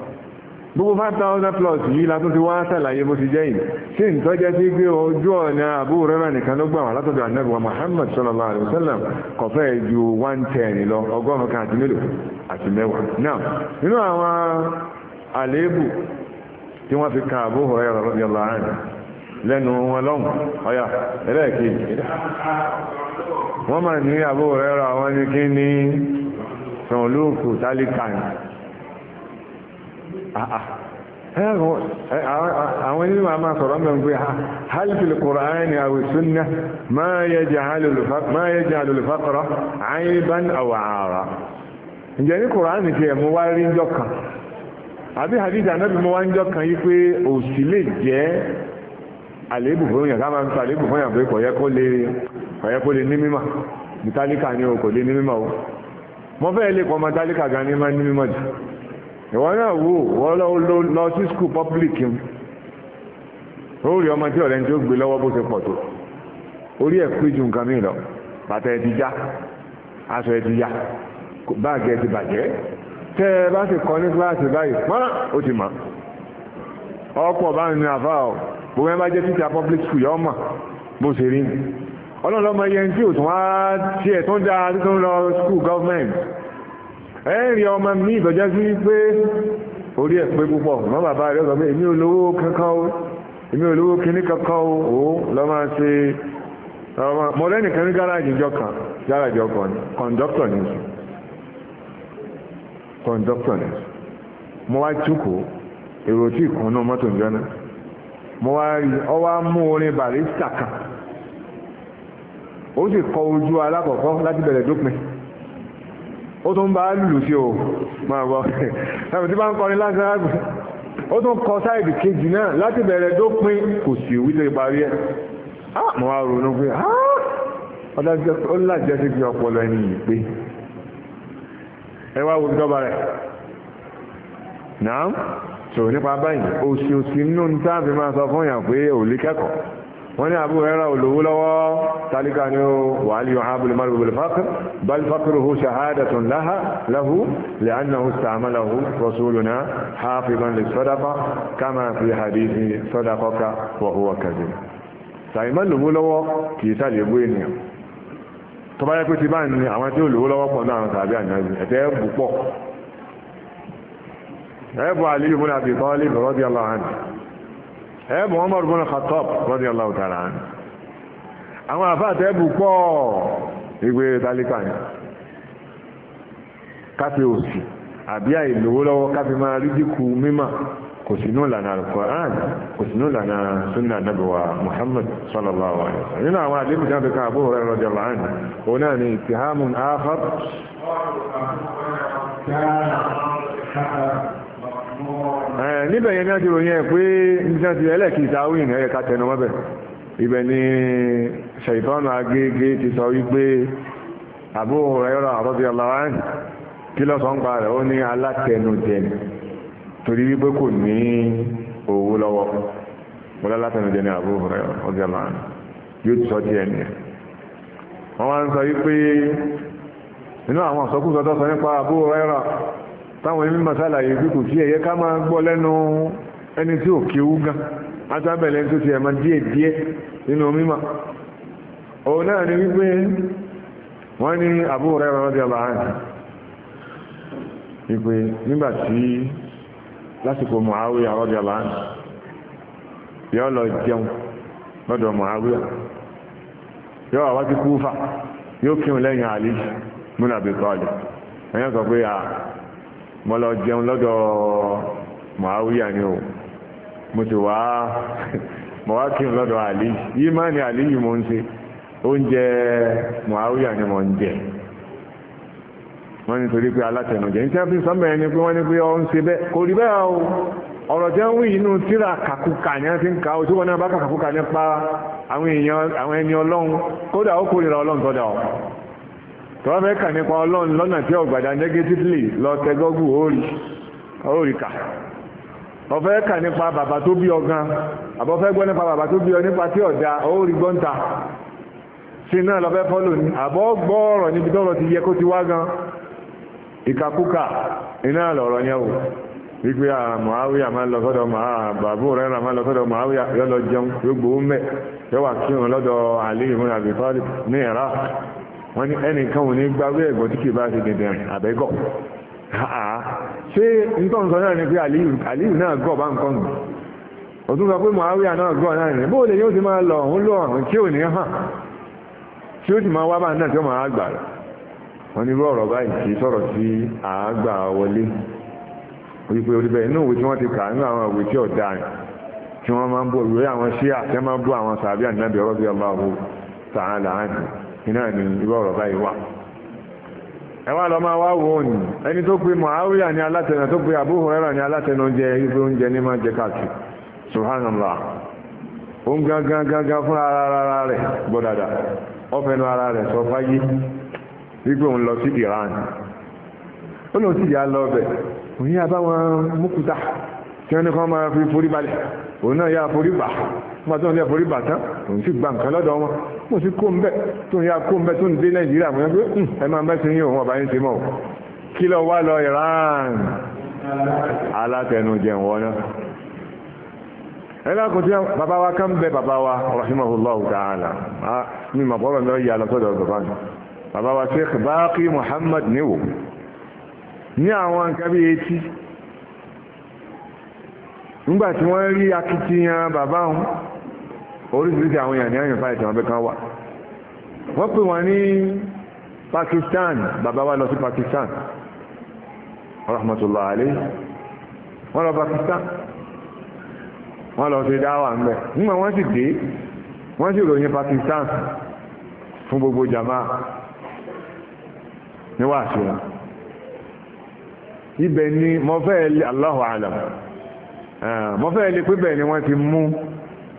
gbogbo 5,000 plus yìí látún ti wá sàlàyé mo ti jẹ́ ìlú tí n tọ́jẹ́ sí pé ojú ọ̀nà Abu Hurairah nìkan ló gbà látọ̀dọ̀ Muhammad sallallahu alaihi wasallam kò fẹ́ ju 110 lọ ọgọ́rùn kan àti mélòó àti mẹ́wàá náà nínú àwọn àléébù tí wọ́n fi ka Abu Hurairah radiyallahu anhu lẹ́nu wọn lọ́hùn ẹlẹ́ẹ̀kejì Ah, ah. àwọn ilé ma máa sọ̀rọ̀ mẹ́rin pé halifil kùránì àwì súnnà máa yẹ jẹ́ alùlùfàkọ́rọ̀ àìbán àwàrà ǹjẹ́ ní kùránì ti ẹ̀mú wá rí jọ kan àbí hadith anábì mọ́ wá ń jọ kan yí pé òsì lè jẹ́ àléébù ká máa ń sọ ìwọ náà wò wọ́n lọ sí skul public ó rí ọmọ tí ọ̀rẹ́ tí ó gbé lọ́wọ́ bó ṣe pọ̀ tó orí ẹ̀ pé ju nǹkan mìíràn bàtà ẹ̀ ti já aṣọ ẹ̀ ti ya báàgì ẹ̀ ti bàjẹ́ tẹ́ ẹ bá ti kọ́ ní kíláàsì báyìí pọ́n ó ti mọ̀ ọ̀pọ̀ bá ń ní àfà ọ̀ bó mẹ́ bá jẹ́ títà public school yọ mọ̀ bó ṣe rí ọlọ́run lọ́mọ yẹn tí ò tún wá tiẹ̀ tún dáa tó ń lọ school government ẹ̀rìn ọmọ mi ìtọ́já sí pé orí ẹ̀ pé púpọ̀ mọ́ bàbá rẹ̀ sọ pé èmi olówó kankan o èmi olówó kíní kankan o ó lọ máa ṣe mọ lẹ́nìkan ní gáràjì jọ kan gáràjì ọkọ̀ ni kọ̀ǹdọ́tọ̀ ni kọ̀ǹdọ́tọ̀ ni mo wá túkò èrò tí ìkùnú mọ́tò ń jọ́nà mo wá rí ọwá mú orin barista kan ó sì kọ ojú alákọ̀ọ́kọ́ láti bẹ̀rẹ̀ dópin ó tún bá lùlù sí o máa bọ́ ẹ̀mù tí bá ń kọrin lásán ágbà ó tún kọ sáìdì kejì náà láti bẹ̀rẹ̀ tó pín kò sí òwú tó parí ẹ̀ mọ́ wá ronú pé ó lájẹ́ sí fi ọpọlọ ẹni yìí pé ẹ wá wo ìjọba rẹ̀ náà sọ̀rọ̀ nípa báyìí oṣooṣù nínú ní táàbí máa sọ fún yàn pé òlé wọ́n ní Abu Hurairah olówó lọ́wọ́ tálíkà ní wàhálì ọ̀hábùlù márùn bùlù fákìr bal fakruhu shahadatun laha lahu li'annahu ista'malahu rasuluna hafizan lis-sadaqa kama fi hadithi sadaqaka wa huwa kadhib sàìmọ́ lówó lọ́wọ́ kìí sàlẹ̀bú ènìyàn tó bá yẹ pé ẹ̀bùn Umar ibn Khattab radiyallahu ta'ala anhu àwọn àfáàtẹ̀ ẹ̀bù pọ̀ ìgbé tálíkà ni káfí òsì àbí àìlówó lọ́wọ́ káfí máa rí dínkù mímà kò sínú ìlànà Al-Qur'an kò sínú ìlànà sunna nabawa Muhammad sallallahu alaihi wasallam nínú àwọn àdébù tí wọ́n fi ká níbẹ̀ yẹn ní ọjọ́ òyìn ẹ̀ pé na tí ẹlẹ́kì ìsáwìn ẹ̀yẹ ká tẹnu mọ́bẹ̀ ibẹ̀ ni ṣàìtọ́nù agége ti sọ wípé Abu Hurairah radiyallahu anhu kí ló ń pa rẹ̀ ó ní táwọn ẹni masala yìí bí kò sí ẹ̀yẹ ká máa gbọ́ lẹ́nu ẹni tí ò kéwú gan atábẹ̀lẹ̀ tó ti ẹ̀mọ díẹ̀ díẹ̀ nínú mímọ̀ òun náà ni wípé wọ́n ní Abu Hurairah radiyallahu anhu ẹ̀yẹ́ sọ pé mo lọ jẹun lọ́dọ̀ Muawiya ni o mo ti wá mo kí n lọ́dọ̀ àlì yìí ni àlì yìí mo ṣe oúnjẹ Muawiya ni mo ń jẹ wọ́n ni torí pé alátẹnujẹ ní a fi ẹni pé wọ́n ni pé ọ ń ṣe bẹ́ẹ̀ kò o ọ̀rọ̀ wí inú tíra ti ń ka o tí wọ́n náà bá kàkúkà àwọn ẹni ọlọ́run kódà ó kórìíra ọlọ́run tọ́wọ́ fẹ́ nípa ọlọ́run lọ́nà tí ọ̀gbàdà negatively lọ tẹgọ́gù oríkà ọ̀fẹ́ kà nípa bàbá tó bí ọgán àbọ̀fẹ́ gbọ́ nípa bàbá tó bí ọ nípa tí ọ̀dá orí gbọ́ǹta sí náà lọ́fẹ́ ní níbi ti yẹ kó ti wá gan iná lọ̀rọ̀ o wípé àmàáwíyà máa lọ sọ́dọ̀ bàbú lọ sọ́dọ̀ màáwíyà jẹun yóò gbòó mẹ́ yọ́wà lọ́dọ̀ àlè ní wọ́n ní ẹnìkan ò ní gbáwé ẹ̀gọ́ tí kìí bá ṣe dẹ̀dẹ̀ àbẹ́gọ̀ ṣé nǹkan sọ náà ni pé àlíyù náà gọ̀ bá nǹkan nù ó tún sọ pé mọ̀háwíà náà gọ̀ náà ni bóòlù yóò ti máa lọ òun lọ àwọn tí ò ní hàn tí ó sì máa wá bá náà tí ó máa gbà rẹ̀ wọ́n ní irú ọ̀rọ̀ báyìí kìí sọ̀rọ̀ sí àágbà wọlé wípé orí bẹ́ẹ̀ inú òwe tí wọ́n ti kà nínú àwọn òwe tí ọ̀dà tí wọ́n máa ń bọ̀ ìwé àwọn ṣíà tí wọ́n máa ń bọ̀ àwọn sàbí àdínábì ọlọ́bí ọlọ́hu iná ni irú ọ̀rọ̀ báyìí wà ẹwà lọ máa wá wò ẹni tó pe Muawiya ní alátẹnà tó pe àbúhọ̀ Hurairah ní alátẹnà oúnjẹ ní máa jẹ káàkiri subhanallah ó ń gángan fún ara ara rẹ̀ gbọ́dàdà ọfẹnu ara rẹ̀ sọ fáyé wípé òun lọ sí Iran ó òun yà bá wọn ní kọ́ máa fi forí balẹ̀ òun náà yà forí nígbà tó ń lé forí bàtán tó ń sì gba nǹkan lọ́dọ̀ wọn mo sì kó ń bẹ̀ tó ń ya kó ń bẹ̀ tó ń dé nàìjíríà mo yẹn pé hmm, ẹ máa mẹ́sìn yín òun ọ̀bá yín ti mọ̀ kí lọ wá lọ Iran alátẹnujẹ wọn náà ẹlá kò tí bàbá wa kán bẹ bàbá wa rahimahullahu ta'ala mi mọ̀ bọ́rọ̀ lọ yà lọ́sọ́dọ̀ bàbá mi bàbá wa Sheikh Baqi Muhammad níwò ní àwọn nǹkan bí etí nígbà tí wọ́n rí akitiyan bàbá wọn oríṣiríṣi àwọn èèyàn ní àyàn fáìtì wọn bẹ kan wà wọ́n pè wọ́n ní Pakistan bàbá wa lọ sí Pakistan rahmatullahi alayhi wọ́n lọ Pakistan wọ́n lọ sí dáwà ń bẹ̀ nígbà wọ́n sì dé wọ́n sì ròyìn Pakistan fún gbogbo jama níwáṣẹ́ ibẹ̀ ni mo fẹ́ Allahu alam Ah, mo fẹ́ lè pé bẹ́ẹ̀ ni wọ́n ti mú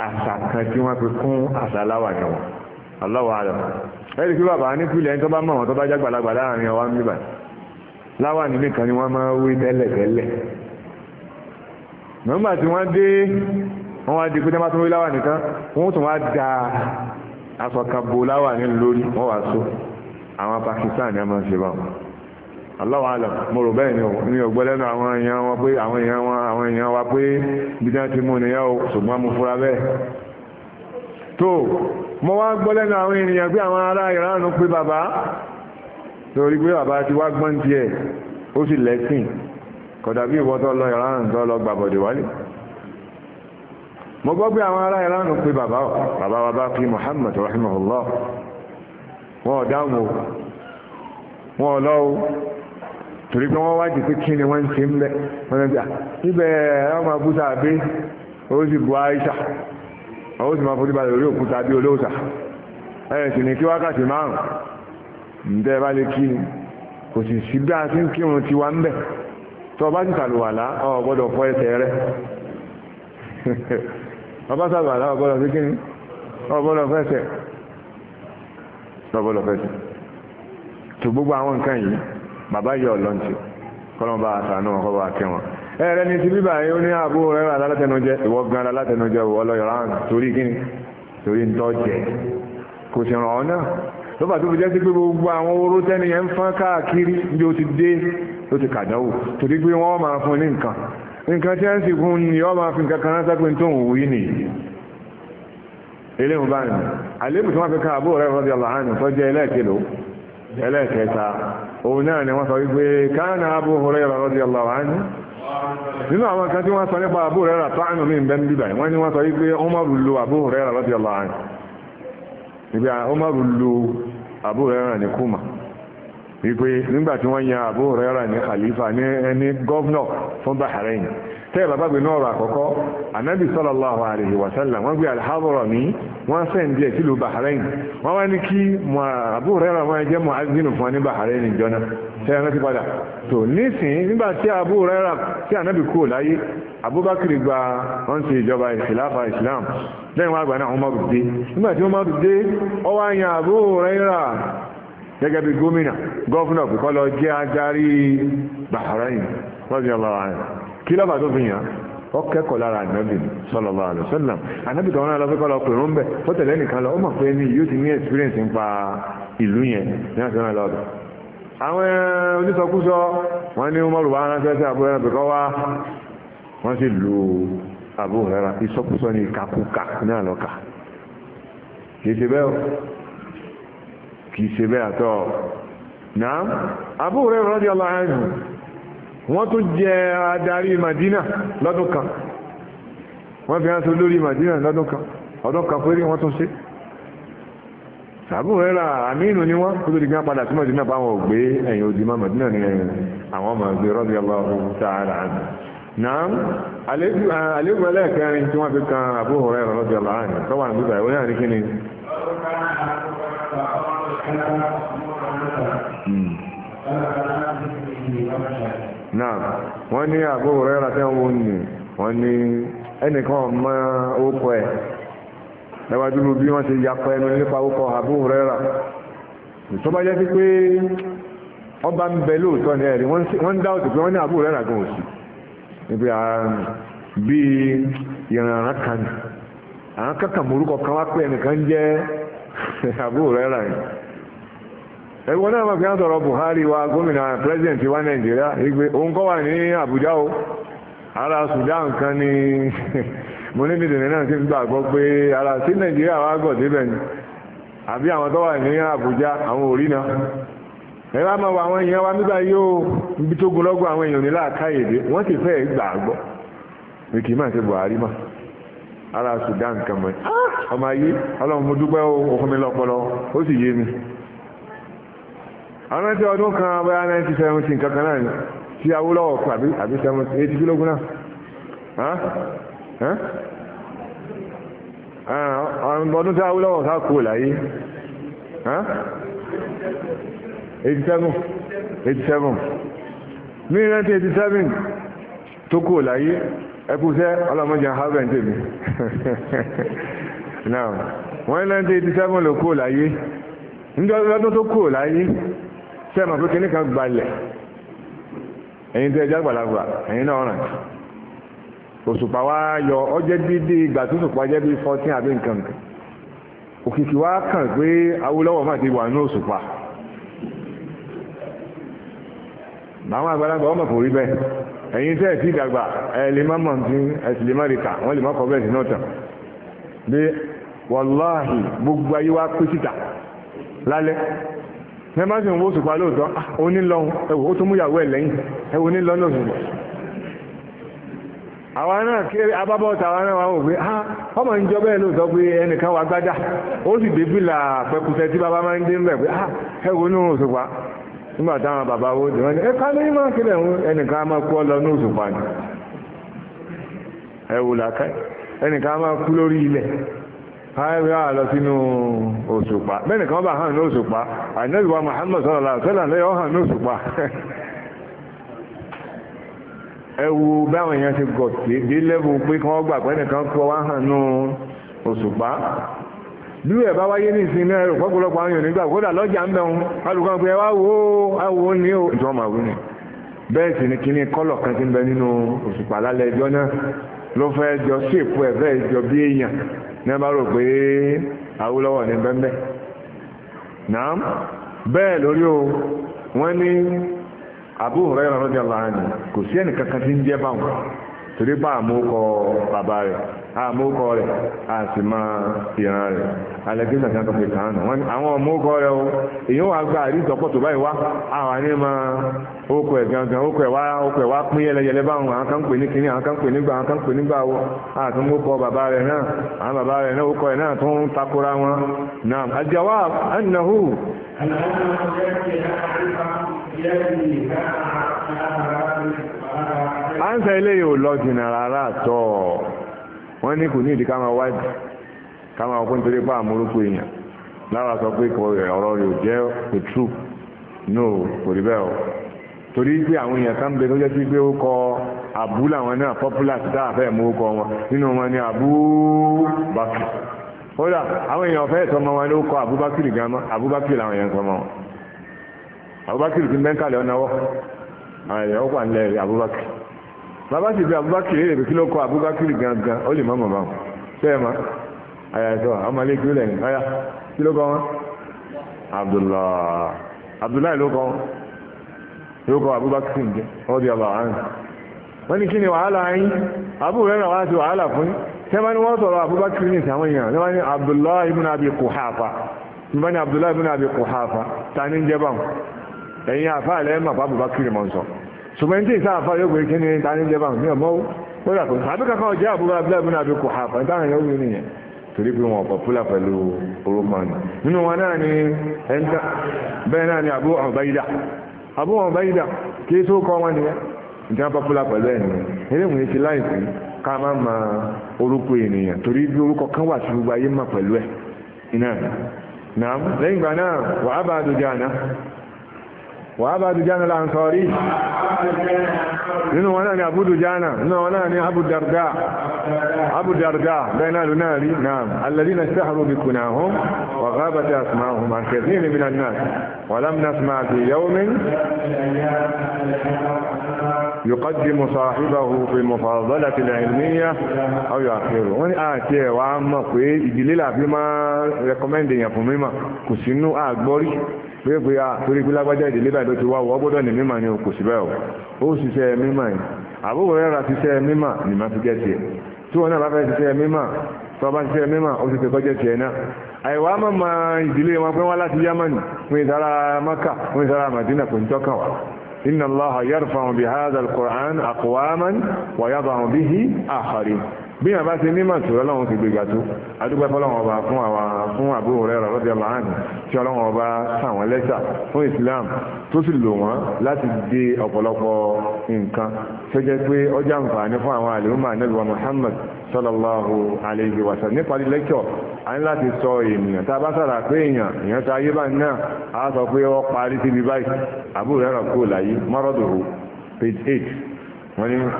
àṣà kan tí wọ́n fi kún àṣà aláwàdà wọn aláwọ̀ àlọ́ ẹ̀rí pé bàbá nípìnlẹ̀ tó bá mọ̀ wọn tó bá jágbàlagbà láàrin ọwá ń bíbà láwà nínú kan ni wọ́n máa wé tẹ́lẹ̀ tẹ́lẹ̀ nọ́mbà tí wọ́n dé wọ́n wá di pé tẹ́lẹ̀ tó wé láwà nìkan wọ́n tún wá da aṣọ kan bo láwà ní lórí wọ́n wá so àwọn Pakistan ni a máa ń ṣe báwọn Allahu alam mo rò bẹ́ẹ̀ ni ní ọgbọ́ lẹ́nu àwọn èèyàn wọn pé àwọn èèyàn wọn àwọn èèyàn wa pé bíjá ti mú nìyàn o ṣùgbọ́n mo fura bẹ́ẹ̀ tó mo wá gbọ́ lẹ́nu àwọn ènìyàn pé àwọn ará ìránù pé bàbá torí pé bàbá ti wá gbọ́n tiẹ̀ ó sì lẹ́sìn kódà bí ìwọ tó lọ ìránù tó lọ torí pé wọ́n wájú pé kí ni wọ́n ṣe ń bẹ́ wọ́n ti à ah, níbẹ̀ ọmọ abúta àbí owó sì bu àìsà owó sì máa fojú balẹ̀ lórí òkúta bí olóòsà ẹ̀ sì ní kí wákàtí márùn-ún ǹdẹ́ bá lè kí ni kò sì sí bí a ti ń kírun ti wá ń bẹ̀ tó bá ti sàlùwàlá ò gbọ́dọ̀ fọ ẹsẹ̀ rẹ̀ ọba sàlùwàlá ò gbọ́dọ̀ sí kí ni ò gbọ́dọ̀ fẹsẹ̀ ò gbọ́dọ̀ fẹsẹ̀ tó gbogbo àwọn nǹkan yìí bàbá yọ lọ́ntì kọ́lọ́n bá àtàánú wọn kọ́ bá kẹ́ wọn ẹ̀rẹ́ ni ti bíbà yìí ó ní àbú rẹ̀ alátẹnujẹ ìwọ gan alátẹnujẹ ọlọ́yọ̀rá torí kíni torí ntọ́jẹ kò sì ràn ọ́ náà ló bá tó fi jẹ́ sí pé gbogbo àwọn oró tẹ́ni yẹn ń fọ́n káàkiri bí ó ti dé ó ti kàdánwò torí pé wọ́n máa fún ní nǹkan nǹkan tí a ń sì fún ni wọ́n máa fi nǹkan kan ránṣẹ́ pé tó ń wù yí nìyí eléwọ̀n báyìí àlébù tí wọ́n fi ká àbú rẹ̀ rọ́dí ọlọ́hánù ẹlẹ́ẹ̀kẹta òun náà ni wọ́n sọ wípé káàna Abu Hurairah radiyallahu anhu nínú àwọn kan tí wọ́n sọ nípa Abu Hurairah tọ́ánù mí bẹ́ ń wọ́n ni wọ́n sọ wípé Umaru Abu Hurairah radiyallahu anhu ibi Umaru Abu Hurairah ní kúmà wípé nígbà tí wọ́n yan Abu Hurairah ní khalifa ní ẹni gọ́vnọ̀ tẹ́ bàbá gbé náà rọ àkọ́kọ́ anabi sallallahu alayhi wa sallam wọ́n gbé al-Hadrami wọ́n sẹ́ǹdí di sílùú bahrain wọ́n wá ní kí abu rẹ̀ wọ́n jẹ́ fún ní bahrain jọ́nà tẹ́ ẹ̀rọ ti padà tó nísìn nígbà tí abu rẹ̀ tí anabi kúrò láyé abubakar gba wọ́n ṣe ìjọba islam lẹ́yìn àgbà náà dé nígbà tí gẹ́gẹ́ bí kí lọ́bàá tó fi yàn ọ kẹ́kọ̀ọ́ lára ànábì sallallahu alaihi wasallam ànábì tó wọn lọ fẹ́ kọ́ lọ pè rún bẹ̀ ó nìkan lọ ó mọ̀ pé ní yóò ti ní experience ń pa ìlú yẹn ní àti wọn lọ bẹ̀. àwọn eh, onísọkúsọ wọn ní wọn rùbá ránṣẹ́ sí àbúrò ẹran bìkọ́ wá wọ́n sì lu àbúrò ẹran ìsọkúsọ ní ìkakúkà náà lọ́kà kì í ṣe bẹ́ẹ̀ kì í ṣe bẹ́ẹ̀ wọ́n tún jẹ adarí Madina lọ́dún kan wọ́n fi hàn tó lórí Madina lọ́dún kan ọdún kan péré wọ́n tún ṣe sàbùn rẹ́ra àmínú ni wọ́n kó tó di gán padà tí Madina bá wọn ò gbé ẹ̀yìn odi mọ́ Madina ni àwọn ọmọ ẹgbẹ́ rọ́bì ọlọ́run tá a rà á náà àlékún ẹlẹ́ẹ̀kẹrin tí wọ́n fi kan àbúrò rẹ̀ rọ́bì ọlọ́run tọ́wà ní bíbá ìwé náà ní kíni Mm. na wọ́n ní àbúrò rẹ̀ ràtẹ́ wọn ní wọ́n ní ẹnìkan ọmọ ókọ ẹ̀ lẹ́wàjú bí wọ́n ti yapọ̀ ẹnu nípa ókọ àbúrò rẹ̀ rà tó bá jẹ́ sí pé ọba ń bẹ lóòótọ́ ní ẹ̀rí wọ́n dá òtù pé wọ́n ní rẹ̀ rà gan ẹ̀wọ̀n náà máa fi hàn sọ̀rọ̀ Buhari wa gómìnà pírẹ́sidẹ̀ntì wa Nàìjíríà ìgbé òun kọ́ wà ní Àbújá o ara Sudan kan ni mo ní bìtìrì náà ti gbàgbọ́ pé ara sí Nàìjíríà wa gọ̀ débẹ̀ ni àbí àwọn tó wà ní Àbújá àwọn òrí náà ẹ bá máa wọ àwọn èèyàn wa nígbà yóò ibi tó gun àwọn èèyàn wọ́n ti mi ara Sudan kan mọ́ ah! ọmọ ayé ọlọ́run mo dúpẹ́ o òfin mi ó àwọn ẹ̀tẹ́ ọdún kan bẹ́yà 1970 kankan náà ni tí awúlọ́wọ̀ kú àbí 70 kílógún náà ọdún tí awúlọ́wọ̀ sá kú láyé 87 87 1987 tó kú láyé ẹkùsẹ́ ọlọ́mọdé harvard tèmi náà 1987 ló kú láyé níjọ́ ọdún tó kú láyé sẹ́mọ̀ pé kíní kan gbalẹ̀ ẹ̀yin tẹ́ ẹjá gbàlagbà ẹ̀yin náà òṣùpá wa yọ ọjẹ́ dídí ìgbà tó sùpá jẹ́ bí fourteen àbí nǹkan òkìkí wa kàn pé Awólọ́wọ̀ máa ti wà ní òṣùpá àwọn àgbàlagbà ọmọ kò rí bẹ́ẹ̀ ẹ̀yin ẹ̀ lè má mọ̀ ní ẹ̀sìn lè má rí wọ́n lè má kọ́ bẹ́ẹ̀ sí náà bí wàláhì gbogbo ayé wa pé síta lálẹ́ mẹ́bá sì ń wó sùpá lóòtọ́ onílọ́un ah, ẹwò ó tún ẹ̀ lẹ́yìn náà náà kéré abábọ́ta àwa náà wà wọ́n pé ah, ọmọ ìjọ bẹ́ẹ̀ lóòtọ́ pé ẹnìkan wà gbájá ó sì dé bílà tí bàbá máa ń dé pé ah, ní nígbà táwọn bàbá wo wọ́n ní máa ẹnìkan máa kú ọ lọ ààrẹ àlọ sínú òṣùpá bẹ́ẹ̀ni kan bá hàn ní òṣùpá àìnẹ́bíwá Muhammad sallallahu alaihi wasallam lẹ́yọ́ hàn ní òṣùpá ẹwu báwọn èèyàn ti gọ̀ tí dé lẹ́bùn pé kí wọ́n gbà pé nìkan kọ́ wá hàn ní òṣùpá bí ẹ̀ bá wáyé ní ìsinmi ẹ̀rọ pọ́pọ́lọpọ̀ àwọn èèyàn nígbà kódà lọ́jà ń bẹ̀rún alùpùpù pé wá wo àwo ní ìtọ́ màwú ni bẹ́ẹ̀ sì ni kíní kọ́lọ̀ kan ti ń bẹ nínú òṣùpá lálẹ́ ẹjọ́ náà ló fẹ́ jọ ní bá rò pé Awólọ́wọ̀ ní bẹ́ẹ̀ náà bẹ́ẹ̀ lórí o wọ́n ní Abu Hurairah radiyallahu anhu kò sí ẹnìkankan tí ń torí pa àmúkọ bàbá rẹ̀ àmúkọ rẹ̀ àti máa ìran rẹ̀ alẹ́gbẹ́sà kan tó fi kàn án wọn àwọn ọmọkọ rẹ̀ o èyí wà gba àrí ìtọ́pọ̀ tó báyìí wá àwọn àní máa okò ẹ̀ gangan okò ẹ̀ wá okò ẹ̀ wá pín yẹlẹyẹlẹ báwọn àwọn kan pè ní kínní àwọn kan pè nígbà àwọn kan pè nígbà wo bàbá rẹ̀ náà àwọn bàbá rẹ̀ náà okò ẹ̀ náà takora wọn náà àjẹwà ánsà ilé yóò lọ jìnnà rárá tọ́ wọ́n ní kò ní ìdí káma wájú káma ọkùn torí pa àmúrúkú èèyàn lára sọ pé ọ̀rọ̀ rẹ̀ ò jẹ́ the truth no kò rí bẹ́ẹ̀ o torí pé àwọn èèyàn kan bẹ tó jẹ́ sí pé ó kọ àbú làwọn náà popular sí dáa fẹ́ mú kọ wọn nínú wọn ni àbú bakir kódà àwọn èèyàn fẹ́ sọmọ wọn ló kọ àbúbákìrì gan mọ́ àbúbákìrì làwọn èèyàn sọmọ wọn àbúbákìrì ti mẹ́ńkàlẹ̀ ọ̀nàwọ́ àwọn ẹ̀yà ọ̀pá ńlẹ̀ Abubakar bàbá sì fi Abubakar léèrè pé kí ló kọ Abubakar gangan ó lè má mọ̀ báwọn bẹ́ẹ̀ ma lẹ́yìn kí ló kọ wọn Abdullahi Abdullahi ló kọ wọn ló kọ Abubakar ọba kí ni wàhálà yín náà wàhálà fún yín wọ́n sọ̀rọ̀ Abubakar ní ìsàwọn èèyàn Abdullahi Abdullahi tani ń jẹ́ báwọn ẹ̀yin àfa àlẹ́ mà bá bùbá kiri mọ̀ ń sọ ṣùgbọ́n tí ìsá yóò gbé kí ni dání jẹ́ báwọn ní ọmọ ó rà jẹ́ àbúrò abúlé kò hà fún táwọn yóò torí pé wọn pẹ̀lú orúkọ ni nínú wọn náà ni bẹ́ẹ̀ náà ni kí tó kọ́ wọn pẹ̀lú ẹ̀ ti ká má ma orúkọ ènìyàn torí bí orúkọ kan wà gbogbo ayé pẹ̀lú ẹ̀ iná lẹ́yìn ìgbà náà a dojú وابا دجان الانصاري منو وانا ابو دجانا منو وانا ابو الدرداء ابو الدرداء بين الونالي نعم الذين اشتهروا بكناهم وغابت اسماءهم عن كثير من الناس ولم نسمع في يوم يقدم صاحبه في المفاضلة العلمية او يأخير وانا اتي واما في اجليل افلما ريكومندين يا فميما كسنو اكبري pé pé a ah, torí pé lágbájá ìdílé báyìí ló ti wá wọ́ gbọ́dọ̀ ní mímọ̀ ni kò sí bẹ́ẹ̀ o ó ṣiṣẹ́ mímọ̀ yìí àbúrò rẹ̀ ra ṣiṣẹ́ mímọ̀ ni máa fi jẹ́ tiẹ̀ tí wọn náà bá fẹ́ ṣiṣẹ́ mímọ̀ tó bá ṣiṣẹ́ mímọ̀ ó ti fi kọjá tiẹ̀ náà àìwá mọ̀mọ́ ìdílé wọn pé wọ́n láti yámánì fún ìdára maka fún ìdára madina kò ń tọ́ka wa inna allah yarfa bi hadha al aqwaman wa yadha bihi akharin bí yàn bá ti ní màtò ọlọ́run ti gbégbá tó adúgbò fọlọ́run ọba fún àwa fún àbúrò rẹ̀ rọ́bì ọlọ́run tí ọlọ́run ọba sàwọn lẹ́sà fún Islam tó sì lò wọ́n láti dé ọ̀pọ̀lọpọ̀ nǹkan tó jẹ́ pé ọjà nǹfààní fún àwọn àlùmọ́ ànẹ́lùwà Muhammad sallallahu alayhi wa sallam níparí lẹ́kọ̀ a ní láti sọ ènìyàn tá a bá sára pé èèyàn èèyàn ta ayé báyìí náà a sọ pé ó parí síbi báyìí àbúrò rẹ̀ rọ̀ kúrò láyé mọ́rọ́dùrù page eight wọ́n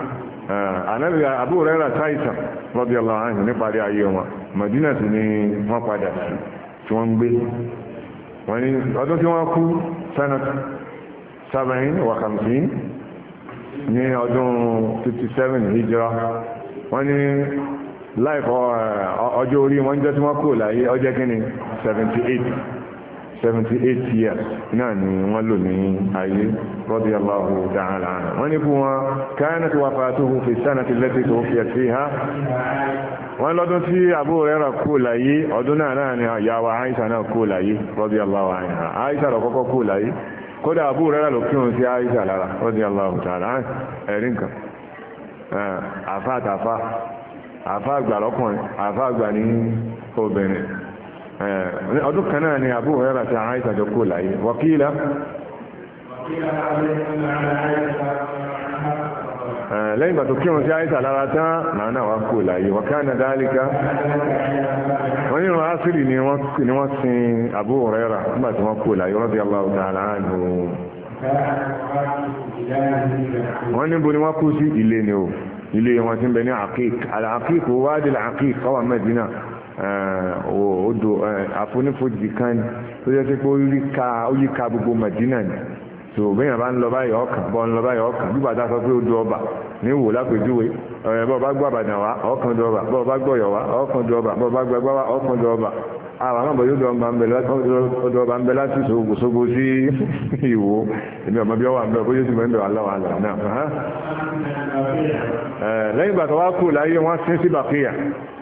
Eh, ànábì Abu Hurairah táìsàn radiyallahu anhu níparí ayé wọn Madina sì ni wọ́n padà sí tí wọ́n ń gbé wọ́n ní ọdún tí wọ́n kú sanat sabain wa ní ọdún 57 hijra wọ́n ní láìpọ̀ eh, ọjọ́ orí wọ́n jẹ́ tí wọ́n 78 78 years náà ni wọ́n lò ní ayé radiyallahu ta'ala anhu wọ́n ní fún wọn kanat wafatuhu fi sanati allati tuwuffiya fiha wọ́n lọ́dún tí Abu Huraira kú láyé ọdún náà náà ni àyàwó Aisha náà kú láyé radiyallahu anha Aisha rọ̀ kọ́kọ́ kú láyé kódà Abu Huraira ló kírun sí Aisha lára ah, ní obìnrin Eh, ọdún kan náà ni Abu Hurairah àti Aisha jọ kó láyé wọ́kílá eh, lẹ́yìn ìgbà tó kírun sí Aisha lára tán màá náà wá kó láyé wọ́kánà dálíkà wọ́n ní ìrun asìrì ni wọ́n sin Abu Hurairah nígbà tí wọ́n kó láyé radiyallahu ta'ala anhu wọ́n níbo ni wọ́n kú Eh, odò eh, àfonífojì kan ni tó jẹ́ sí ó yí ká gbogbo Madina ni so bẹ́yàn bá ń lọ báyìí ọkàn bọ́ ń lọ báyìí ọkàn bí bàtà sọ pé ó ọba ní wò lápèjúwe ọ̀rẹ́ eh, bọ́ bá gbọ́ àbàdàn wá ọkàn du ọba bọ́ bá gbọ́ ọ̀yọ́ wá ọkàn du ọba bọ́ bá gbọ́ ẹgbẹ́ ọkàn ọba àwọn yóò ọba ń bẹ láti sí ìwò èmi ọmọ bí wà ń bẹ yóò ti wà náà. ìgbà tó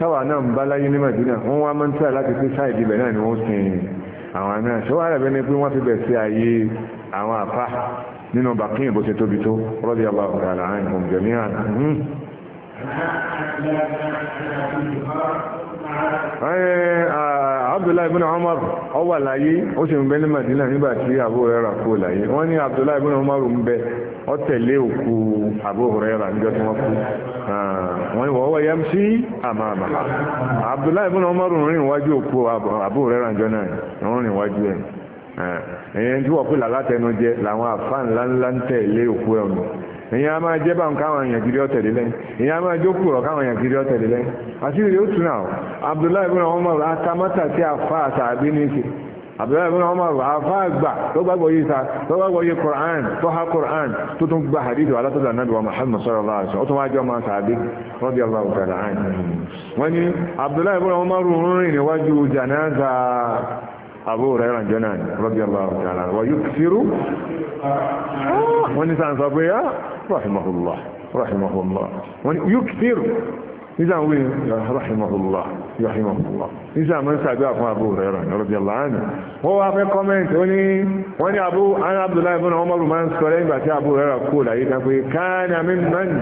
táwa náà ń bá láyé ní Madina wọ́n wá máa ń tíra láti pín sáìdì ibẹ̀ náà ni wọ́n sin àwọn àmì àṣẹ wà rẹ̀ bẹ́ni pé wọ́n fi bẹ̀ sí ààyè àwọn àfá nínú bàkíyàn bó ṣe tóbi tó rọ́bì aláwọ̀dà láàrin hùm jẹ̀mí àná. Abdullahi ibn Umar ó wà láyé ó sì ń bẹ ní Madina nígbà tí àbúrò rẹ̀ rà kó láyé wọ́n ní Abdullahi ibn Umar ń bẹ ọ tẹ̀lé òkú Abu Huraira níjọ́ tí wọ́n kú ah, wọ́n ìwọ̀ ọwọ́ yẹm sí àmà àmà Abdullahi ibn Umar rìn wájú òkú Abu Huraira níjọ́ náà wọ́n rìn wájú ẹ̀ ah, ẹ̀yẹn tí wọ́n pè látẹnu jẹ làwọn àfa ńlá ńlá ń tẹ̀lé òkú ẹ̀ ọ̀nà ìyẹn a máa jẹ́ báwọn káwọn èèyàn kiri ọ̀tẹ̀lẹ̀ lẹ́yìn ìyẹn a máa jókòó rọ̀ káwọn èèyàn kiri ọ̀tẹ̀lẹ̀ lẹ́yìn àti ìrè ó náà Abdullahi ibn Umar atamátà عبد الله بن عمر عفاك بع تو بقى بوي سا تو بقى بوي قران تو ها قران تو تو بقى حديث على تو النبي محمد صلى الله عليه وسلم تو ما جمع صادق رضي الله تعالى عنه وني عبد الله بن عمر وين واجو جنازه ابو هريره جنان رضي الله تعالى عنه ويكثر وني سان صبيا رحمه الله رحمه الله ويكثر اذا وين رحمه الله رحمه الله, رحمه الله. níṣẹ́ àmọ́ ń sàdúrà fún Abu Hurairah radiyallahu anhu wọ́n wá fẹ́ kọ́mẹ́ntì ó ní wọ́n ní Abu ana Abdullahi ibn Umar máa ń sọ lẹ́yìn ìgbà tí Abu Hurairah kú láyé kan pé káàní àmì mọ́ni.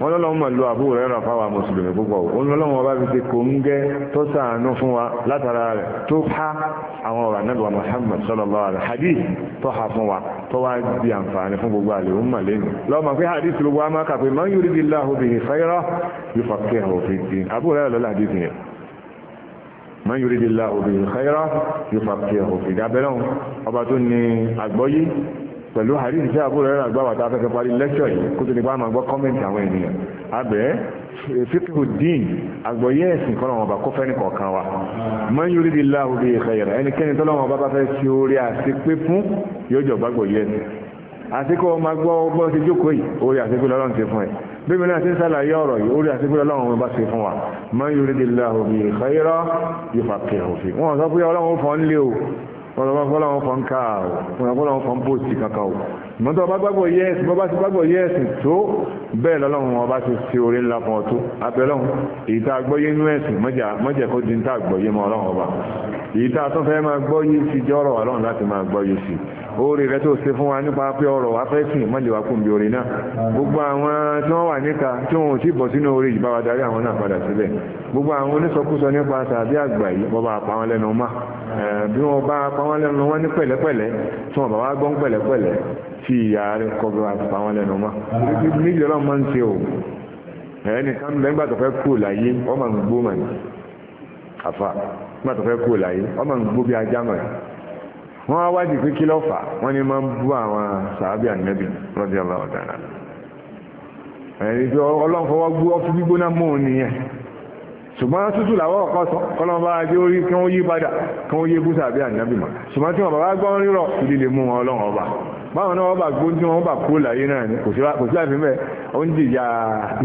wọ́n lọ́lọ́wọ́ mọ̀ lo Abu Hurairah fáwọn mùsùlùmí púpọ̀ òun lọ́lọ́wọ́ bá fi ṣe kòńgẹ́ tó sàánú fún wa látara rẹ̀ tó há àwọn ọ̀rọ̀ anábìwá Muhammad sallallahu alaihi hadith tó há fún wa tó gbogbo àlè ó mọ̀ lẹ́nu lọ́mọ pé hadith gbogbo àmọ́ kàpé يفقهه في الدين أبو لا لا لا دي دين من يريد الله به خيرا يفقهه في الدين أبلون أباتوني أgbọ́yé pẹ̀lú hadith tí àbúrò rẹ̀ àgbà wàtá afẹ́fẹ́ parí lẹ́kṣọ̀ yìí kó tó nípa máa gbọ́ kọ́mẹ̀ntì àwọn ènìyàn abẹ́ fíkìhù dín àgbọ̀yé ẹ̀sìn kọ́nà wọn bá kó fẹ́ni kọ̀ọ̀kan wa man yuridillahu bihi khayra ẹnikẹ́ni tọ́lọ́wọ́n bá bá fẹ́ ṣe orí àti pé fún yóò jọ gbàgbọ́ yẹ́sìn àsìkò ọmọ gbọ́ ọgbọ́ ti jókòó yìí orí àsìkò lọ́lọ́run ti fún ẹ̀ bí mi náà ti ń sàlàyé ọ̀rọ̀ yìí orí àsìkò lọ́lọ́run ọba ti fún wa man yuridillahu bihi khayran yufaqqihhu fi wọn sọ pé ọlọ́run fọ́n lé o ọlọ́run fọ́n ká o ọlọ́run fọ́n bóòsì kankan o mọ́tò ọba gbàgbọ́ yẹ́sì bọ́bá ti gbàgbọ́ yẹ́sì tó bẹ́ẹ̀ lọ́lọ́run ọba ti fi orí ńlá fún ọ tó abẹ́lọ́run o rẹ tó ṣe fún wa nípa pé ọ̀rọ̀ wa fẹ́ sìn mọ́lẹ̀ wa kùn bí oore náà gbogbo àwọn tí wọ́n wà níta tí wọ́n ti bọ̀ sínú oore ìbára darí àwọn náà padà síbẹ̀ gbogbo àwọn onísọkúsọ nípa tàbí àgbà yìí wọ́n bá pa lẹ́nu mọ́ bí wọ́n bá pa lẹ́nu wọn ní pẹ̀lẹ́pẹ̀lẹ́ tí wọ́n bá wọ́n á wádìí pé kí ló fà wọ́n ní máa ń bú àwọn sàábì ànẹ́bì lọ́dí ọlọ́wọ́ dára ẹ̀rí pé ọlọ́run fọwọ́ gbú ọtí gbígbóná mọ́ òun nìyẹn ṣùgbọ́n tútù làwọ́ ọ̀kọ́ sọ kọ́lọ́n bá ajé orí kí wọ́n yí padà kí wọ́n yé bú sàábì ànẹ́bì mọ́ ṣùgbọ́n tí wọ́n bàbá gbọ́n rírọ̀ ìdílé mú ọlọ́run ọba báwọn náà wọ́n bá gbó tí wọ́n bá kú láyé náà ni kò sí láti mẹ́ ó ń jìyà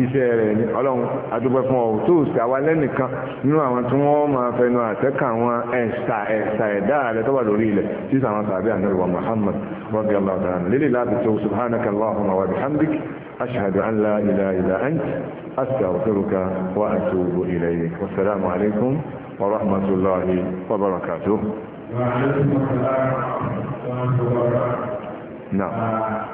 iṣẹ́ rẹ̀ ni ọlọ́run adúpẹ́ fún ọ tó sì àwa lẹ́nìkan nínú àwọn tí wọ́n máa fẹnu àtẹ́kà àwọn ẹ̀sà ẹ̀sà ẹ̀dá rẹ̀ tó wà lórí ilẹ̀ tí sàwọn tàbí àná ìwà Muhammad rọ́bì aláàbà lílì láti tó subhanaka Allahumma wa bihamdik ashhadu an la ilaha illa ant astaghfiruka wa atubu ilayk wassalamu alaikum wa rahmatullahi wa barakatuh. وعليكم السلام ورحمة الله وبركاته نعم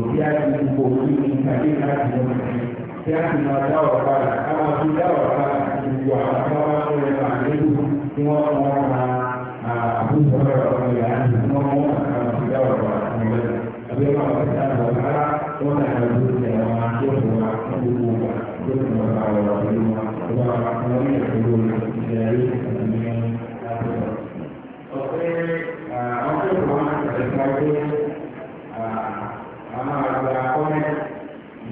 òbí àti gbogbo orí ìtàgé láti lọ sí tí a ti máa dá ọ̀rọ̀ padà ká máa fi dá ọ̀rọ̀ padà gbogbo àwọn ọmọ tó rẹ̀ máa léwu tí wọ́n mọ àbúrò ọ̀rọ̀ ọ̀rọ̀ ìyá àti tí wọ́n mọ àwọn fi dá ọ̀rọ̀ padà fún ọ̀rẹ́ àbí àwọn ìdá ọ̀rọ̀ rárá wọn náà lọ sí ẹ̀ wọn tó fún wa fún gbogbo wa tó fún wa ọ̀rọ̀ pẹ̀lú wa wọn àwọn ní ìṣòro ìṣẹ̀lẹ̀ ìṣẹ̀lẹ̀ ọ̀pẹ́ àwọn tó fún wa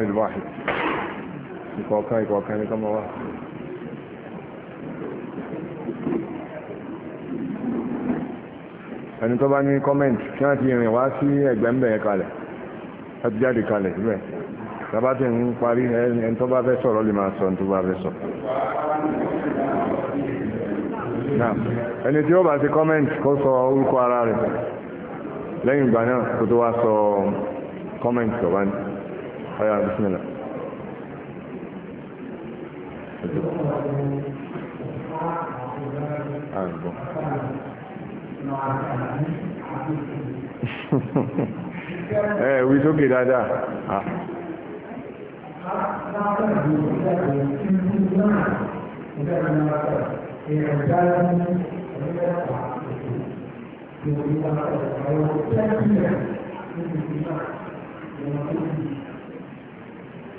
الفاعل الواحد ìkọ̀ọ̀kan ìkọ̀ọ̀kan ní kọmọ wá ẹni tó bá ní kọ́mẹ̀ntì kí wọ́n ti rìn wá sí ẹgbẹ̀mbẹ̀ yẹn kalẹ̀ ẹti jáde kalẹ̀ síbẹ̀ tàbá ti ń parí ẹni tó bá fẹ́ sọ̀rọ̀ lè máa sọ tó bá fẹ́ sọ ẹni tí ó bá ti kọ́mẹ̀ntì kó sọ orúkọ ara rẹ̀ lẹ́yìn ìgbà náà kó tó wá sọ kọ́mẹ̀ntì tó bá ní ọ̀yà bisimilá. ẹ wí sókè dáadáa. Thank you.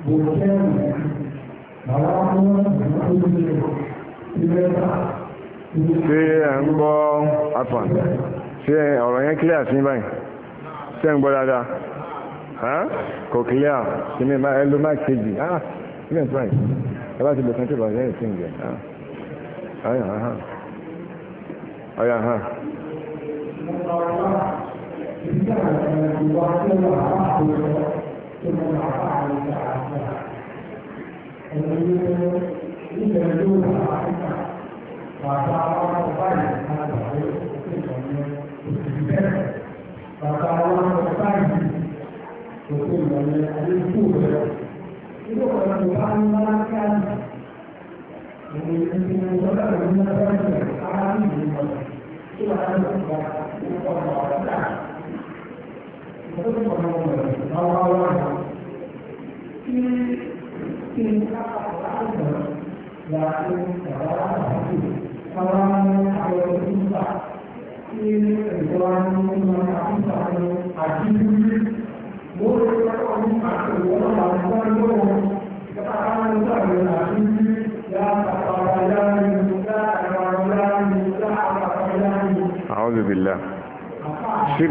ṣe ẹ̀ ń gbọ́ afọ̀n ṣe ọ̀rọ̀ yẹn clear sí báyìí ṣe ń gbọ́ dáadáa kò clear sí ní ẹlò máa ah ilé ìtura yìí ẹ ti lè kọ́ńtì lọ́wọ́ yẹn sí ń jẹ Thank you. إنما عليك عافية المدينة إذا يجوز الشرك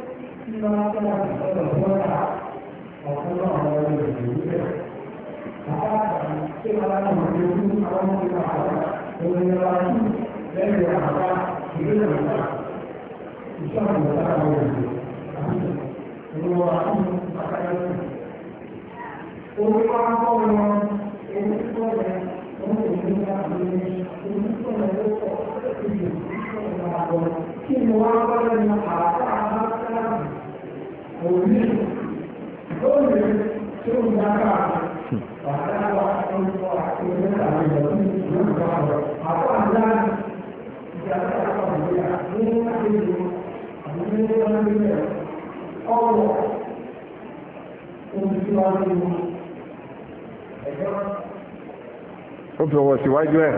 bá kí ni wọ́n bá lẹ́nu àbá òní Ó fi ọwọ́ síwájú ẹ̀.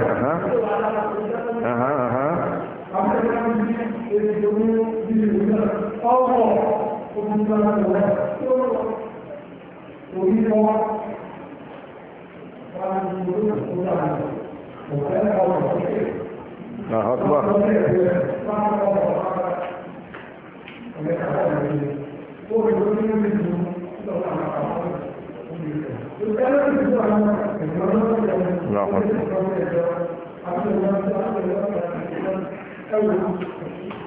Àwọn ojú ọjọ́ rẹ̀ tí ó lọ orí lọ́wọ́ wọn ni orí òkúta rẹ̀ ọ̀fẹ́ ọ̀rọ̀ sókè. Àhọ́túbà. Thank you.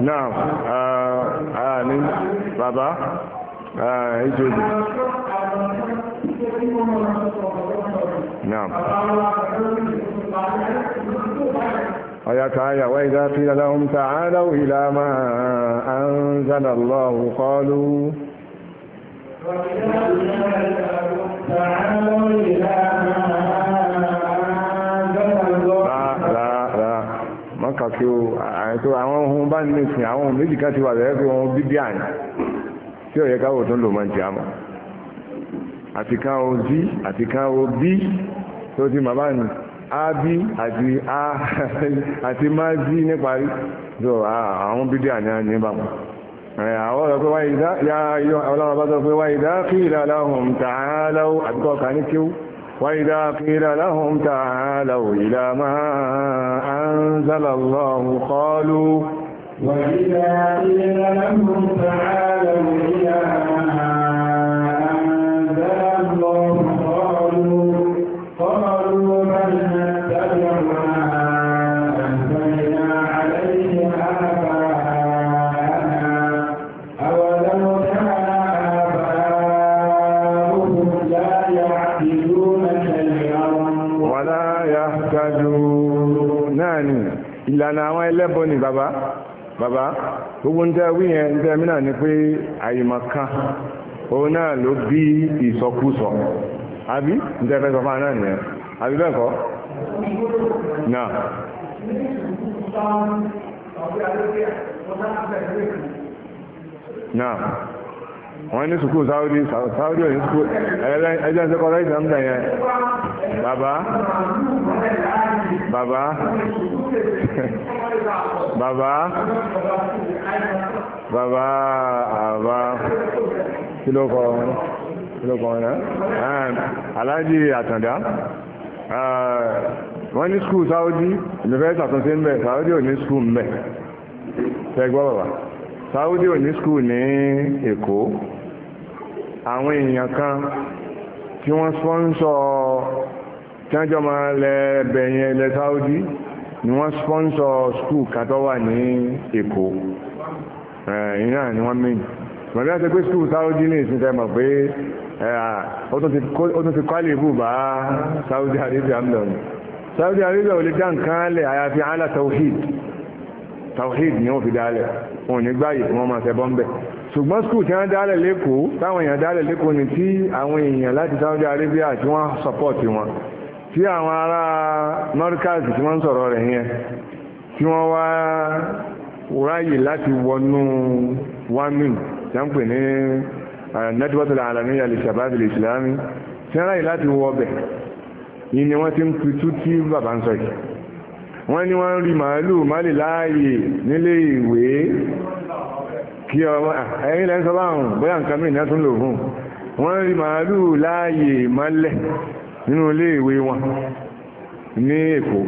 نعم آه، آه، نعم بابا آه، يجوز نعم آية آية وإذا قيل لهم تعالوا إلى ما أنزل الله قالوا وإذا قيل لهم تعالوا إلى ما أنزل kí ó àìtó àwọn ohun bá ní ìsìn àwọn ohun méjì kan ti wà lẹ́yìn pé wọn bíbí àná tí ó yẹ káwọ̀ tó ń lò máa ń ti àmọ́ àti kan o bí àti kan o bí tó ti màmá nì á bí àti a àti má bí níparí tó àwọn bíbí àná ní bàbá àwọn ọ̀rọ̀ pé wáyé dá yá ọlọ́run bá sọ kí ìlà aláhùn tààlà àbíkọ́ kan ní kíw وإذا قيل لهم تعالوا إلى ما أنزل الله قالوا وإذا قيل لهم تعالوا إلى ما ìlànà àwọn ẹlẹ́bọ ni bàbá bàbá gbogbo ń tẹ́ wí yẹn ń tẹ́ mí ni pé àyèmọ̀kan òun náà ló bí ìsọkúsọ àbí ń tẹ́ fẹ́ sọ fún àná nìyẹn àbí bẹ́ẹ̀ kọ́ náà wọ́n ní sùkúù sáúdí sáúdí ò ní sùkúù ẹjọ́ ìṣẹ́kọ̀ọ́lá ìsàmìtà yẹn bàbá bàbá bàbá bàbá àbá kí ló kọ kí ló kọ náà aláàjì àtàndá wọ́n ní sùkúù sáúdí ìlúfẹ́ ṣàtúnṣe ń bẹ̀ sáúdí ò ní sùkúù ń bẹ̀ tẹ́gbọ́ bàbá sáúdí ò ní sùkúù ní èkó àwọn èèyàn kan tí wọ́n spọ́nṣọ́ tẹ́jọ́ máa lẹ́ẹ̀bẹ̀ yẹn ilẹ̀ Saudi ni wọ́n spọ́nṣọ́ skul kàtọ́ wà ní Èkó ìyá eh, ni wọ́n mìí mọ̀bí á ti pé skul Saudi ní ìsinsẹ́ mọ̀ pé eh, ah, ó tún ti kọ́lì ìbú bá Saudi Arabia ń lọ́nà Saudi Arabia ò lè dá nǹkan lẹ̀ àyàfi ala tawhid tawhid ni wọ́n fi dálẹ̀ wọn ò ní gbáyé wọn máa fẹ́ bọ́m̀bẹ̀ ṣùgbọ́n skul tí wọ́n dálẹ̀ lẹ́kọ̀ọ́ táwọn èèyàn dálẹ̀ lẹ́kọ̀ọ́ ni tí àwọn èèyàn láti Saudi Arabia tí wọ́n sọpọ́ọ̀tì wọn tí àwọn ará Norcas tí wọ́n sọ̀rọ̀ rẹ̀ yẹn tí wọ́n wá ráyè láti wọnú wamin tí wọ́n pè ní nẹ́tíwọ́tìlá alamiya lè ṣàbábìlì ìsìlámi tí wọ́n ráyè láti wọ ọbẹ̀ yìí ni wọ́n ti ń pitú tí bàbá ń sọ yìí wọ́n ní wọ́n rí màálù má kí ọmọ ẹ̀yìn lẹ́sọ báhùn bóyá nǹkan mìíràn tún lò fún wọ́n rí màálù láàyè mọ́lẹ̀ nínú ilé ìwé wọn ní Èkó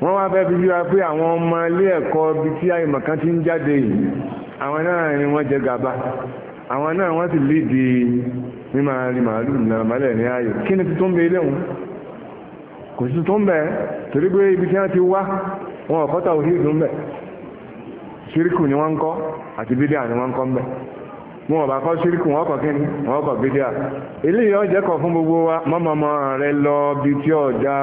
wọ́n wá fẹ́ fi bí wa pé àwọn ọmọ ilé ẹ̀kọ́ bí tí àìmọ̀ kan ti ń jáde yìí àwọn náà ni wọ́n jẹ gàba àwọn náà wọ́n sì léde mímọ̀ rí màálù nàmọ́lẹ̀ ní ààyè kí ni tuntun bẹ ilé wọn kò sí tuntun bẹ torí pé ibi tí wọ́n ti wá wọn ọ̀kọ́ta òfin tuntun bẹ ṣíríkù ni wọ́n ń kọ́ àti bídíà ni wọ́n ń kọ́ ń bẹ̀ wọn ò bá kọ́ ṣíríkù wọn kọ́ kíni wọn kọ́ bídíà eléyìí ọ̀jẹ̀ kọ̀ fún gbogbo wa mọ́mọ́mọ́ rẹ lọ bí tí ọ̀já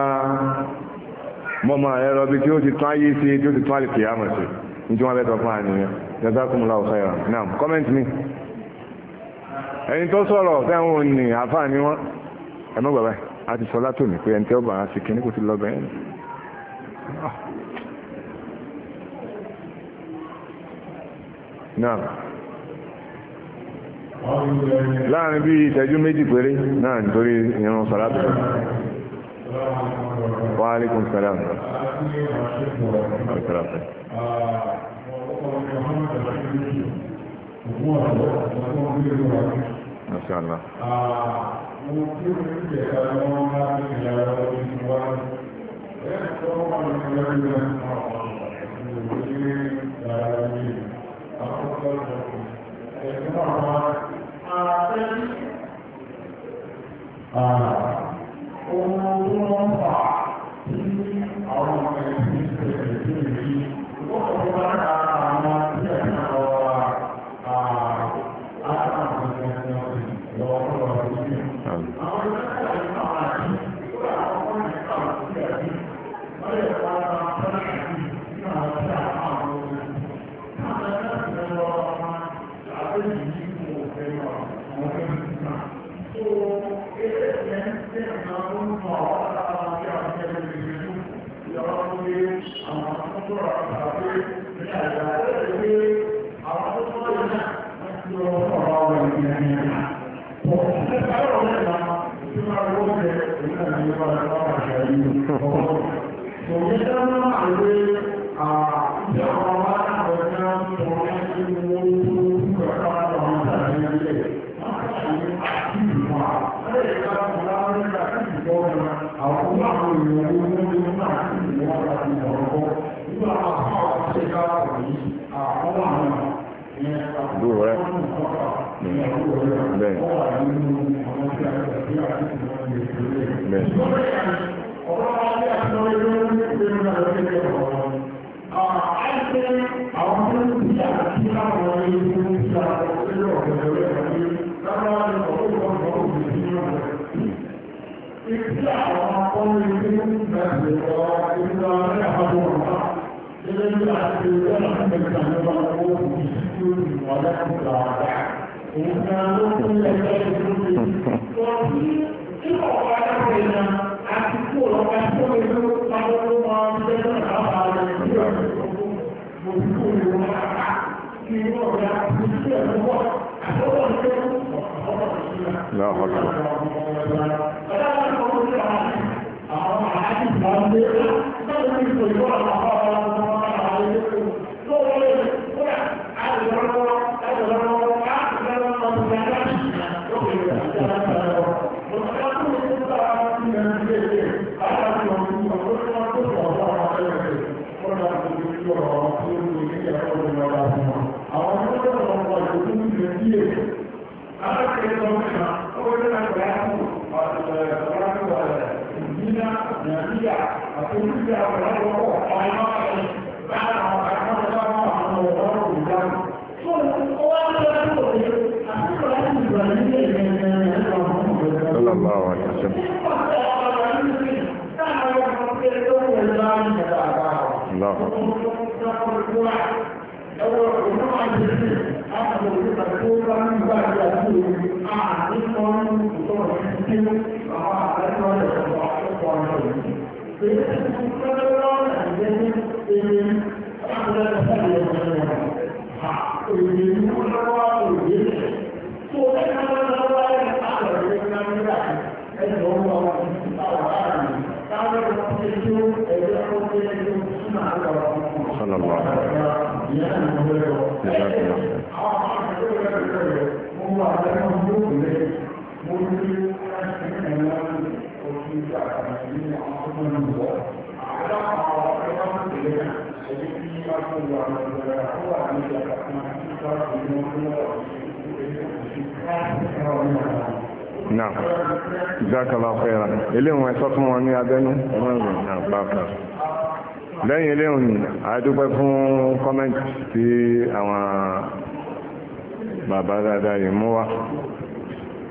mọ́mọ́ rẹ lọ bí tí ó ti tún ayé ṣe tí ó ti tún àlèkè àmọ̀ ṣe ní tí wọ́n fẹ́ sọ fún àníyàn jazakumullahu khairan naam comment mi ẹni tó sọ̀rọ̀ fẹ́ràn òní àfáà ni wọ́n ẹ mọ́ bàbá àti sọlá tòmí pé ẹni tí ó bàrà náà láàrin bí ìtẹ́jú méjì péré náà nítorí ìran sàlátù wa alaikum salam Mashallah. Thank you. 啊。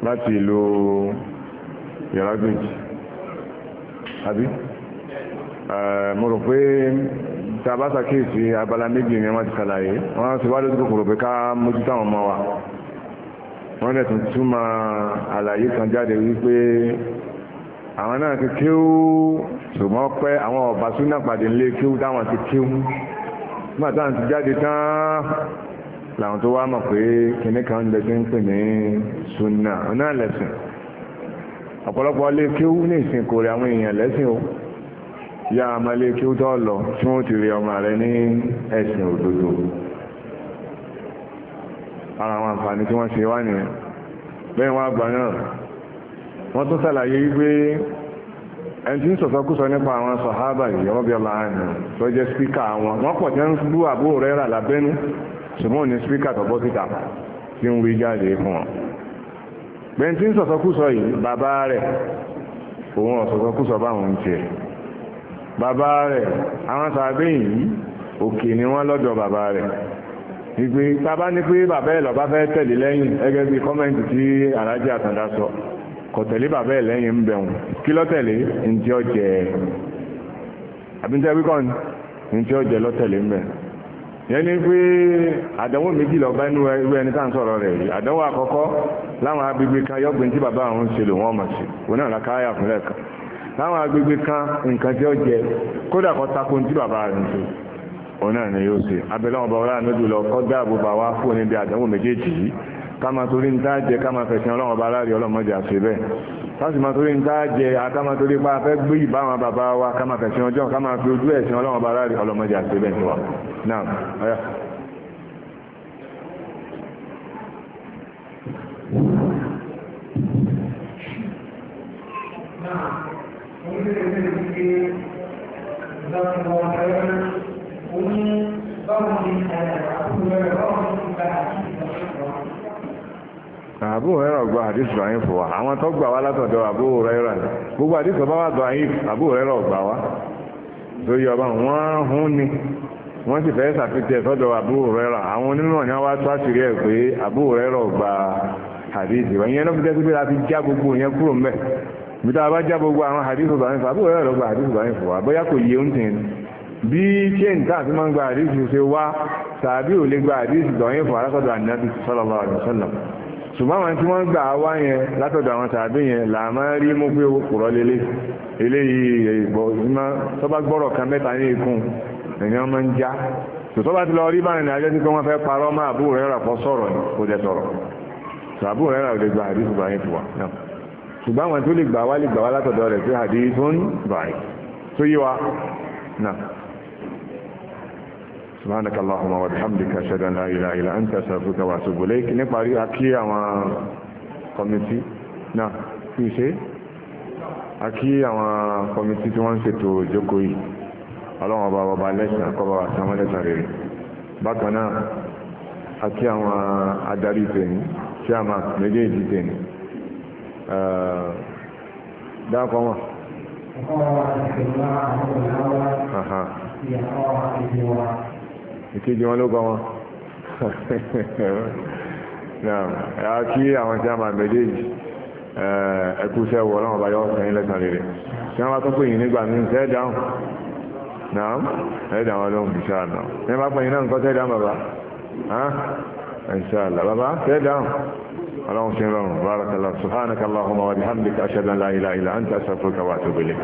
láti ìlú ìrágbèjì àbí mo rò pé tàbátà kéèsì abala méjì ni wọ́n ti kàlàyé wọ́n ti wá lójú kòkòrò pé ká mójú táwọn ọmọ wa wọ́n lẹ̀ tún túmọ̀ àlàyé kan jáde wípé àwọn náà ti kéwú ṣùgbọ́n pé àwọn ọ̀bà súnà pàdé ńlé kéwú táwọn ti kéwú nígbà táwọn làwọn tó wá mọ̀ pé kìnnì kan ń dẹ́gbẹ́ ń pè ní sunna náà lẹ́sìn ọ̀pọ̀lọpọ̀ lè kí ó ní ìsìnkú rẹ̀ àwọn èèyàn lẹ́sìn o yá a máa lè kí ó tọ́ lọ tí wọ́n ti rí ọmọ rẹ̀ ní ẹ̀sìn òdodo ara àwọn àǹfààní tí wọ́n ṣe wá nìyẹn bẹ́ẹ̀ wọ́n àgbà náà wọ́n tún ṣàlàyé wípé ẹni tí ń sọ̀sọ́kúsọ nípa àwọn sọ̀hábà yìí ọmọbíọ́lá àná tó jẹ́ síkà àwọn. wọ́n pọ̀ tẹ́ ń lú àbúrò rẹ̀ rà lábẹ́nú ṣùgbọ́n ni spíkà tọ́gbọ́ síta tí ń wí jáde fún wọn bẹ̀ntí ń sọ̀sọ́kúsọ yìí bàbá rẹ̀ òun ọ̀sọ̀sọ́kúsọ báwọn tiẹ̀ bàbá rẹ̀ àwọn sàbẹ̀ yìí òkè ni wọ́n lọ́dọ̀ bàbá rẹ̀ ìgbé tàbá ní pé bàbá ẹ̀ lọ́bá fẹ́ tẹ̀lé lẹ́yìn gẹ́gẹ́ bí kọ́mẹ́ntì tí aláàjì àtàndá sọ kò tẹ̀lé bàbá ẹ̀ lẹ́yìn ń bẹ̀wọ̀n kí ló tẹ̀lé ntí ọ̀jẹ̀ àbíntẹ́ wíkọ́ni ntí ọ̀jẹ̀ ló tẹ̀lé ń bẹ̀wọ̀n yẹni ni pé àdánwò méjì lọ bá inú irú ẹni tá à ń sọ̀rọ̀ rẹ̀ agbègbè kan yọ́gbìn tí bàbá àwọn ń ṣe lò wọ́n mọ̀ sí náà kan láwọn agbègbè kan nǹkan tí ó jẹ kódà kọ́ tako tí bàbá rẹ̀ ń ṣe òun náà ni yóò ṣe abẹ́lẹ́ wọn kama torí ń tá jẹ kama fẹ̀sìn ọlọ́run ọba aláàrí ọlọ́mọdé àṣẹ bẹ́ẹ̀ láti máa torí ń tá jẹ àkàmà torí pa afẹ́ gbé ìbáwọn bàbá wa kama fẹ̀sìn ọjọ́ kama fi ojú ẹ̀sìn ọlọ́run ọba aláàrí ọlọ́mọdé àṣẹ bẹ́ẹ̀ tiwa náà àbú rẹ́rà gba àdìsù àyín fò wá àwọn tó gbà wá látọ̀dọ̀ àbú rẹ́rà gbogbo àdìsù bá wà dọ̀ àyín àbú rẹ́rà gbà wá lórí ọba wọ́n hún ni wọ́n sì fẹ́ sàfihàn sọ́dọ̀ àbú rẹ́rà àwọn onímọ̀ ni wọ́n tó àṣírí ẹ̀ pé àbú rẹ́rà gba àdìsù wọ́n yẹn lọ́pọ̀ tẹ́sí pé láti já gbogbo yẹn kúrò mẹ́ bí tá a bá já gbogbo àwọn àdìsù bàyìn bí chain tá a ti máa ń gba àdìsù ṣe wá tàbí ò lè gba àdìsù dọ̀yìn fò alásọ̀dọ̀ ànábì sallallahu alaihi wasallam ṣùgbọ́n àwọn tí wọ́n gbà wá yẹn látọ̀dọ̀ àwọn tàbí yẹn là máa rí mú pé ó kùrọ̀ lélẹ̀ eléyìí ìbọ̀ eh, ìmọ̀ tó bá gbọ́rọ̀ kan mẹ́ta ní ikùn ènìyàn máa ń já tòtọ́ bá ti lọ rí báyìí ní ajẹ́ tí wọ́n fẹ́ parọ́ máa àbúrò rẹ̀ rà pọ̀ sọ̀rọ̀ ni kò jẹ́ sọ̀rọ̀ àbúrò rẹ̀ rà lè gba àdìsù báyìí fún wa náà ṣùgbọ́n àwọn tó lè gbà wá lè subhanaka allahumma wa bihamdika ashhadu an la ilaha illa anta astaghfiruka wa atubu ilayk níparí akí àwọn kọmitì náà kí n ṣe akí àwọn kọmitì tí wọ́n ń ṣètò ìjókòó yìí ọlọ́wọ́n bá bàbá lẹ́sìn àkọ́bà àtàwọn lẹ́sìn rere bákan náà akí àwọn adarí tèmi tí a máa méjèèjì tèmi dáàkọ́ wọn. Aha ìkejì wọn ló kọ wọn náà kí àwọn tí a máa méjèèjì ẹkú iṣẹ́ wọ ọlọ́run bá yọ ọ̀sán yín lẹ́sàn rere tí wọ́n bá tó pè yín nígbà mí ṣẹ́ dáhùn náà ẹ̀ dáhùn ọlọ́run bí sáà náà tí wọ́n bá pè yín náà nǹkan ṣẹ́ dáhùn bàbá insha Allah bàbá ṣẹ́ dáhùn ọlọ́run